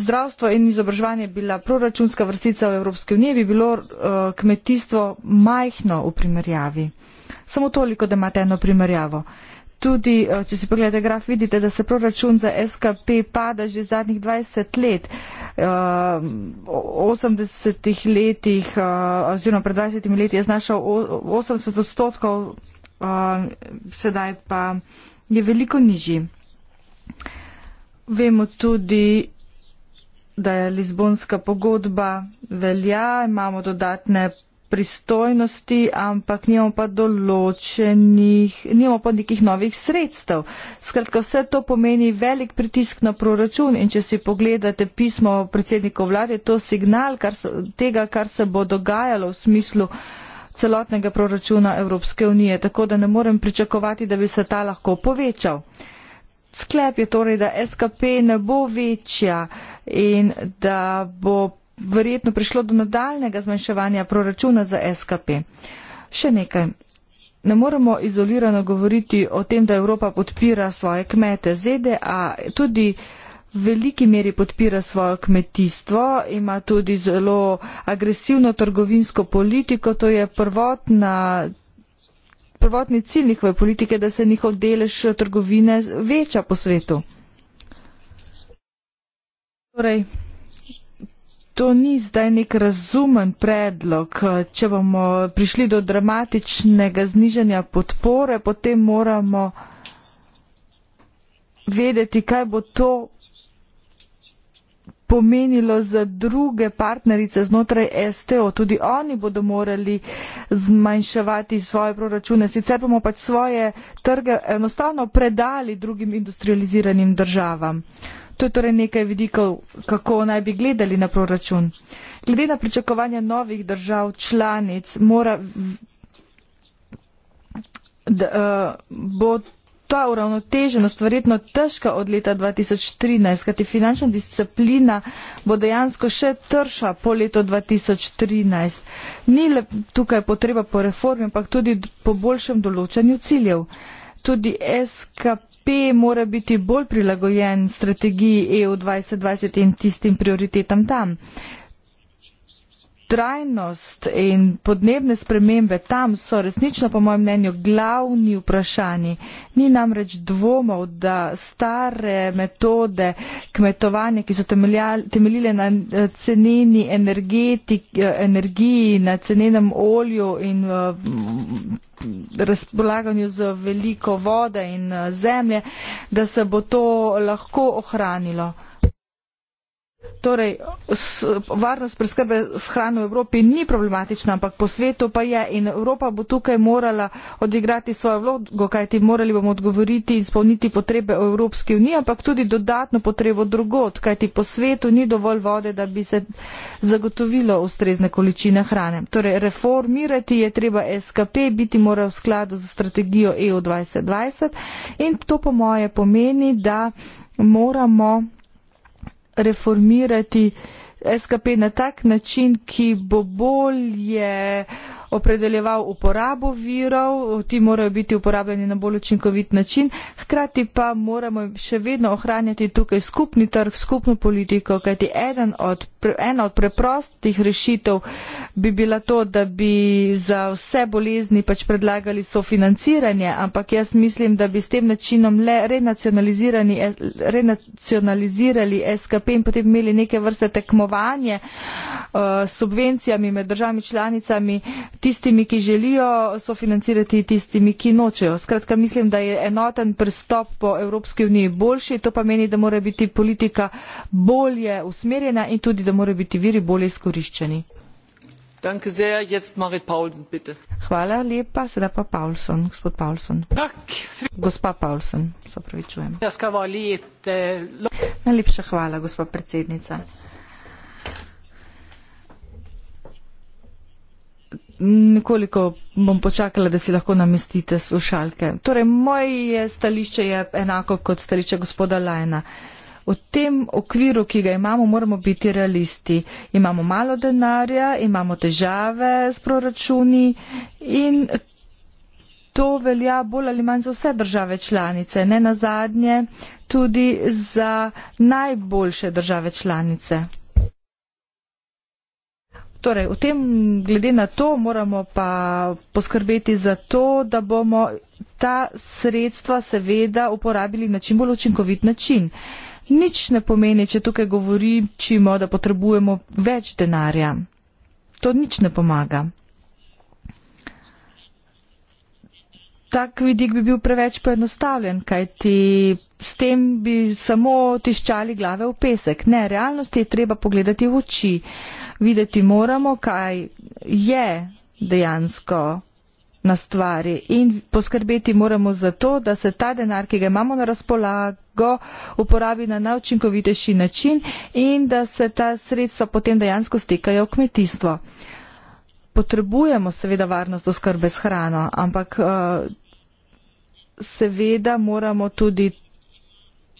zdravstvo in izobraževanje bila proračunska vrstica v Evropski uniji, bi bilo uh, kmetijstvo majhno v primerjavi. Samo toliko, da imate eno primerjavo. Uh, tudi, eh, če si pogledate graf, vidite, da se proračun za SKP pada že zadnjih 20 let. V ehm, 80-ih letih, eh, oziroma pred 20 leti, je znašal 80 odstotkov, ehm, sedaj pa je veliko nižji. Vemo tudi, da je Lizbonska pogodba velja, imamo dodatne pristojnosti, ampak nimamo pa določenih, nimamo pa nekih novih sredstev. Skratka, vse to pomeni velik pritisk na proračun in če si pogledate pismo predsednikov vlade, to je signal kar se, tega, kar se bo dogajalo v smislu celotnega proračuna Evropske unije, tako da ne morem pričakovati, da bi se ta lahko povečal. Sklep je torej, da SKP ne bo večja in da bo verjetno prišlo do nadaljnega zmanjševanja proračuna za SKP. Še nekaj. Ne moremo izolirano govoriti o tem, da Evropa podpira svoje kmete. ZDA tudi v veliki meri podpira svoje kmetijstvo, ima tudi zelo agresivno trgovinsko politiko, to je prvotna. Prvotni cilj njihove politike je, da se njihov delež trgovine veča po svetu. Torej to ni zdaj nek razumen predlog. Če bomo prišli do dramatičnega znižanja podpore, potem moramo vedeti, kaj bo to pomenilo za druge partnerice znotraj STO. Tudi oni bodo morali zmanjševati svoje proračune, sicer bomo pač svoje trge enostavno predali drugim industrializiranim državam. Uh, To je torej nekaj vidikov, kako naj bi gledali na proračun. Glede na pričakovanje novih držav, članic, mora, da, uh, eh, bo ta uravnoteženost verjetno težka od leta 2013, kajti finančna disciplina bo dejansko še trša po letu 2013. Ni le tukaj potreba po reformi, ampak tudi po boljšem določanju ciljev. Tudi SKP BSP mora biti bolj prilagojen strategiji EU 2020 in tistim prioritetam tam trajnost in podnebne spremembe tam so resnično, po mojem mnenju, glavni vprašanji. Ni namreč dvomov, da stare metode kmetovanja, ki so temeljile na eh, ceneni eh, energiji, na cenenem olju in eh, razpolaganju z veliko vode in zemlje, da se bo to lahko ohranilo torej s, varnost preskrbe s hrano v Evropi ni problematična, ampak po svetu pa je in Evropa bo tukaj morala odigrati svojo vlogo, kajti morali bomo odgovoriti in spolniti potrebe v Evropski uniji, ampak tudi dodatno potrebo drugot, kajti po svetu ni dovolj vode, da bi se zagotovilo ustrezne količine hrane. Torej reformirati je treba SKP, biti mora v skladu z strategijo EU 2020 in to po moje pomeni, da moramo reformirati SKP na tak način, ki bo bolje opredeljeval uporabo virov, ti morajo biti uporabljeni na bolj učinkovit način, hkrati pa moramo še vedno ohranjati tukaj skupni trg, skupno politiko, kajti eden od, ena od preprostih rešitev bi bila to, da bi za vse bolezni pač predlagali sofinanciranje, ampak jaz mislim, da bi s tem načinom le renacionalizirali SKP in potem imeli neke vrste tekmovanje uh, s subvencijami med državami članicami, tistimi, ki želijo sofinancirati, tistimi, ki nočejo. Skratka, mislim, da je enoten pristop po Evropski uniji boljši, to pa meni, da mora biti politika bolje usmerjena in tudi, da mora biti viri bolje izkoriščeni. Danke sehr, jetzt Marit Paulsen, bitte. Hvala lepa, sedaj pa Paulson, gospod Paulson. Gospa Paulson, se opravičujem. Ja, eh, Najlepša hvala, gospa predsednica. nekoliko bom počakala, da si lahko namestite slušalke. Torej, moje stališče je enako kot stališče gospoda Lajna. V tem okviru, ki ga imamo, moramo biti realisti. Imamo malo denarja, imamo težave s proračuni in to velja bolj ali manj za vse države članice, ne nazadnje tudi za najboljše države članice. Torej, v tem glede na to moramo pa poskrbeti za to, da bomo ta sredstva seveda uporabili na čim bolj učinkovit način. Nič ne pomeni, če tukaj govorimo, da potrebujemo več denarja. To nič ne pomaga. Tak vidik bi bil preveč poenostavljen, kajti s tem bi samo tiščali glave v pesek. Ne, realnosti je treba pogledati v oči videti moramo, kaj je dejansko na stvari in poskrbeti moramo za to, da se ta denar, ki ga imamo na razpolago, uporabi na najučinkovitejši način in da se ta sredstva potem dejansko stekajo v kmetijstvo. Potrebujemo seveda varnost oskrbe s hrano, ampak eh, seveda moramo tudi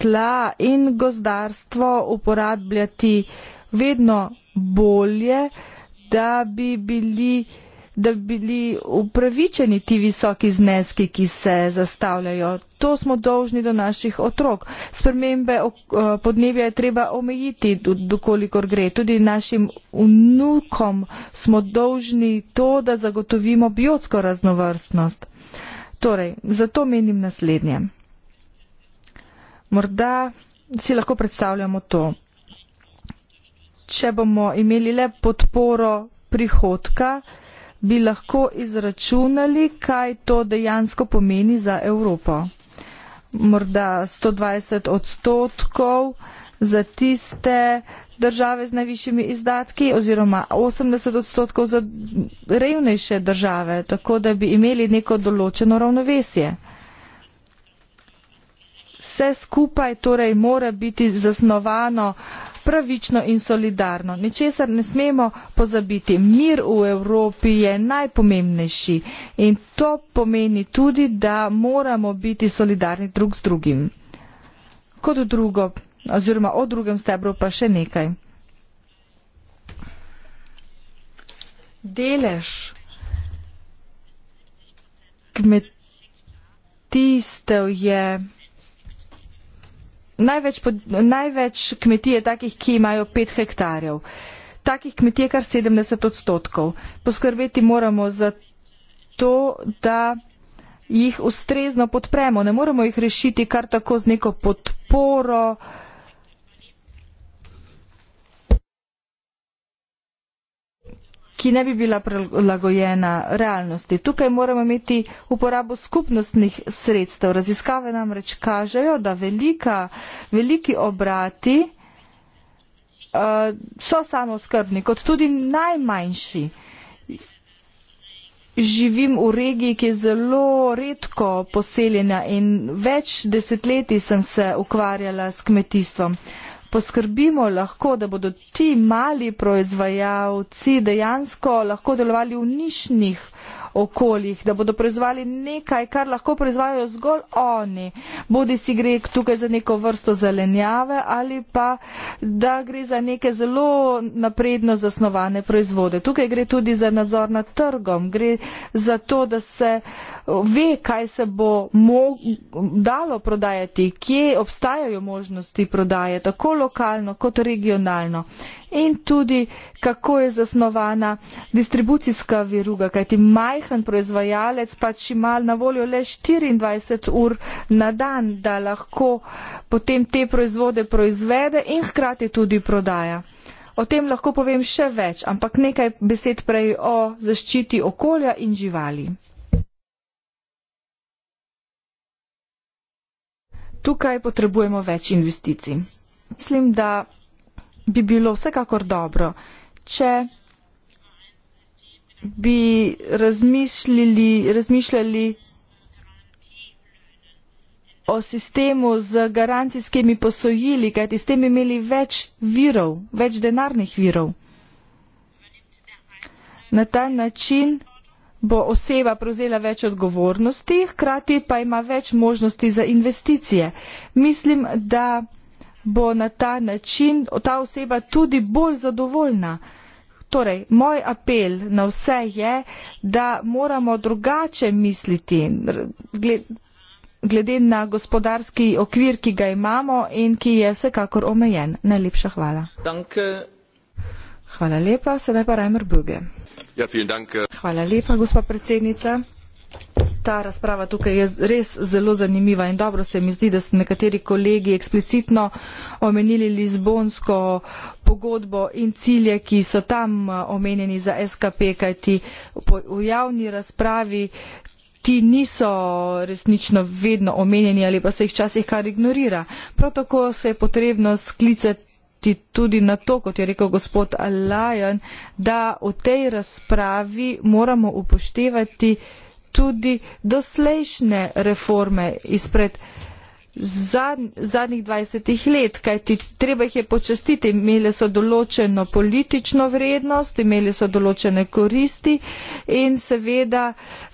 tla in gozdarstvo uporabljati uh, vedno bolje, da bi bili, da bi bili upravičeni ti visoki zneski, ki se zastavljajo. To smo dolžni do naših otrok. Spremembe podnebja je treba omejiti, dokolikor gre. Tudi našim vnukom smo dolžni to, da zagotovimo biotsko raznovrstnost. Torej, zato menim naslednje. Morda si lahko predstavljamo to če bomo imeli le podporo prihodka, bi lahko izračunali, kaj to dejansko pomeni za Evropo. Morda 120 odstotkov za tiste države z najvišjimi izdatki oziroma 80 odstotkov za revnejše države, tako da bi imeli neko določeno ravnovesje vse skupaj torej mora biti zasnovano pravično in solidarno. Ničesar ne smemo pozabiti. Mir v Evropi je najpomembnejši in to pomeni tudi, da moramo biti solidarni drug z drugim. Kot drugo, oziroma o drugem stebru pa še nekaj. Delež kmetijstev je največ, pod, največ kmetije takih, ki imajo 5 hektarjev. Takih kmetij je kar 70 odstotkov. Poskrbeti moramo za to, da jih ustrezno podpremo. Ne moremo jih rešiti kar tako z neko podporo. ki ne bi bila prilagojena realnosti. Tukaj moramo imeti uporabo skupnostnih sredstev. Raziskave nam reč kažejo, da velika, veliki obrati uh, so samo skrbni, kot tudi najmanjši. Živim v regiji, ki je zelo redko poseljena in več desetletij sem se ukvarjala s kmetijstvom. Uh, poskrbimo lahko, da bodo ti mali proizvajalci dejansko lahko delovali v nišnih okoljih, da bodo proizvali nekaj, kar lahko proizvajajo zgolj oni. Bodi si gre tukaj za neko vrsto zelenjave ali pa da gre za neke zelo napredno zasnovane proizvode. Tukaj gre tudi za nadzor nad trgom, gre za to, da se ve, kaj se bo dalo prodajati, kje obstajajo možnosti prodaje, tako lokalno kot regionalno in tudi kako je zasnovana distribucijska veruga, kajti majhen proizvajalec pač ima na voljo le 24 ur na dan, da lahko potem te proizvode proizvede in hkrati tudi prodaja. O tem lahko povem še več, ampak nekaj besed prej o zaščiti okolja in živali. Tukaj potrebujemo več investicij. Mislim, da bi bilo vsekakor dobro, če bi razmišljali, razmišljali o sistemu z garancijskimi posojili, kajti s tem imeli več virov, več denarnih virov. Na ta način bo oseba prevzela več odgovornosti, hkrati pa ima več možnosti za investicije. Mislim, da bo na ta način ta oseba tudi bolj zadovoljna. Torej, moj apel na vse je, da moramo drugače misliti glede na gospodarski okvir, ki ga imamo in ki je vsekakor omejen. Najlepša hvala. Danke. Hvala lepa, sedaj pa Reimer Böge. Ja, äh. hvala lepa, gospa predsednica ta razprava tukaj je res zelo zanimiva in dobro se mi zdi, da ste nekateri kolegi eksplicitno omenili Lizbonsko pogodbo in cilje, ki so tam eh, omenjeni za SKP, kajti v javni razpravi ti niso resnično vedno omenjeni ali pa se jih včasih kar ignorira. Prav tako se je potrebno sklicati tudi na to, kot je rekel gospod Alajan, da v tej razpravi moramo upoštevati uh, tudi doslejšnje reforme izpred zadnjih 20 let, kajti treba jih je počastiti, imeli so določeno politično vrednost, imeli so določene koristi in seveda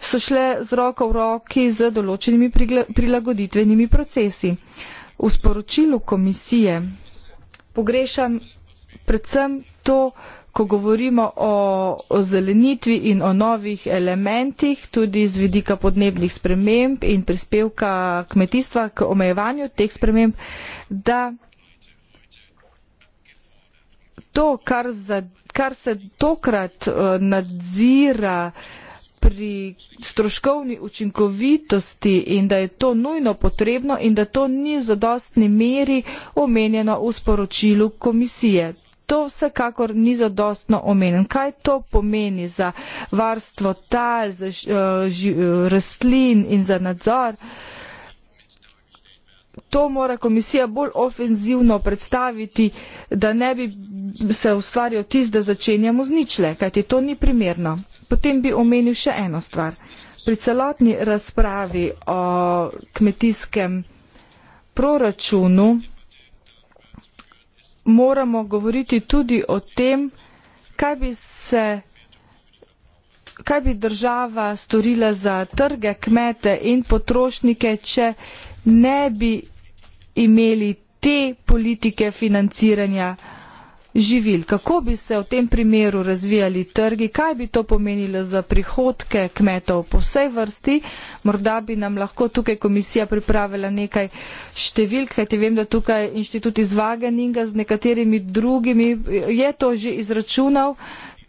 so šle z roko v roki z določenimi prilagoditvenimi procesi. V sporočilu komisije pogrešam predvsem to ko govorimo o, o zelenitvi in o novih elementih, tudi z vidika podnebnih sprememb in prispevka kmetijstva k omejevanju teh sprememb, da to, kar, za, kar se tokrat uh, nadzira pri stroškovni učinkovitosti in da je to nujno potrebno in da to ni v zadostni meri omenjeno v sporočilu komisije to vsekakor ni zadostno omenjen. Kaj to pomeni za varstvo tal, za eh, ži, eh, rastlin in za nadzor? To mora komisija bolj ofenzivno predstaviti, da ne bi se ustvaril tist, da začenjamo z ničle, kajti to ni primerno. Potem bi omenil še eno stvar. Pri celotni razpravi o kmetijskem proračunu moramo govoriti tudi o tem, kaj bi, se, kaj bi država storila za trge, kmete in potrošnike, če ne bi imeli te politike financiranja živil. Kako bi se v tem primeru razvijali trgi, kaj bi to pomenilo za prihodke kmetov po vsej vrsti, morda bi nam lahko tukaj komisija pripravila nekaj številk, kajti vem, da tukaj inštitut iz Vageninga z nekaterimi drugimi je to že izračunal,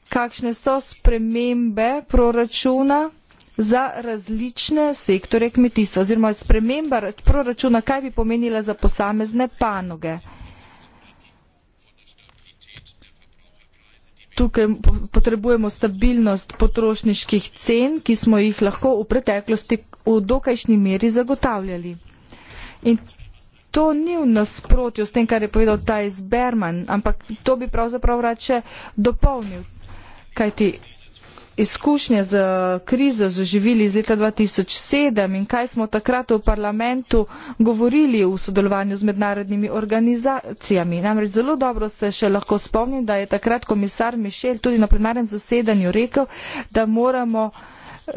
kakšne so spremembe proračuna za različne sektore kmetijstva oziroma sprememba proračuna, kaj bi pomenila za posamezne panoge. tukaj potrebujemo stabilnost potrošniških cen, ki smo jih lahko v preteklosti v dokajšnji meri zagotavljali. In To ni v nasprotju s tem, kar je povedal Tajs Berman, ampak to bi pravzaprav rad še dopolnil. Kajti izkušnje z eh, krizo z živili iz leta 2007 in kaj smo takrat v parlamentu govorili v sodelovanju z mednarodnimi organizacijami. Namreč zelo dobro se še lahko spomnim, da je takrat komisar Mišel tudi na plenarnem zasedanju rekel, da moramo eh,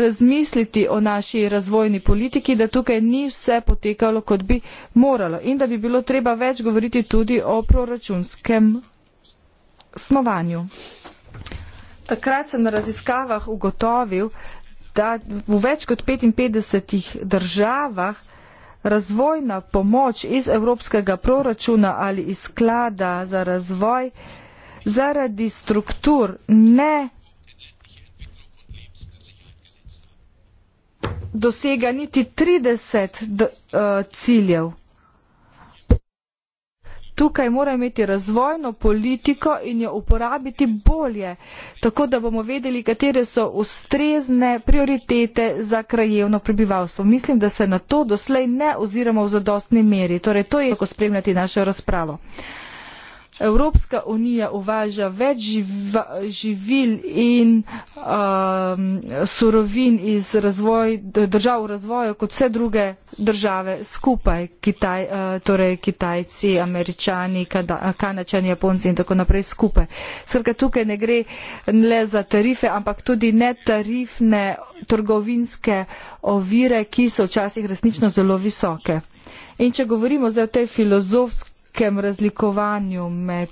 razmisliti o naši razvojni politiki, da tukaj ni vse potekalo, kot bi moralo in da bi bilo treba več govoriti tudi o proračunskem snovanju. Takrat sem na raziskavah ugotovil, da v več kot 55 državah razvojna pomoč iz evropskega proračuna ali iz sklada za razvoj zaradi struktur ne dosega niti 30 eh, ciljev tukaj mora imeti razvojno politiko in jo uporabiti bolje, tako da bomo vedeli, katere so ustrezne prioritete za krajevno prebivalstvo. Mislim, da se na to doslej ne oziramo v zadostni meri. Torej, to je lahko spremljati našo razpravo evropska unija uvaža več živ živil in um, surovin iz razvoj, držav v razvoju kot vse druge države skupaj, Kitaj, uh, torej Kitajci, Američani, Kanačani, Japonci in tako naprej skupaj. Skratka, tukaj ne gre le za tarife, ampak tudi netarifne trgovinske ovire, ki so včasih resnično zelo visoke. In če govorimo zdaj o tej filozofski velikem razlikovanju med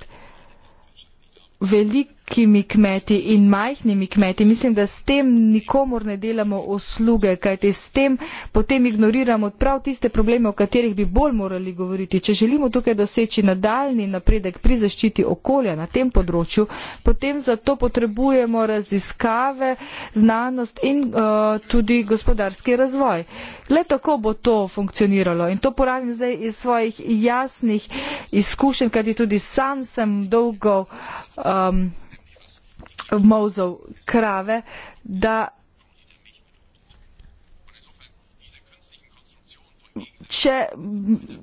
velik, velikimi kmeti in majhnimi kmeti. Mislim, da s tem nikomor ne delamo usluge, kajti s tem potem ignoriramo prav tiste probleme, o katerih bi bolj morali govoriti. Če želimo tukaj doseči nadaljni napredek pri zaščiti okolja na tem področju, potem za to potrebujemo raziskave, znanost in uh, tudi gospodarski razvoj. Le tako bo to funkcioniralo in to poravim zdaj iz svojih jasnih izkušenj, kajti tudi sam sem dolgo um, molzov krave, da če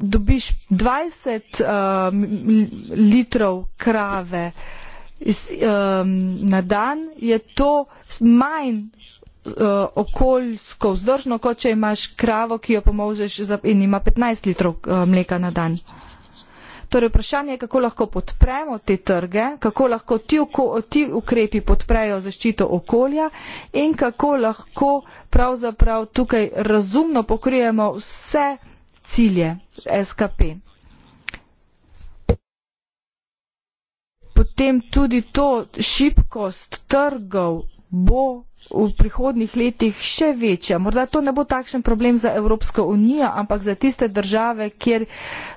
dobiš 20 uh, eh, litrov krave iz, um, na dan, je to manj uh, okoljsko vzdržno, kot če imaš kravo, ki jo pomožeš in ima 15 litrov uh, mleka na dan. Torej vprašanje je, kako lahko podpremo te trge, kako lahko ti, oko, ti ukrepi podprejo zaščito okolja in kako lahko pravzaprav tukaj razumno pokrijemo vse cilje SKP. Potem tudi to šibkost trgov bo v prihodnih letih še večja. Morda to ne bo takšen problem za Evropsko unijo, ampak za tiste države, kjer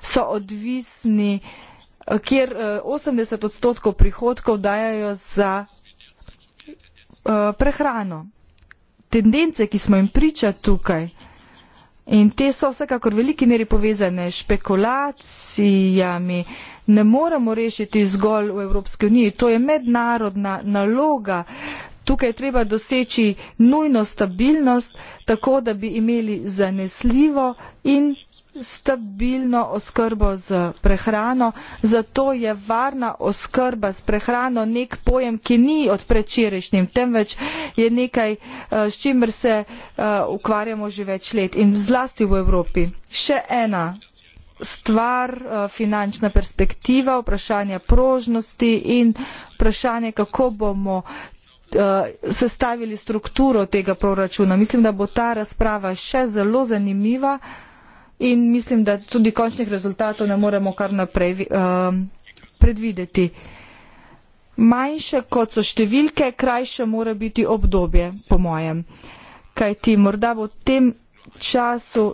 so odvisni, kjer 80 eh, odstotkov prihodkov dajajo za eh, prehrano. Tendence, ki smo jim priča tukaj, in te so vsekakor v veliki meri povezane s špekulacijami, ne moremo rešiti zgolj v Evropski uniji. To je mednarodna naloga Tukaj je treba doseči nujno stabilnost, tako da bi imeli zanesljivo in stabilno oskrbo z prehrano. Zato je varna oskrba s prehrano nek pojem, ki ni od prečerešnjim, temveč je nekaj, eh, s čimer se eh, ukvarjamo že več let in zlasti v Evropi. Še ena stvar, eh, finančna perspektiva, vprašanje prožnosti in vprašanje, kako bomo Eh, sestavili strukturo tega proračuna. Mislim, da bo ta razprava še zelo zanimiva in mislim, da tudi končnih rezultatov ne moremo kar naprej uh, predvideti. Manjše kot so številke, krajše mora biti obdobje, po mojem. Kaj ti morda bo v tem času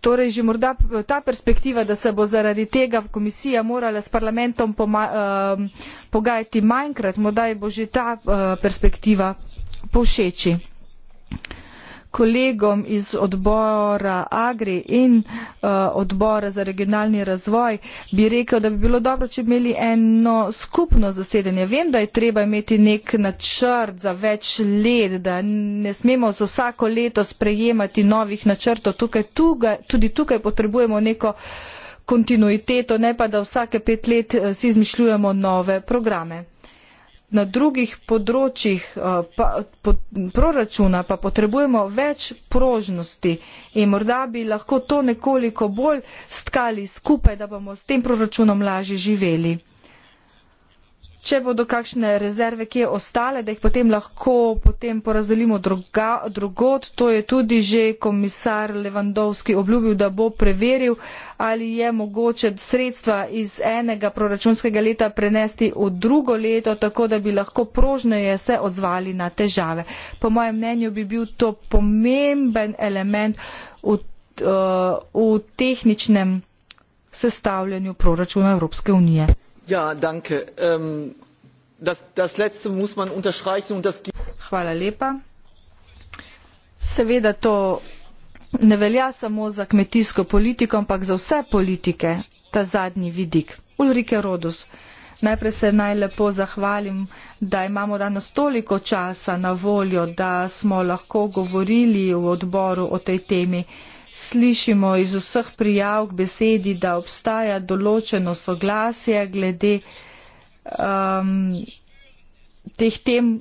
torej že morda ta perspektiva da se bo zaradi tega komisija morala s parlamentom eh, pogajati manjkrat morda ji bo že ta eh, perspektiva povšeči kolegom iz odbora Agri in uh, odbora za regionalni razvoj, bi rekel, da bi bilo dobro, če bi imeli eno skupno zasedanje. Vem, da je treba imeti nek načrt za več let, da ne smemo za vsako leto sprejemati novih načrtov. Tukaj, tukaj, tudi tukaj potrebujemo neko kontinuiteto, ne pa da vsake pet let eh, si izmišljujemo nove programe na drugih področjih eh, pa, po, proračuna pa potrebujemo več prožnosti in morda bi lahko to nekoliko bolj stkali skupaj, da bomo s tem proračunom lažje živeli če bodo kakšne rezerve kje ostale, da jih potem lahko potem porazdelimo druga, drugot. To je tudi že komisar Levandovski obljubil, da bo preveril, ali je mogoče sredstva iz enega proračunskega leta prenesti v drugo leto, tako da bi lahko prožneje se odzvali na težave. Po mojem mnenju bi bil to pomemben element v, uh, v tehničnem sestavljanju proračuna Evropske unije. Ja, ähm, seveda to ne velja samo za kmetijsko politiko ampak za vse politike ta zadnji vidik Ulrike Rodus najprej se naj lepo zahvalim da imamo danes toliko časa na voljo da smo lahko govorili v odboru o tej temi slišimo iz vseh prijav k besedi, da obstaja določeno soglasje glede um, teh tem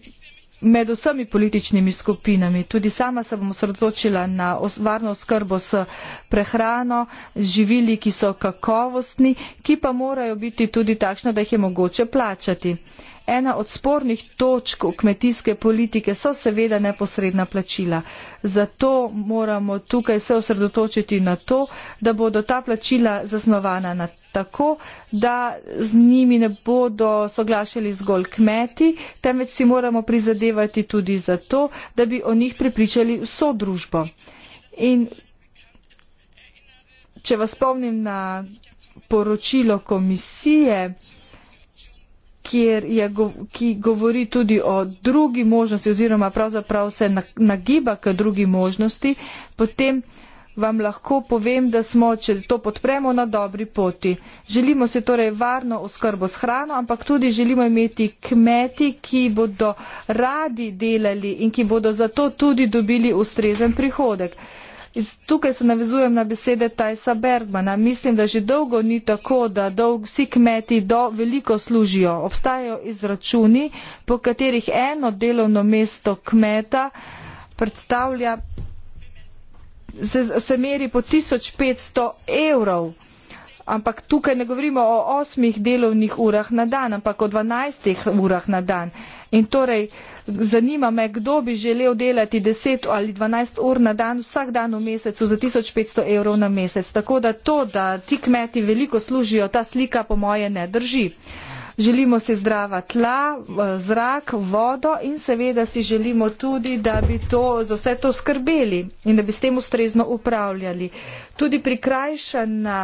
med vsemi političnimi skupinami. Tudi sama se bom osredotočila na varno skrbo s prehrano, z živili, ki so kakovostni, ki pa morajo biti tudi takšne, da jih je mogoče plačati. Uh, ena od spornih točk v kmetijske politike so seveda neposredna plačila. Zato moramo tukaj se osredotočiti na to, da bodo ta plačila zasnovana na tako, da z njimi ne bodo soglašali zgolj kmeti, temveč si moramo prizadevati tudi za to, da bi o njih pripričali vso družbo. In če vas spomnim na poročilo komisije, kjer je, ki govori tudi o drugi možnosti oziroma pravzaprav se nagiba k drugi možnosti, potem vam lahko povem, da smo, če to podpremo, na dobri poti. Želimo se torej varno oskrbo s hrano, ampak tudi želimo imeti kmeti, ki bodo radi delali in ki bodo zato tudi dobili ustrezen prihodek. Iz, tukaj se navizujem na besede Tajsa Bergmana. Mislim, da že dolgo ni tako, da dolg, vsi kmeti do, veliko služijo. Obstajajo izračuni, po katerih eno delovno mesto kmeta predstavlja, se, se meri po 1500 evrov. Ampak tukaj ne govorimo o osmih delovnih urah na dan, ampak o dvanajstih urah na dan. In torej, zanima me, kdo bi želel delati 10 ali 12 ur na dan vsak dan v mesecu za 1500 evrov na mesec. Tako da to, da ti kmeti veliko služijo, ta slika po moje ne drži. Želimo si zdrava tla, eh, zrak, vodo in seveda si želimo tudi, da bi to, za vse to skrbeli in da bi s tem ustrezno upravljali. Tudi prikrajšana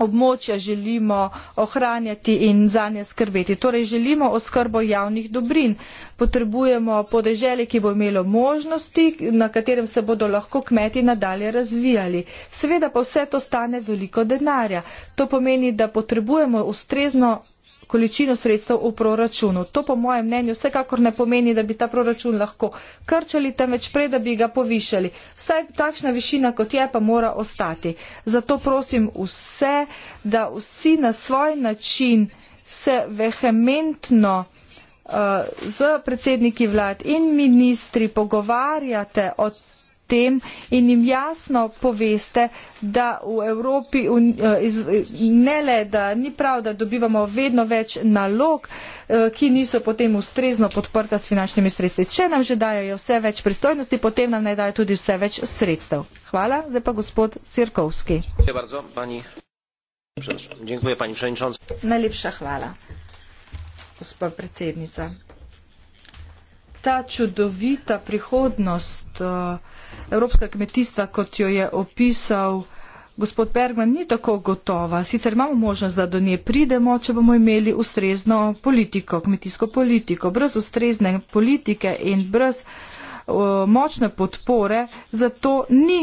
območja želimo ohranjati in za nje skrbeti. Torej želimo oskrbo javnih dobrin. Potrebujemo podeželje, ki bo imelo možnosti, na katerem se bodo lahko kmeti nadalje razvijali. Seveda pa vse to stane veliko denarja. To pomeni, da potrebujemo ustrezno količino sredstev v proračunu. To po mojem mnenju vsekakor ne pomeni, da bi ta proračun lahko krčali, temveč prej, da bi ga povišali. Vsaj takšna višina, kot je, pa mora ostati. Zato prosim vse, da vsi na svoj način se vehementno uh, eh, z predsedniki vlad in ministri pogovarjate o tem in jim jasno poveste, da v Evropi eh, ne le, da ni prav, da dobivamo vedno več nalog, eh, ki niso potem ustrezno podprta s finančnimi sredstvi. Če nam že dajo vse več pristojnosti, potem nam ne dajo tudi vse več sredstev. Hvala, zdaj pa gospod Cirkovski. Najlepša hvala, gospod predsednica ta čudovita prihodnost uh, evropskega kmetijstva, kot jo je opisal gospod Bergman, ni tako gotova. Sicer imamo možnost, da do nje pridemo, če bomo imeli ustrezno politiko, kmetijsko politiko. Brez ustrezne politike in brez uh, močne podpore, zato ni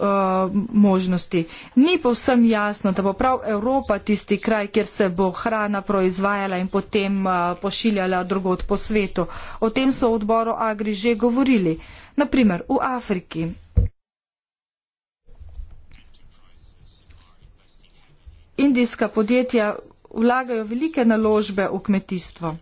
uh, možnosti. Ni povsem jasno, da bo prav Evropa tisti kraj, kjer se bo hrana proizvajala in potem uh, pošiljala drugot po svetu. O tem so v odboru Agri že govorili. Naprimer, v Afriki. Indijska podjetja vlagajo velike naložbe v kmetijstvo.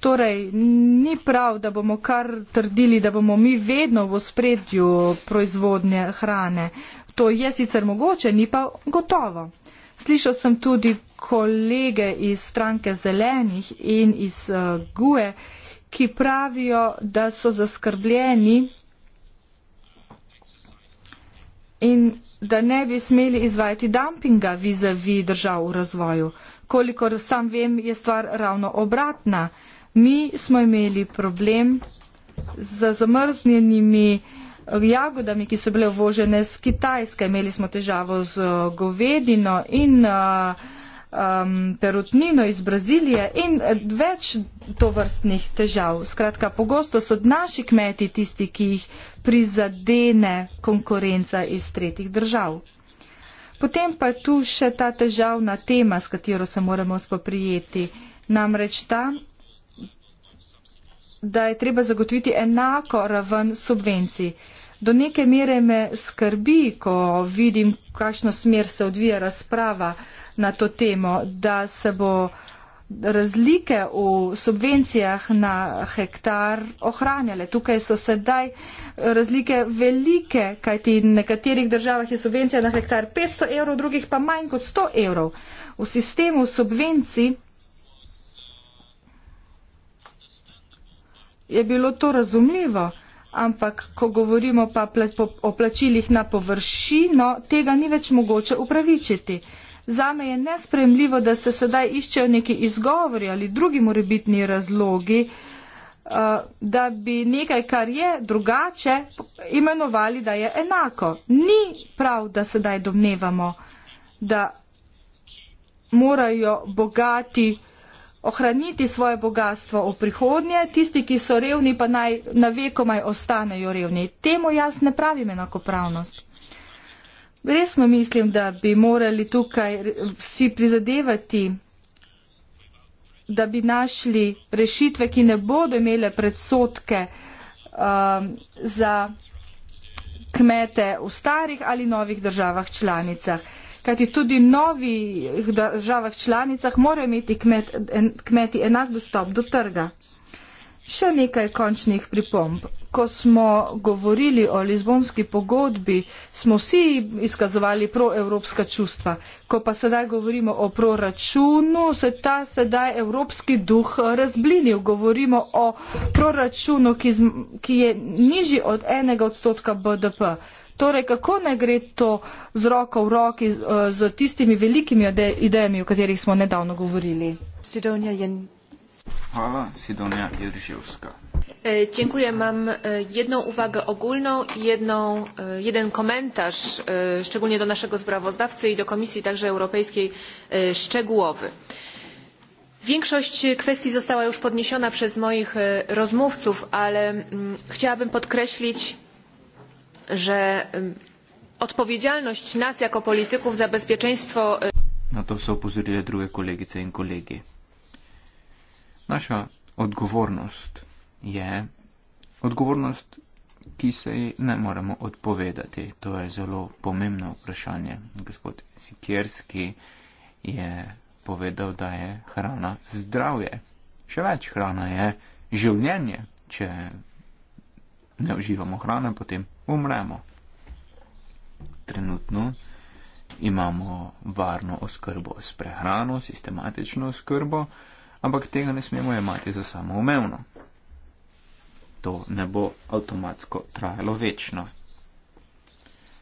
Torej, ni prav, da bomo kar trdili, da bomo mi vedno v spredju proizvodnje hrane. To je sicer mogoče, ni pa gotovo. Slišal sem tudi kolege iz stranke zelenih in iz uh, GUE, ki pravijo, da so zaskrbljeni in da ne bi smeli izvajati dumpinga vizavi držav v razvoju. Kolikor sam vem, je stvar ravno obratna. Uh, Mi smo imeli problem z zamrznjenimi eh, jagodami, ki so bile uvožene z Kitajske. Imeli smo težavo z eh, govedino in um, perutnino iz Brazilije in več tovrstnih težav. Skratka, pogosto so naši kmeti tisti, ki jih prizadene konkurenca iz tretjih držav. Potem pa je tu še ta težavna tema, s katero se moramo spoprijeti. Namreč ta, da je treba zagotoviti enako raven subvencij. Do neke mere me skrbi, ko vidim, kakšno smer se odvija razprava na to temo, da se bo razlike v subvencijah na hektar ohranjale. Tukaj so sedaj razlike velike, kajti v nekaterih državah je subvencija na hektar 500 evrov, v drugih pa manj kot 100 evrov. V sistemu subvencij je bilo to razumljivo, ampak ko govorimo pa o plačilih na površino, tega ni več mogoče upravičiti. Zame je nespremljivo, da se sedaj iščejo neki izgovori ali drugi morebitni razlogi, uh, da bi nekaj, kar je drugače, imenovali, da je enako. Ni prav, da sedaj domnevamo, da morajo bogati ohraniti svoje bogatstvo v prihodnje, tisti, ki so revni, pa naj na vekomaj ostanejo revni. Temu jaz ne pravim enakopravnost. Resno mislim, da bi morali tukaj vsi prizadevati, da bi našli rešitve, ki ne bodo imele predsotke um, za kmete v starih ali novih državah članicah. Kajti tudi novi državah članicah morajo imeti kmet, en, kmeti enak dostop do trga. Še nekaj končnih pripomb. Ko smo govorili o Lizbonski pogodbi, smo vsi izkazovali proevropska čustva. Ko pa sedaj govorimo o proračunu, se ta sedaj evropski duh razblinil. Govorimo o proračunu, ki, ki je nižji od enega odstotka BDP. Torej, kako naj gre to z roko v roki z, eh, z tistimi velikimi idejami, o katerih smo nedavno govorili? Sidonia je... Hvala, Sidonia Jerževska. E, dziękuję. Mam e, jedną uwagę ogólną i e, jeden komentarz, szczególnie do naszego sprawozdawcy i do Komisji także Europejskiej, szczegółowy. Większość kwestii została już podniesiona przez moich rozmówców, ale mm, chciałabym podkreślić że odpowiedzialność nas jako polityków za bezpieczeństwo. E, Na to są pozytywne drugie kolegice i kolegi. Nasza odpowiedzialność jest odpowiedzialność, ki se ji ne moremo odpovedati. To je zelo pomembno vprašanje. Gospod Sikerski je povedal, da je hrana zdravje. Še več, hrana je življenje. Če ne uživamo hrane, potem umremo. Trenutno imamo varno oskrbo s prehrano, sistematično oskrbo, ampak tega ne smemo imati za samoumevno. To ne bo avtomatsko trajalo večno.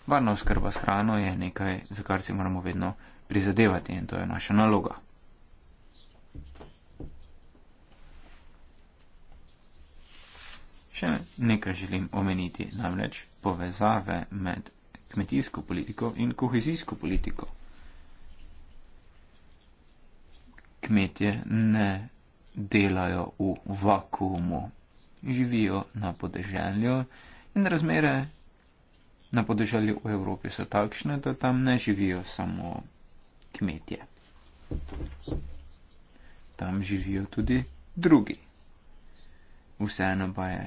Varna oskrba s hrano je nekaj, za kar si moramo vedno prizadevati in to je naša naloga. Še nekaj želim omeniti, namreč povezave med kmetijsko politiko in kohezijsko politiko. Kmetje ne delajo v vakumu, živijo na podeželju in razmere na podeželju v Evropi so takšne, da tam ne živijo samo kmetje. Tam živijo tudi drugi. Vseeno pa je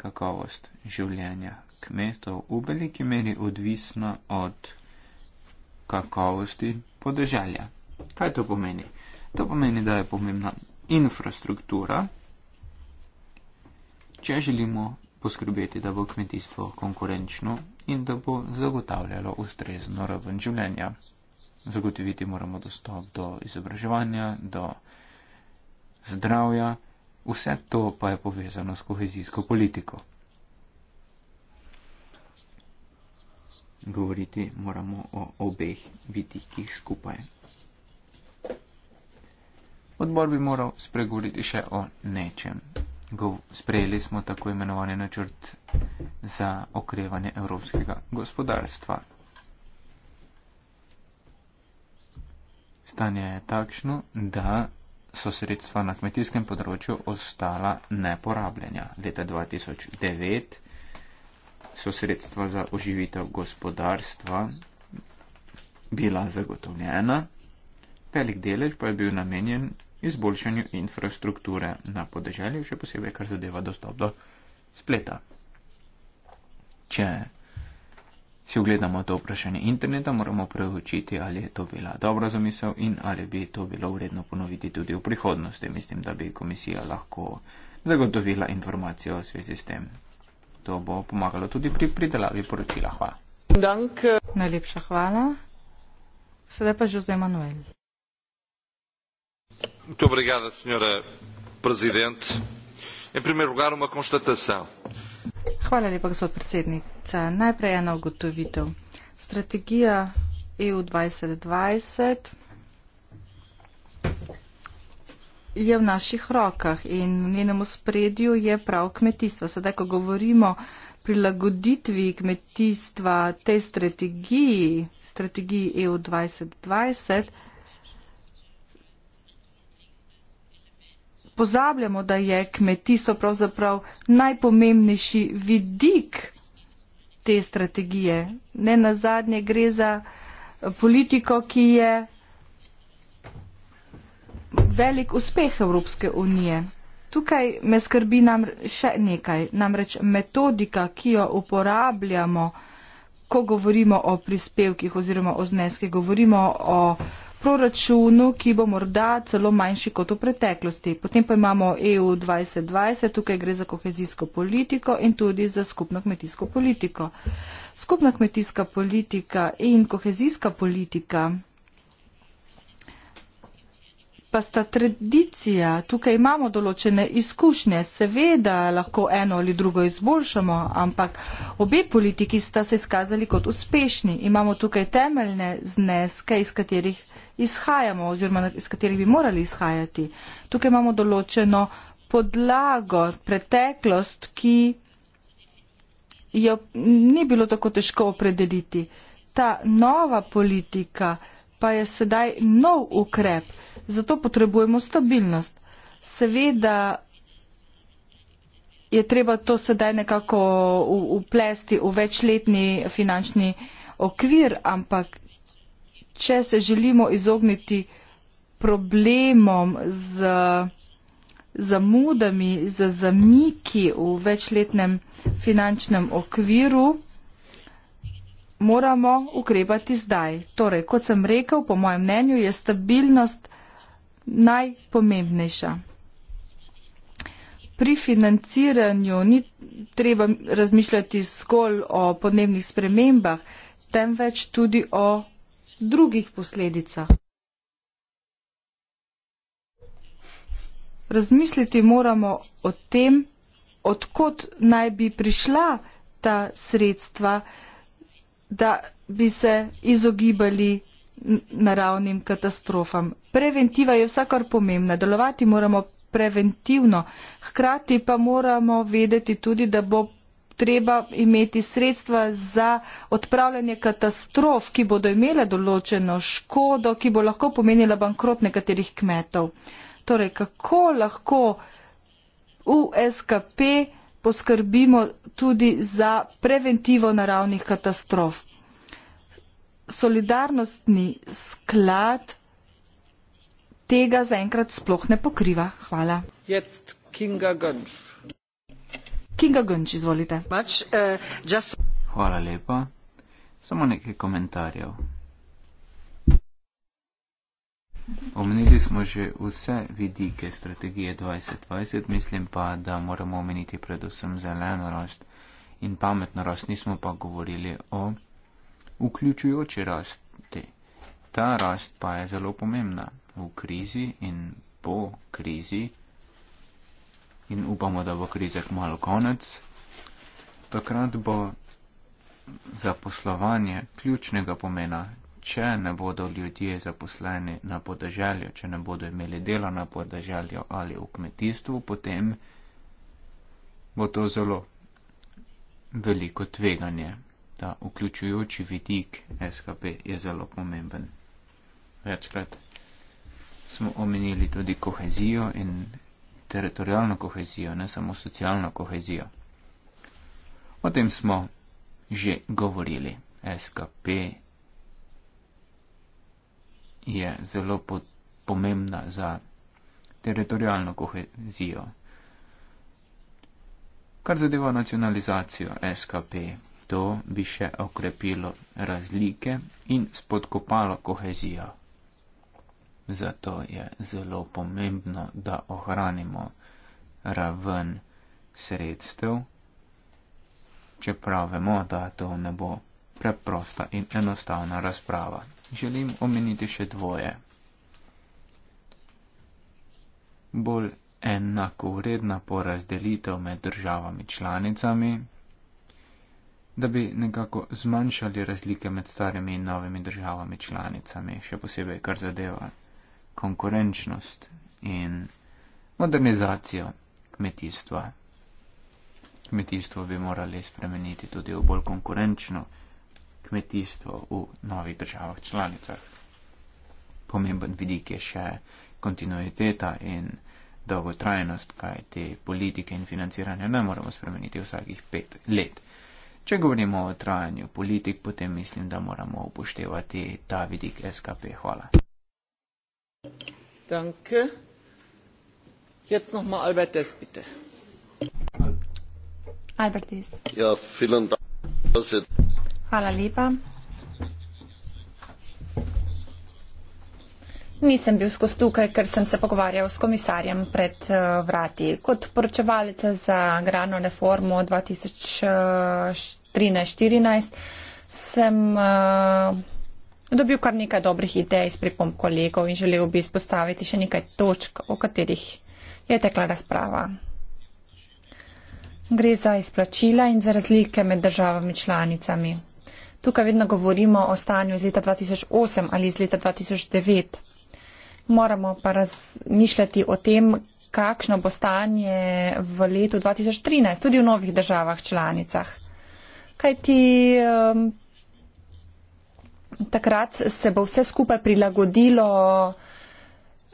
kakovost življenja kmetov v veliki meri odvisna od kakovosti podeželja. Kaj to pomeni? To pomeni, da je pomembna infrastruktura, če želimo poskrbeti, da bo kmetijstvo konkurenčno in da bo zagotavljalo ustrezno raven življenja. Zagotoviti moramo dostop do izobraževanja, do zdravja. Vse to pa je povezano s kohezijsko politiko. Govoriti moramo o obeh vidikih skupaj. Odbor bi moral spregovoriti še o nečem. Sprejeli smo tako imenovani načrt za okrevanje evropskega gospodarstva. Stanje je takšno, da so sredstva na kmetijskem področju ostala neporabljena. Leta 2009 so sredstva za oživitev gospodarstva bila zagotovljena, velik delež pa je bil namenjen izboljšanju infrastrukture na podeželju, še posebej kar zadeva dostop do spleta. Če si ogledamo to vprašanje interneta, moramo preučiti, ali je to bila dobra zamisel in ali bi to bilo vredno ponoviti tudi v prihodnosti. Mislim, da bi komisija lahko zagotovila informacijo v zvezi s tem. To bo pomagalo tudi pri pridelavi poročila. Hvala. Dank. Najlepša hvala. Sedaj pa Jose Manuel. Muito obrigado, Sra. Presidente. Em primeiro lugar, uma constatação. Hvala lepa, gospod predsednica. Najprej ena ugotovitev. Strategija EU 2020 je v naših rokah in v njenem spredju je prav kmetijstvo. Sedaj, ko govorimo prilagoditvi kmetijstva tej strategiji, strategiji EU 2020, pozabljamo, da je kmetijstvo pravzaprav najpomembnejši vidik te strategije. Ne na zadnje gre za politiko, ki je velik uspeh Evropske unije. Tukaj me skrbi nam še nekaj, namreč metodika, ki jo uporabljamo, ko govorimo o prispevkih oziroma o zneskih, govorimo o proračunu, ki bo morda celo manjši kot v preteklosti. Potem pa imamo EU 2020, tukaj gre za kohezijsko politiko in tudi za skupno kmetijsko politiko. Skupna kmetijska politika in kohezijska politika pa sta tradicija, tukaj imamo določene izkušnje, seveda lahko eno ali drugo izboljšamo, ampak obe politiki sta se izkazali kot uspešni. Imamo tukaj temeljne zneske, iz katerih izhajamo oziroma iz katerih bi morali izhajati. Tukaj imamo določeno podlago, preteklost, ki jo ni bilo tako težko opredeliti. Ta nova politika pa je sedaj nov ukrep, zato potrebujemo stabilnost. Seveda je treba to sedaj nekako uplesti v večletni finančni okvir, ampak če se želimo izogniti problemom z zamudami, z zamiki v večletnem finančnem okviru, moramo ukrepati zdaj. Torej, kot sem rekel, po mojem mnenju je stabilnost najpomembnejša. Pri financiranju ni treba razmišljati zgolj o podnebnih spremembah, temveč tudi o drugih posledicah. Razmisliti moramo o tem, odkot naj bi prišla ta sredstva, da bi se izogibali naravnim katastrofam. Preventiva je vsakor pomembna. Delovati moramo preventivno. Hkrati pa moramo vedeti tudi, da bo treba imeti sredstva za odpravljanje katastrof, ki bodo imele določeno škodo, ki bo lahko pomenila bankrot nekaterih kmetov. Torej, kako lahko v SKP poskrbimo tudi za preventivo naravnih katastrof? Solidarnostni sklad tega zaenkrat sploh ne pokriva. Hvala. Jetzt Kinga Gönsch. Kinga Gönč, izvolite. Much, uh, just... Hvala lepa. Samo nekaj komentarjev. Omenili smo že vse vidike strategije 2020, mislim pa, da moramo omeniti predvsem zeleno rast in pametno rast. Nismo pa govorili o vključujoči rasti. Ta rast pa je zelo pomembna v krizi in po krizi in upamo, da bo krizek malo konec, takrat bo za poslovanje ključnega pomena, če ne bodo ljudje zaposleni na podeželju, če ne bodo imeli dela na podeželju ali v kmetijstvu, potem bo to zelo veliko tveganje. Ta vključujoči vidik SKP je zelo pomemben. Večkrat smo omenili tudi kohezijo in teritorijalno kohezijo, ne samo socialno kohezijo. O tem smo že govorili. SKP je zelo pomembna za teritorijalno kohezijo. Kar zadeva nacionalizacijo SKP, to bi še okrepilo razlike in spodkopalo kohezijo. Zato je zelo pomembno, da ohranimo raven sredstev, čeprav vemo, da to ne bo preprosta in enostavna razprava. Želim omeniti še dvoje. Bolj enako uredna porazdelitev med državami članicami, da bi nekako zmanjšali razlike med starimi in novimi državami članicami, še posebej kar zadeva konkurenčnost in modernizacijo kmetijstva. Kmetijstvo bi morali spremeniti tudi v bolj konkurenčno kmetijstvo v novih državah članicah. Pomemben vidik je še kontinuiteta in dolgotrajnost, kaj te politike in financiranja ne moramo spremeniti vsakih pet let. Če govorimo o trajanju politik, potem mislim, da moramo upoštevati ta vidik SKP. Hvala. Danke. Jetzt noch mal Albert Dess, bitte. Albert Dess. Ja, vielen Dank. Hvala lepa. Nisem bil skozi tukaj, ker sem se pogovarjal s komisarjem pred eh, vrati. Kot poročevalica za grano reformo 2013-2014 eh, sem uh, dobil kar nekaj dobrih idej s pripomb kolegov in želel bi izpostaviti še nekaj točk, o katerih je tekla razprava. Gre za izplačila in za razlike med državami članicami. Tukaj vedno govorimo o stanju iz leta 2008 ali iz leta 2009. Moramo pa razmišljati o tem, kakšno bo stanje v letu 2013, tudi v novih državah članicah. Kaj ti um, takrat se bo vse skupaj prilagodilo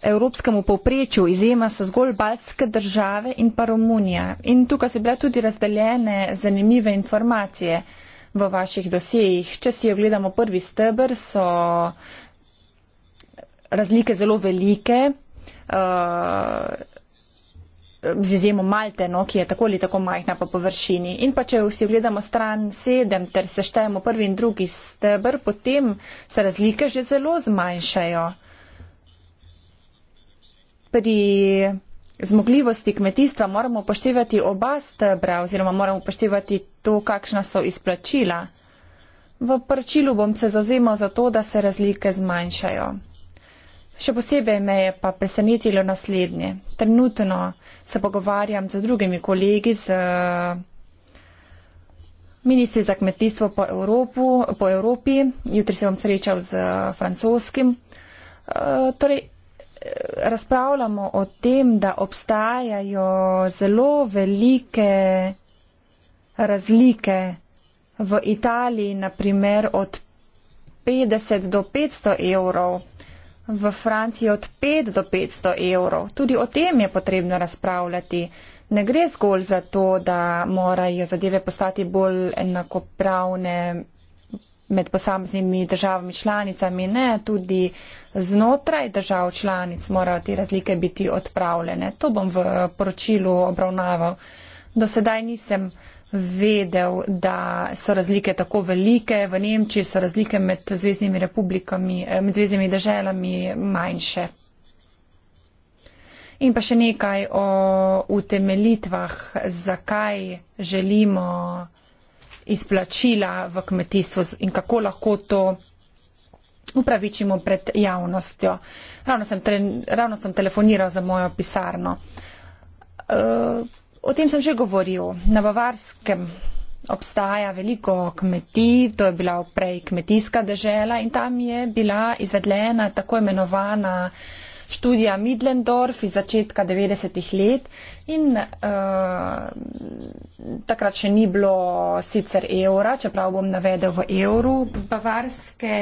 evropskemu povprečju, izjema so zgolj baltske države in pa Romunija. In tukaj so bile tudi razdeljene zanimive informacije v vaših dosejih. Če si jo gledamo prvi stebr, so razlike zelo velike. Uh, z izjemo Malte, no, ki je tako ali tako majhna po površini. In pa če vsi ogledamo stran sedem ter seštejemo prvi in drugi stebr, potem se razlike že zelo zmanjšajo. Pri zmogljivosti kmetijstva moramo upoštevati oba stebra oziroma moramo upoštevati to, kakšna so izplačila. V poročilu bom se zazemal za to, da se razlike zmanjšajo. Še posebej me je pa presenetilo naslednje. Trenutno se pogovarjam z drugimi kolegi, z ministri za kmetijstvo po, Evropu, po Evropi, jutri se bom srečal z francoskim. Eh, torej, eh, razpravljamo o tem, da obstajajo zelo velike razlike v Italiji, naprimer od 50 do 500 evrov v Franciji od 5 do 500 evrov. Tudi o tem je potrebno razpravljati. Ne gre zgolj za to, da morajo zadeve postati bolj enakopravne med posameznimi državami članicami, ne, tudi znotraj držav članic morajo te razlike biti odpravljene. To bom v poročilu obravnaval. Do sedaj nisem uh, vedel, da so razlike tako velike, v Nemčiji so razlike med zvezdnimi republikami, eh, med zvezdnimi državami manjše. In pa še nekaj o utemelitvah, zakaj želimo izplačila v kmetijstvu in kako lahko to upravičimo pred javnostjo. Ravno sem, ravno sem telefoniral za mojo pisarno. Uh, O tem sem že govoril. Na Bavarskem obstaja veliko kmetij, to je bila prej kmetijska dežela in tam je bila izvedljena tako imenovana študija Midlendorf iz začetka 90-ih let in uh, takrat še ni bilo sicer evra, čeprav bom navedel v evru. Bavarske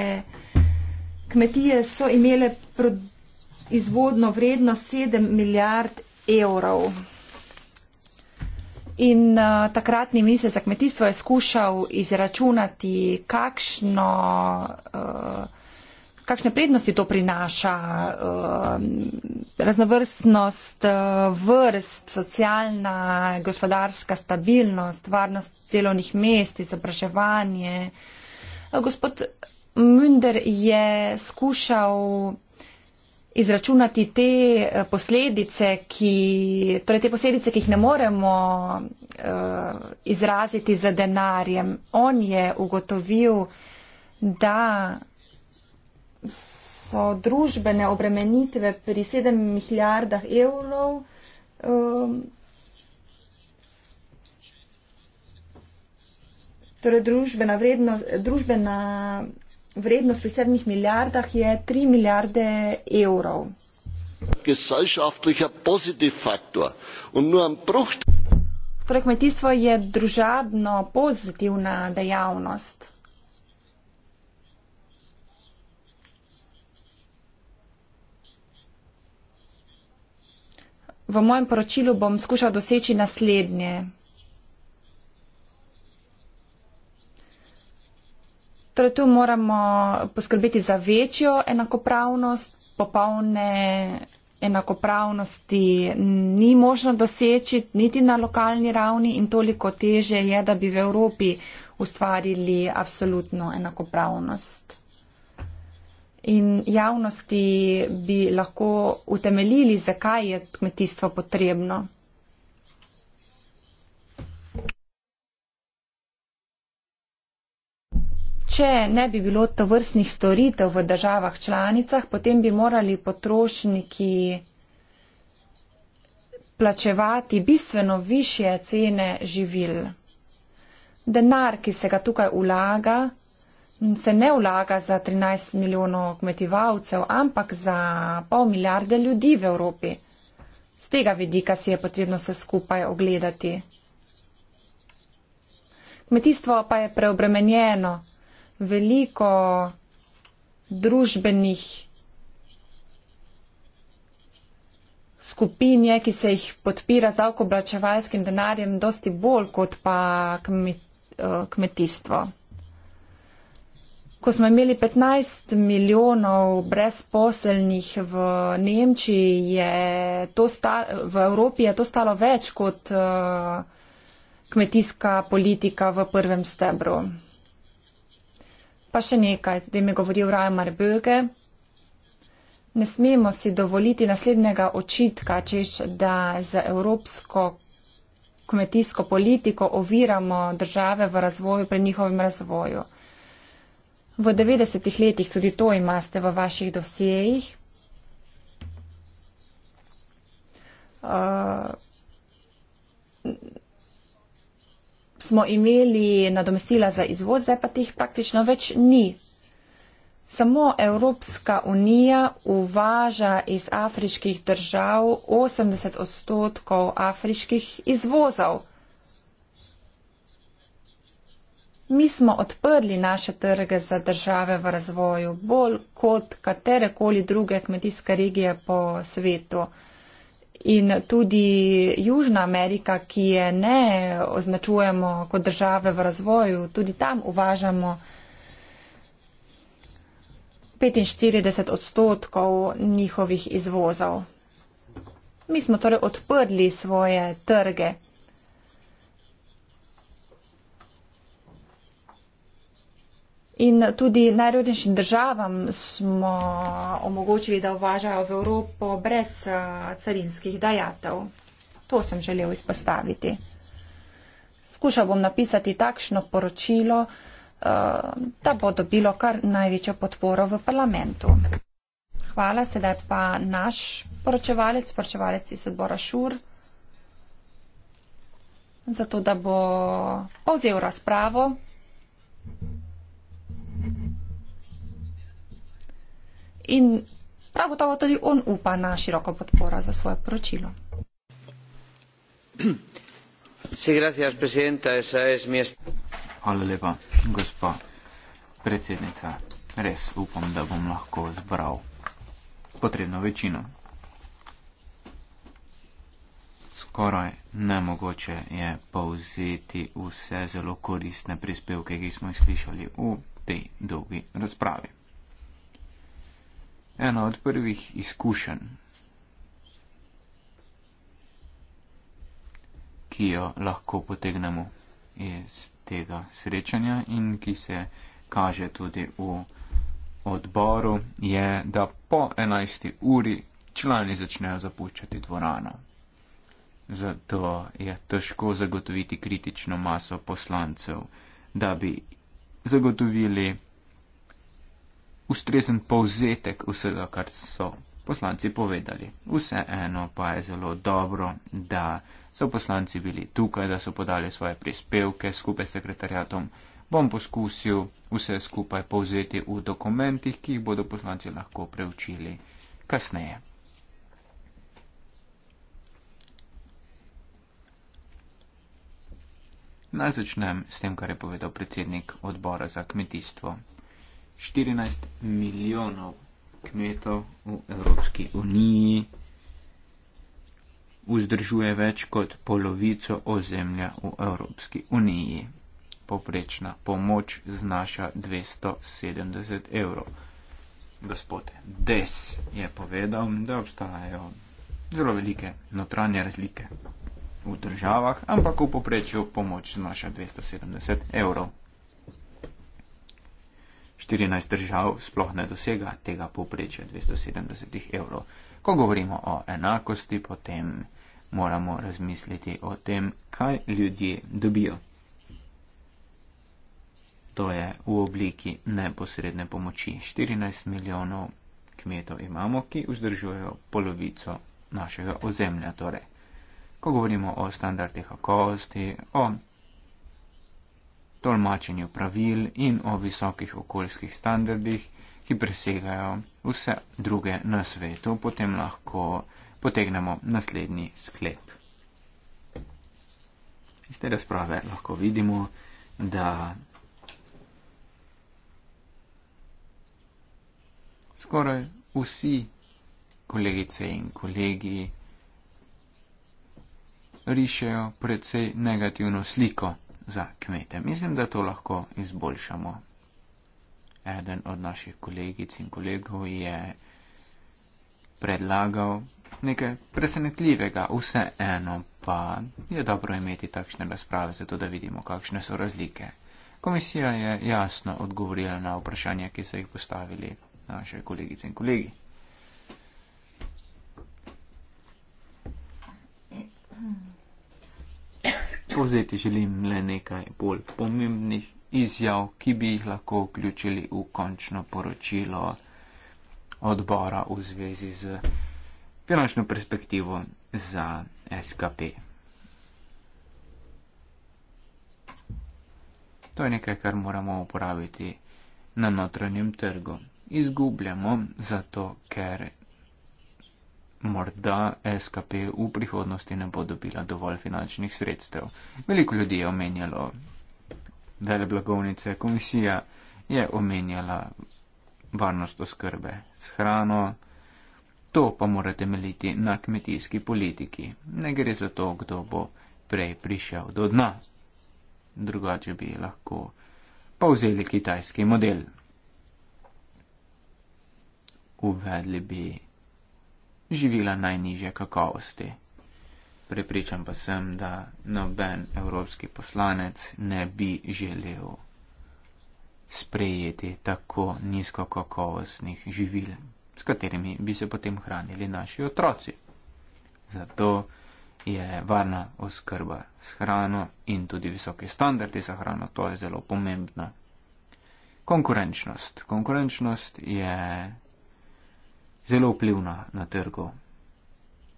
kmetije so imele izvodno vrednost 7 milijard evrov. In uh, takratni minister za kmetijstvo je skušal izračunati, kakšno, uh, kakšne prednosti to prinaša, uh, raznovrstnost uh, vrst, socialna, gospodarska stabilnost, varnost delovnih mest, izobraževanje. Uh, gospod Münder je skušal izračunati te eh, posledice, ki, torej te posledice, ki jih ne moremo uh, izraziti za denarjem. On je ugotovil, da so družbene obremenitve pri 7 milijardah evrov um, torej družbena vrednost, družbena vrednost pri sedmih milijardah je tri milijarde evrov. Torej, kmetijstvo je družabno pozitivna dejavnost. V mojem poročilu bom skušal doseči naslednje. Torej, tu moramo poskrbeti za večjo enakopravnost, popolne enakopravnosti ni možno doseči niti na lokalni ravni in toliko teže je, da bi v Evropi ustvarili absolutno enakopravnost. In javnosti bi lahko utemeljili, zakaj je kmetijstvo potrebno. če ne bi bilo to vrstnih storitev v državah članicah, potem bi morali potrošniki plačevati bistveno više cene živil. Denar, ki se ga tukaj vlaga, se ne vlaga za 13 milijonov kmetivalcev, ampak za pol milijarde ljudi v Evropi. Z tega vidika si je potrebno vse skupaj ogledati. Kmetijstvo pa je preobremenjeno veliko družbenih skupin je, ki se jih podpira z davkoblačevalskim denarjem, dosti bolj kot pa eh, kmetijstvo. Ko smo imeli 15 milijonov brezposelnih v Nemčiji, je to stalo, v Evropi je to stalo več kot uh, kmetijska politika v prvem stebru. Pa še nekaj, da mi je govoril Raja Marböge. Ne smemo si dovoliti naslednjega očitka, češ, da z evropsko kmetijsko politiko oviramo države v razvoju, pri njihovem razvoju. V 90-ih letih tudi to imate v vaših dosjejih. Uh, smo imeli nadomestila za izvoz, zdaj pa tih praktično več ni. Samo Evropska unija uvaža iz afriških držav 80 odstotkov afriških izvozov. Mi smo odprli naše trge za države v razvoju bolj kot katerekoli druge kmetijske regije po svetu. In tudi Južna Amerika, ki je ne označujemo kot države v razvoju, tudi tam uvažamo 45 odstotkov njihovih izvozov. Mi smo torej odprli svoje trge. In tudi najrodnejšim državam smo omogočili, da uvažajo v Evropo brez eh, carinskih dajatev. To sem želel izpostaviti. Skušal bom napisati takšno poročilo, eh, da bo dobilo kar največjo podporo v parlamentu. Hvala, sedaj pa naš poročevalec, poročevalec iz odbora Šur, zato da bo povzel razpravo. in prav gotovo tudi on upa na široko podporo za svoje poročilo. Sí, gracias, presidenta. Esa es mi. Hvala lepa, gospa predsednica. Res upam, da bom lahko zbral potrebno večino. Skoraj nemogoče je povzeti vse zelo koristne prispevke, ki smo jih slišali v tej dolgi razpravi ena od prvih izkušenj, ki jo lahko potegnemo iz tega srečanja in ki se kaže tudi v odboru, je, da po 11. uri člani začnejo zapuščati dvorano. Zato je težko zagotoviti kritično maso poslancev, da bi zagotovili ustrezen povzetek vsega, kar so poslanci povedali. Vseeno pa je zelo dobro, da so poslanci bili tukaj, da so podali svoje prispevke skupaj s sekretarjatom. Bom poskusil vse skupaj povzeti v dokumentih, ki jih bodo poslanci lahko preučili kasneje. Naj začnem s tem, kar je povedal predsednik odbora za kmetijstvo. 14 milijonov kmetov v Evropski uniji vzdržuje več kot polovico ozemlja v Evropski uniji. Poprečna pomoč znaša 270 evrov. Gospod Des je povedal, da obstajajo zelo velike notranje razlike v državah, ampak v poprečju pomoč znaša 270 evrov. 14 držav sploh ne dosega tega poprečja 270 evrov. Ko govorimo o enakosti, potem moramo razmisliti o tem, kaj ljudje dobijo. To je v obliki neposredne pomoči. 14 milijonov kmetov imamo, ki vzdržujejo polovico našega ozemlja. Torej, ko govorimo o standardih okolosti, o tolmačenju pravil in o visokih okoljskih standardih, ki presegajo vse druge na svetu, potem lahko potegnemo naslednji sklep. Iz te razprave lahko vidimo, da skoraj vsi kolegice in kolegi rišejo precej negativno sliko za kmete. Mislim, da to lahko izboljšamo. Eden od naših kolegic in kolegov je predlagal nekaj presenetljivega, vse eno pa je dobro imeti takšne razprave, zato da vidimo, kakšne so razlike. Komisija je jasno odgovorila na vprašanja, ki so jih postavili naše kolegice in kolegi. Mm povzeti želim le nekaj bolj pomembnih izjav, ki bi jih lahko vključili v končno poročilo odbora v zvezi z finančno perspektivo za SKP. To je nekaj, kar moramo uporabiti na notranjem trgu. Izgubljamo zato, ker morda SKP v prihodnosti ne bo dobila dovolj finančnih sredstev. Veliko ljudi je omenjalo vele blagovnice, komisija je omenjala varnost oskrbe s hrano. To pa morate meliti na kmetijski politiki. Ne gre za to, kdo bo prej prišel do dna. Drugače bi lahko pa vzeli kitajski model. Uvedli bi živila najnižje kakovosti. Prepričan pa sem, da noben evropski poslanec ne bi želel sprejeti tako nizko kakovostnih živil, s katerimi bi se potem hranili naši otroci. Zato je varna oskrba s hrano in tudi visoki standardi za hrano, to je zelo pomembno. Konkurenčnost. Konkurenčnost je zelo vplivna na trgu.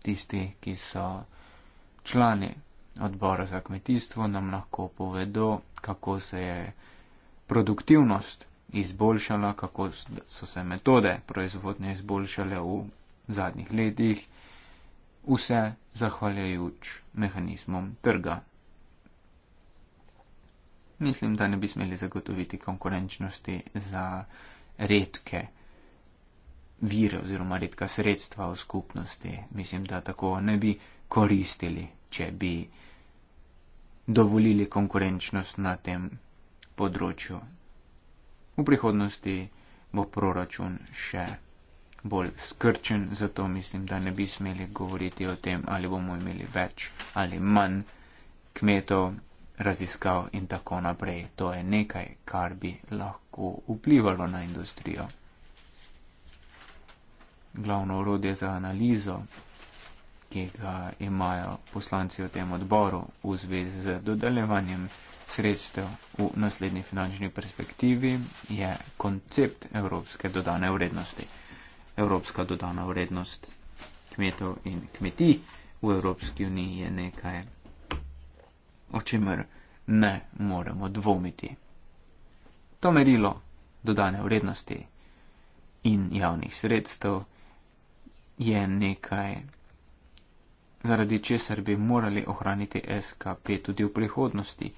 Tisti, ki so člani odbora za kmetijstvo, nam lahko povedo, kako se je produktivnost izboljšala, kako so se metode proizvodnje izboljšale v zadnjih letih, vse zahvaljujoč mehanizmom trga. Mislim, da ne bi smeli zagotoviti konkurenčnosti za redke vire oziroma redka sredstva v skupnosti. Mislim, da tako ne bi koristili, če bi dovolili konkurenčnost na tem področju. V prihodnosti bo proračun še bolj skrčen, zato mislim, da ne bi smeli govoriti o tem, ali bomo imeli več ali manj kmetov, raziskav in tako naprej. To je nekaj, kar bi lahko vplivalo na industrijo glavno orodje za analizo, ki ga imajo poslanci v tem odboru v zvezi z dodeljevanjem sredstev v naslednji finančni perspektivi, je koncept evropske dodane vrednosti. Evropska dodana vrednost kmetov in kmetij v Evropski uniji je nekaj, o čemer ne moremo dvomiti. To merilo dodane vrednosti in javnih sredstev je nekaj, zaradi česar bi morali ohraniti SKP tudi v prihodnosti,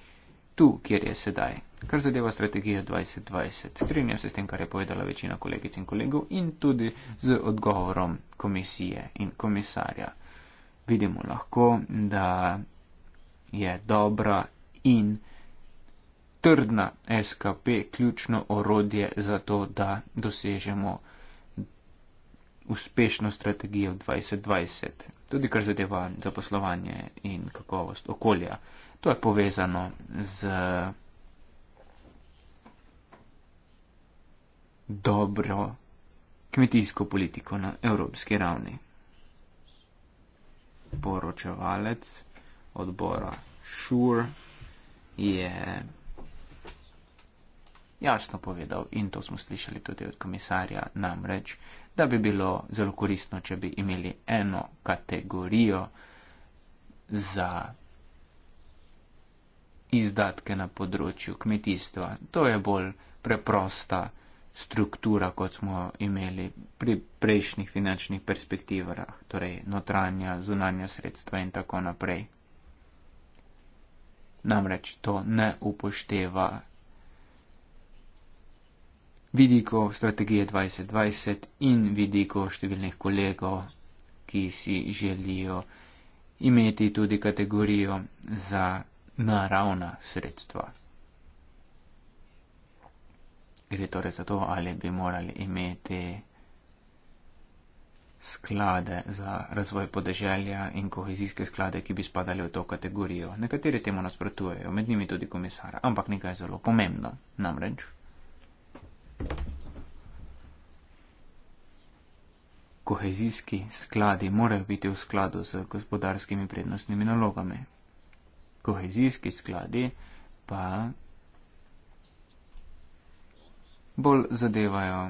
tu, kjer je sedaj. Kar zadeva strategijo 2020. Strinjam se s tem, kar je povedala večina kolegic in kolegov in tudi z odgovorom komisije in komisarja. Vidimo lahko, da je dobra in trdna SKP ključno orodje za to, da dosežemo uspešno strategijo 2020, tudi kar zadeva zaposlovanje in kakovost okolja. To je povezano z dobro kmetijsko politiko na evropski ravni. Poročevalec odbora Šur je jasno povedal in to smo slišali tudi od komisarja namreč, da bi bilo zelo koristno, če bi imeli eno kategorijo za izdatke na področju kmetijstva. To je bolj preprosta struktura, kot smo imeli pri prejšnjih finančnih perspektivah, torej notranja, zunanja sredstva in tako naprej. Namreč to ne upošteva vidiko strategije 2020 in vidiko številnih kolegov, ki si želijo imeti tudi kategorijo za naravna sredstva. Gre torej za to, ali bi morali imeti sklade za razvoj podeželja in kohezijske sklade, ki bi spadali v to kategorijo. Nekateri temu nasprotujejo, med njimi tudi komisar, ampak nekaj je zelo pomembno. Namreč Kohezijski skladi morajo biti v skladu z gospodarskimi prednostnimi nalogami. Kohezijski skladi pa bolj zadevajo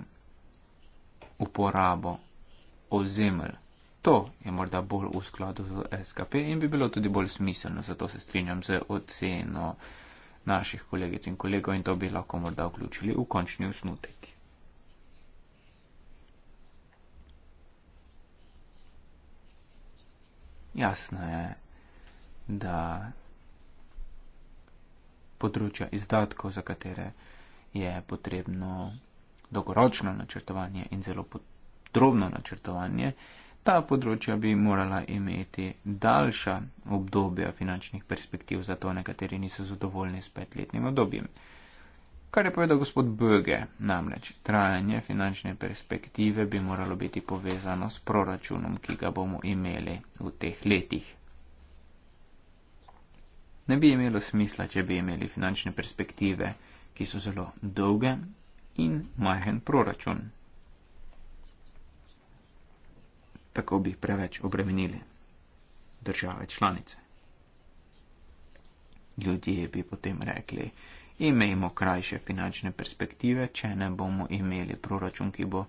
uporabo ozemelj. To je morda bolj v skladu z SKP in bi bilo tudi bolj smiselno, zato se strinjam z oceno uh, naših kolegic in kolegov in to bi lahko morda vključili v končni usnutek. Jasno je, da področja izdatkov, za katere je potrebno dolgoročno načrtovanje in zelo podrobno načrtovanje, ta področja bi morala imeti daljša obdobja finančnih perspektiv, zato nekateri niso zadovoljni s petletnim obdobjem. Kar je povedal gospod Böge, namreč trajanje finančne perspektive bi moralo biti povezano s proračunom, ki ga bomo imeli v teh letih. Ne bi imelo smisla, če bi imeli finančne perspektive, ki so zelo dolge in majhen proračun. tako bi preveč obremenili države članice. Ljudje bi potem rekli, imejmo krajše finančne perspektive, če ne bomo imeli proračun, ki bo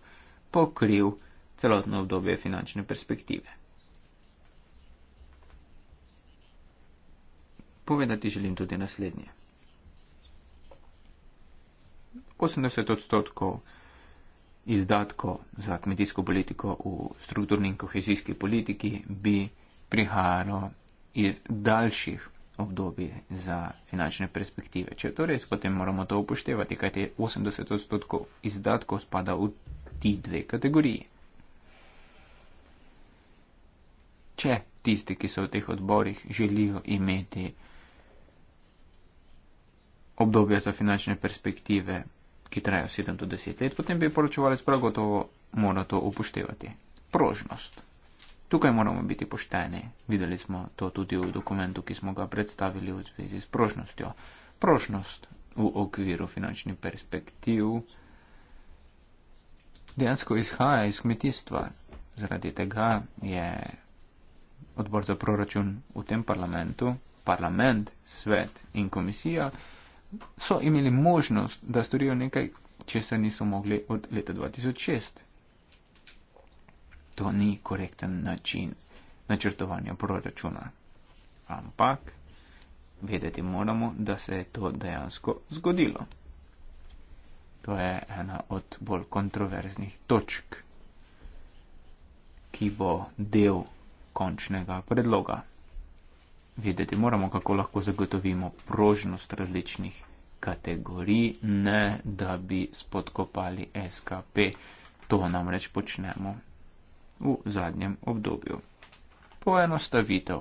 pokril celotno obdobje finančne perspektive. Povedati želim tudi naslednje. 80 odstotkov izdatkov za kmetijsko politiko v strukturni in kohezijski politiki bi prihajalo iz daljših obdobij za finančne perspektive. Če je to res, potem moramo to upoštevati, kajte 80 odstotkov izdatkov spada v ti dve kategoriji. Če tisti, ki so v teh odborih, želijo imeti obdobje za finančne perspektive, ki trajajo 7 do 10 let, potem bi poročevalec prav gotovo moral to upoštevati. Prožnost. Tukaj moramo biti pošteni. Videli smo to tudi v dokumentu, ki smo ga predstavili v zvezi s prožnostjo. Prožnost v okviru finančnih perspektiv dejansko izhaja iz kmetijstva. Zaradi tega je odbor za proračun v tem parlamentu, parlament, svet in komisija so imeli možnost, da storijo nekaj, česar niso mogli od leta 2006. To ni korekten način načrtovanja proračuna. Ampak vedeti moramo, da se je to dejansko zgodilo. To je ena od bolj kontroverznih točk, ki bo del končnega predloga vedeti moramo, kako lahko zagotovimo prožnost različnih kategorij, ne da bi spodkopali SKP. To namreč počnemo v zadnjem obdobju. Poenostavitev.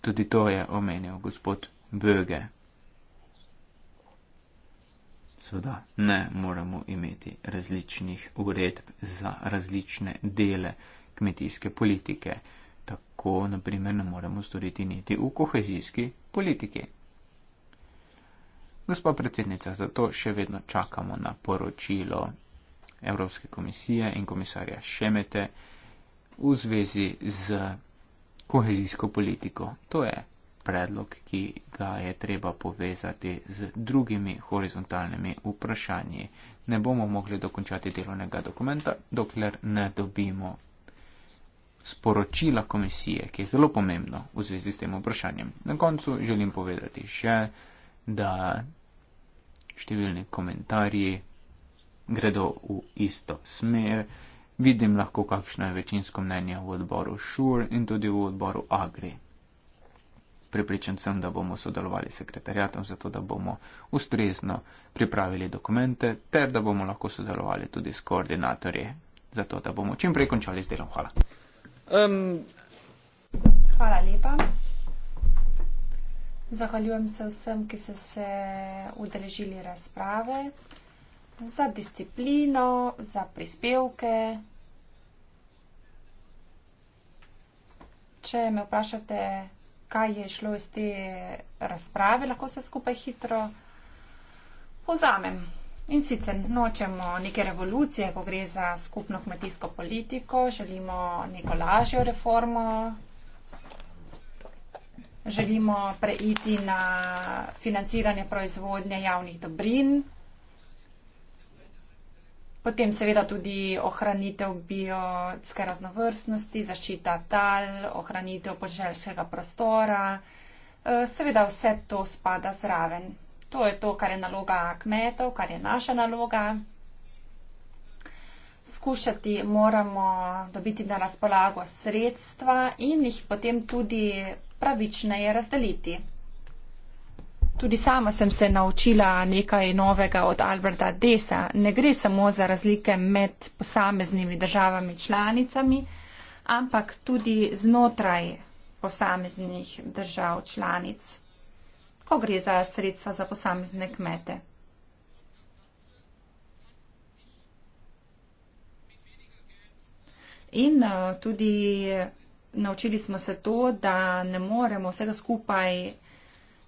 Tudi to je omenil gospod Böge. Seveda ne moremo imeti različnih uredb za različne dele kmetijske politike tako naprimer ne moremo storiti niti v kohezijski politiki. Gospa predsednica, zato še vedno čakamo na poročilo Evropske komisije in komisarja Šemete v zvezi z kohezijsko politiko. To je predlog, ki ga je treba povezati z drugimi horizontalnimi vprašanji. Ne bomo mogli dokončati delovnega dokumenta, dokler ne dobimo sporočila komisije, ki je zelo pomembno v zvezi s tem vprašanjem. Na koncu želim povedati še, da številni komentarji gredo v isto smer. Vidim lahko, kakšno je večinsko mnenje v odboru Šur in tudi v odboru Agri. Pripričan sem, da bomo sodelovali s sekretarjatom, zato da bomo ustrezno pripravili dokumente, ter da bomo lahko sodelovali tudi s koordinatorje, zato da bomo čim prej končali z delom. Hvala. Hvala lepa. Zahvaljujem se vsem, ki so se udeležili razprave, za disciplino, za prispevke. Če me vprašate, kaj je šlo iz te razprave, lahko se skupaj hitro pozamem. In sicer nočemo neke revolucije, ko gre za skupno kmetijsko politiko, želimo neko lažjo reformo, želimo preiti na financiranje proizvodnje javnih dobrin, potem seveda tudi ohranitev biotske raznovrstnosti, zaščita tal, ohranitev podželjskega prostora, eh, seveda vse to spada zraven. To je to, kar je naloga kmetov, kar je naša naloga. Skušati moramo dobiti na razpolago sredstva in jih potem tudi pravičneje razdeliti. Tudi sama sem se naučila nekaj novega od Alberta Desa. Ne gre samo za razlike med posameznimi državami članicami, ampak tudi znotraj posameznih držav članic ko gre za sredstva za posamezne kmete. In eh, tudi eh, naučili smo se to, da ne moremo vsega skupaj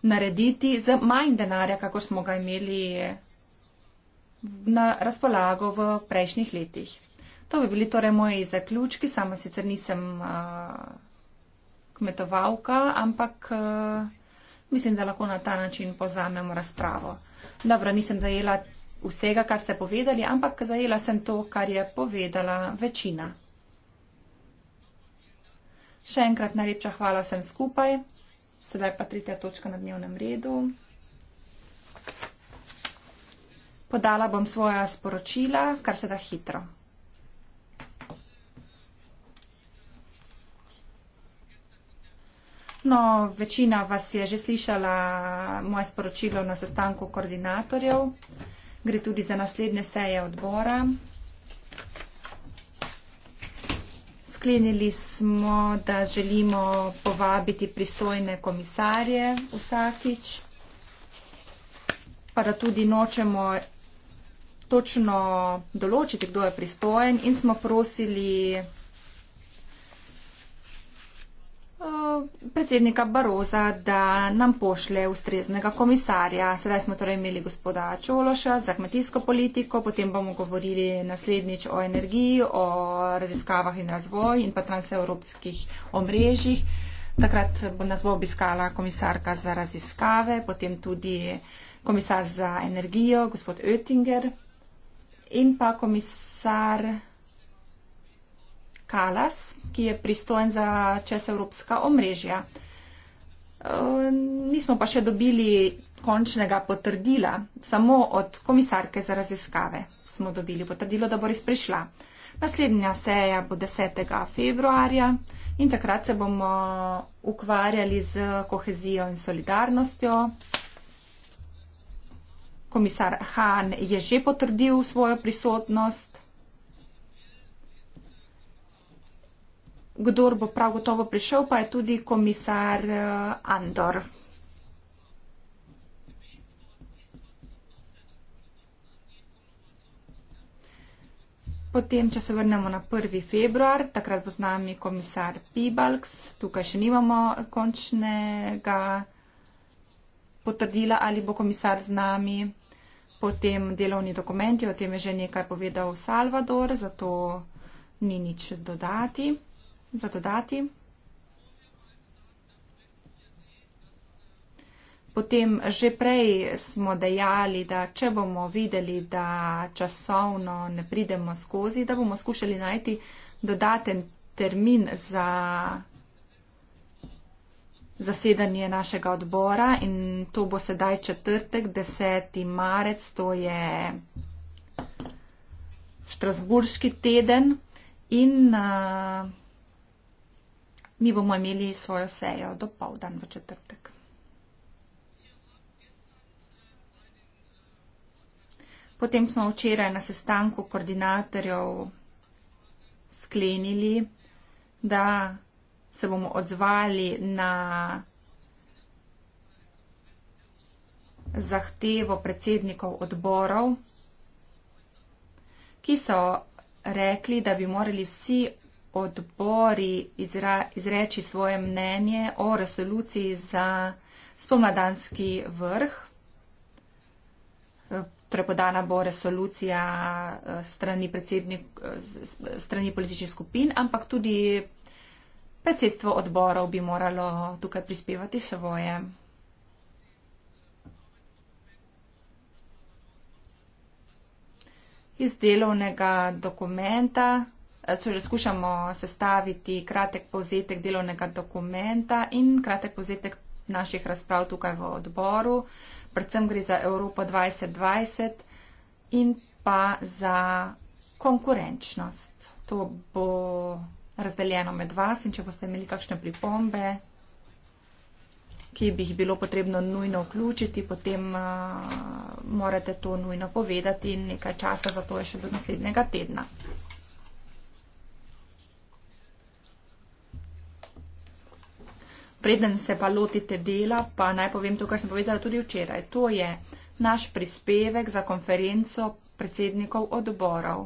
narediti z manj denarja, kakor smo ga imeli eh, na razpolago v prejšnjih letih. To bi bili torej moji zaključki. Sama sicer nisem uh, kmetovalka, ampak. Uh, mislim, da lahko na ta način pozamemo razpravo. Dobro, nisem zajela vsega, kar ste povedali, ampak zajela sem to, kar je povedala večina. Še enkrat najlepša hvala vsem skupaj. Sedaj pa tretja točka na dnevnem redu. Podala bom svoja sporočila, kar se da hitro. Verjetno večina vas je že slišala moje sporočilo na sestanku koordinatorjev. Gre tudi za naslednje seje odbora. Sklenili smo, da želimo povabiti pristojne komisarje vsakič, pa da tudi nočemo točno določiti, kdo je pristojen in smo prosili Eh, predsednika Baroza, da nam pošlje ustreznega komisarja. Sedaj smo torej imeli gospoda Čološa za kmetijsko politiko, potem bomo govorili naslednjič o energiji, o raziskavah in razvoj in pa transevropskih omrežjih. Takrat bo nas bo obiskala komisarka za raziskave, potem tudi komisar za energijo, gospod Oettinger in pa komisar. Kalas, ki je pristojen za česevropska omrežja. Eh, nismo pa še dobili končnega potrdila, samo od komisarke za raziskave smo dobili potrdilo, da bo res prišla. Naslednja seja bo 10. februarja in takrat se bomo ukvarjali z kohezijo in solidarnostjo. Komisar Han je že potrdil svojo prisotnost kdor bo prav gotovo prišel, pa je tudi komisar eh, Andor. Potem, če se vrnemo na 1. februar, takrat bo z nami komisar Pibalks. Tukaj še nimamo končnega potrdila, ali bo komisar z nami. Potem delovni dokumenti, o tem je že nekaj povedal Salvador, zato ni nič dodati za dodati. Potem že prej smo dejali, da če bomo videli, da časovno ne pridemo skozi, da bomo skušali najti dodaten termin za zasedanje našega odbora in to bo sedaj četrtek, 10. marec, to je Štrasburški teden in uh, Mi bomo imeli svojo sejo do pol dan v četrtek. Potem smo včeraj na sestanku koordinatorjev sklenili, da se bomo odzvali na zahtevo predsednikov odborov, ki so rekli, da bi morali vsi odbori izra, izreči svoje mnenje o resoluciji za spomladanski vrh. Prepodana bo resolucija eh, strani, eh, strani političnih skupin, ampak tudi predsedstvo odborov bi moralo tukaj prispevati svoje. Iz delovnega dokumenta torej skušamo sestaviti kratek povzetek delovnega dokumenta in kratek povzetek naših razprav tukaj v odboru. Predvsem gre za Evropo 2020 in pa za konkurenčnost. To bo razdeljeno med vas in če boste imeli kakšne pripombe, ki bi jih bilo potrebno nujno vključiti, potem uh, morate to nujno povedati in nekaj časa za to je še do naslednjega tedna. preden se pa lotite dela, pa naj povem to, kar sem povedala tudi včeraj. To je naš prispevek za konferenco predsednikov odborov.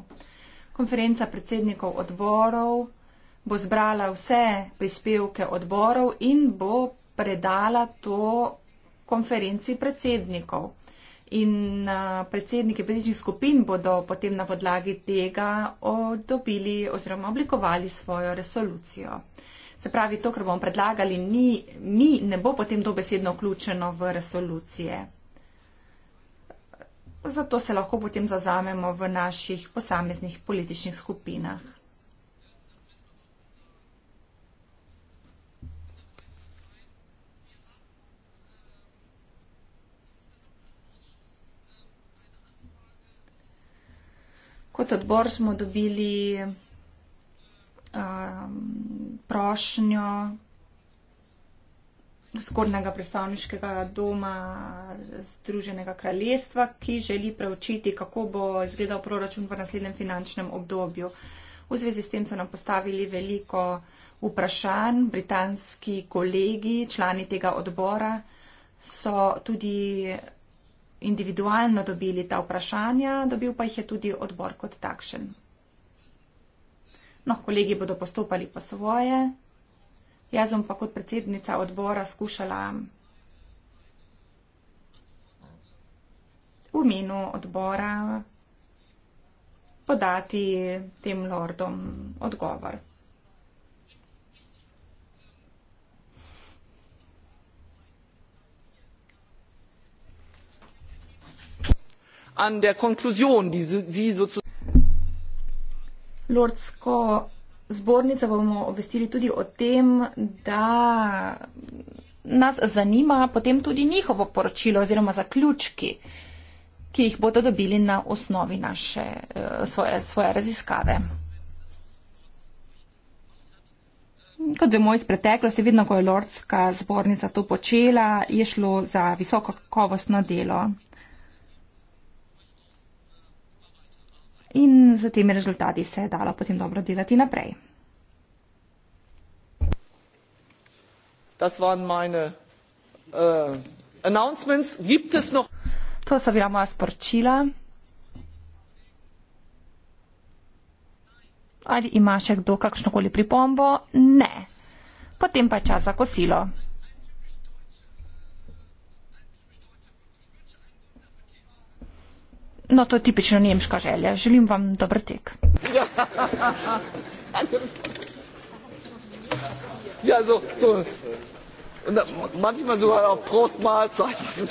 Konferenca predsednikov odborov bo zbrala vse prispevke odborov in bo predala to konferenci predsednikov. In eh, predsedniki političnih skupin bodo potem na podlagi tega dobili oziroma oblikovali svojo resolucijo. Se pravi, to, kar bomo predlagali, ni, ni, ne bo potem dobesedno vključeno v resolucije. Zato se lahko potem zazamemo v naših posameznih političnih skupinah. Kot odbor smo dobili um, prošnjo zgornjega predstavniškega doma Združenega kraljestva, ki želi preučiti, kako bo izgledal proračun v naslednjem finančnem obdobju. V zvezi s tem so nam postavili veliko vprašanj. Britanski kolegi, člani tega odbora so tudi individualno dobili ta vprašanja, dobil pa jih je tudi odbor kot takšen. No, kolegi bodo postopali po svoje. Jaz bom pa kot predsednica odbora skušala v imenu odbora podati tem lordom odgovor. An der Konklusion, die Sie sozusagen Lordsko zbornico bomo obvestili tudi o tem, da nas zanima potem tudi njihovo poročilo oziroma zaključki, ki jih bodo dobili na osnovi naše eh, svoje, svoje raziskave. Kot vemo iz preteklosti, vidno, ko je Lordska zbornica to počela, je šlo za visoko kakovostno delo. in z temi rezultati se je dalo potem dobro delati naprej. Das waren meine, uh, announcements. Gibt es noch... To so bila moja sporočila. Ali ima še kdo kakšnokoli pripombo? Ne. Potem pa je čas za kosilo. No, to je tipično nemška želja. Želim vam dober tek. Ja, so, so. Manchmal sogar auch Prost Mahlzeit.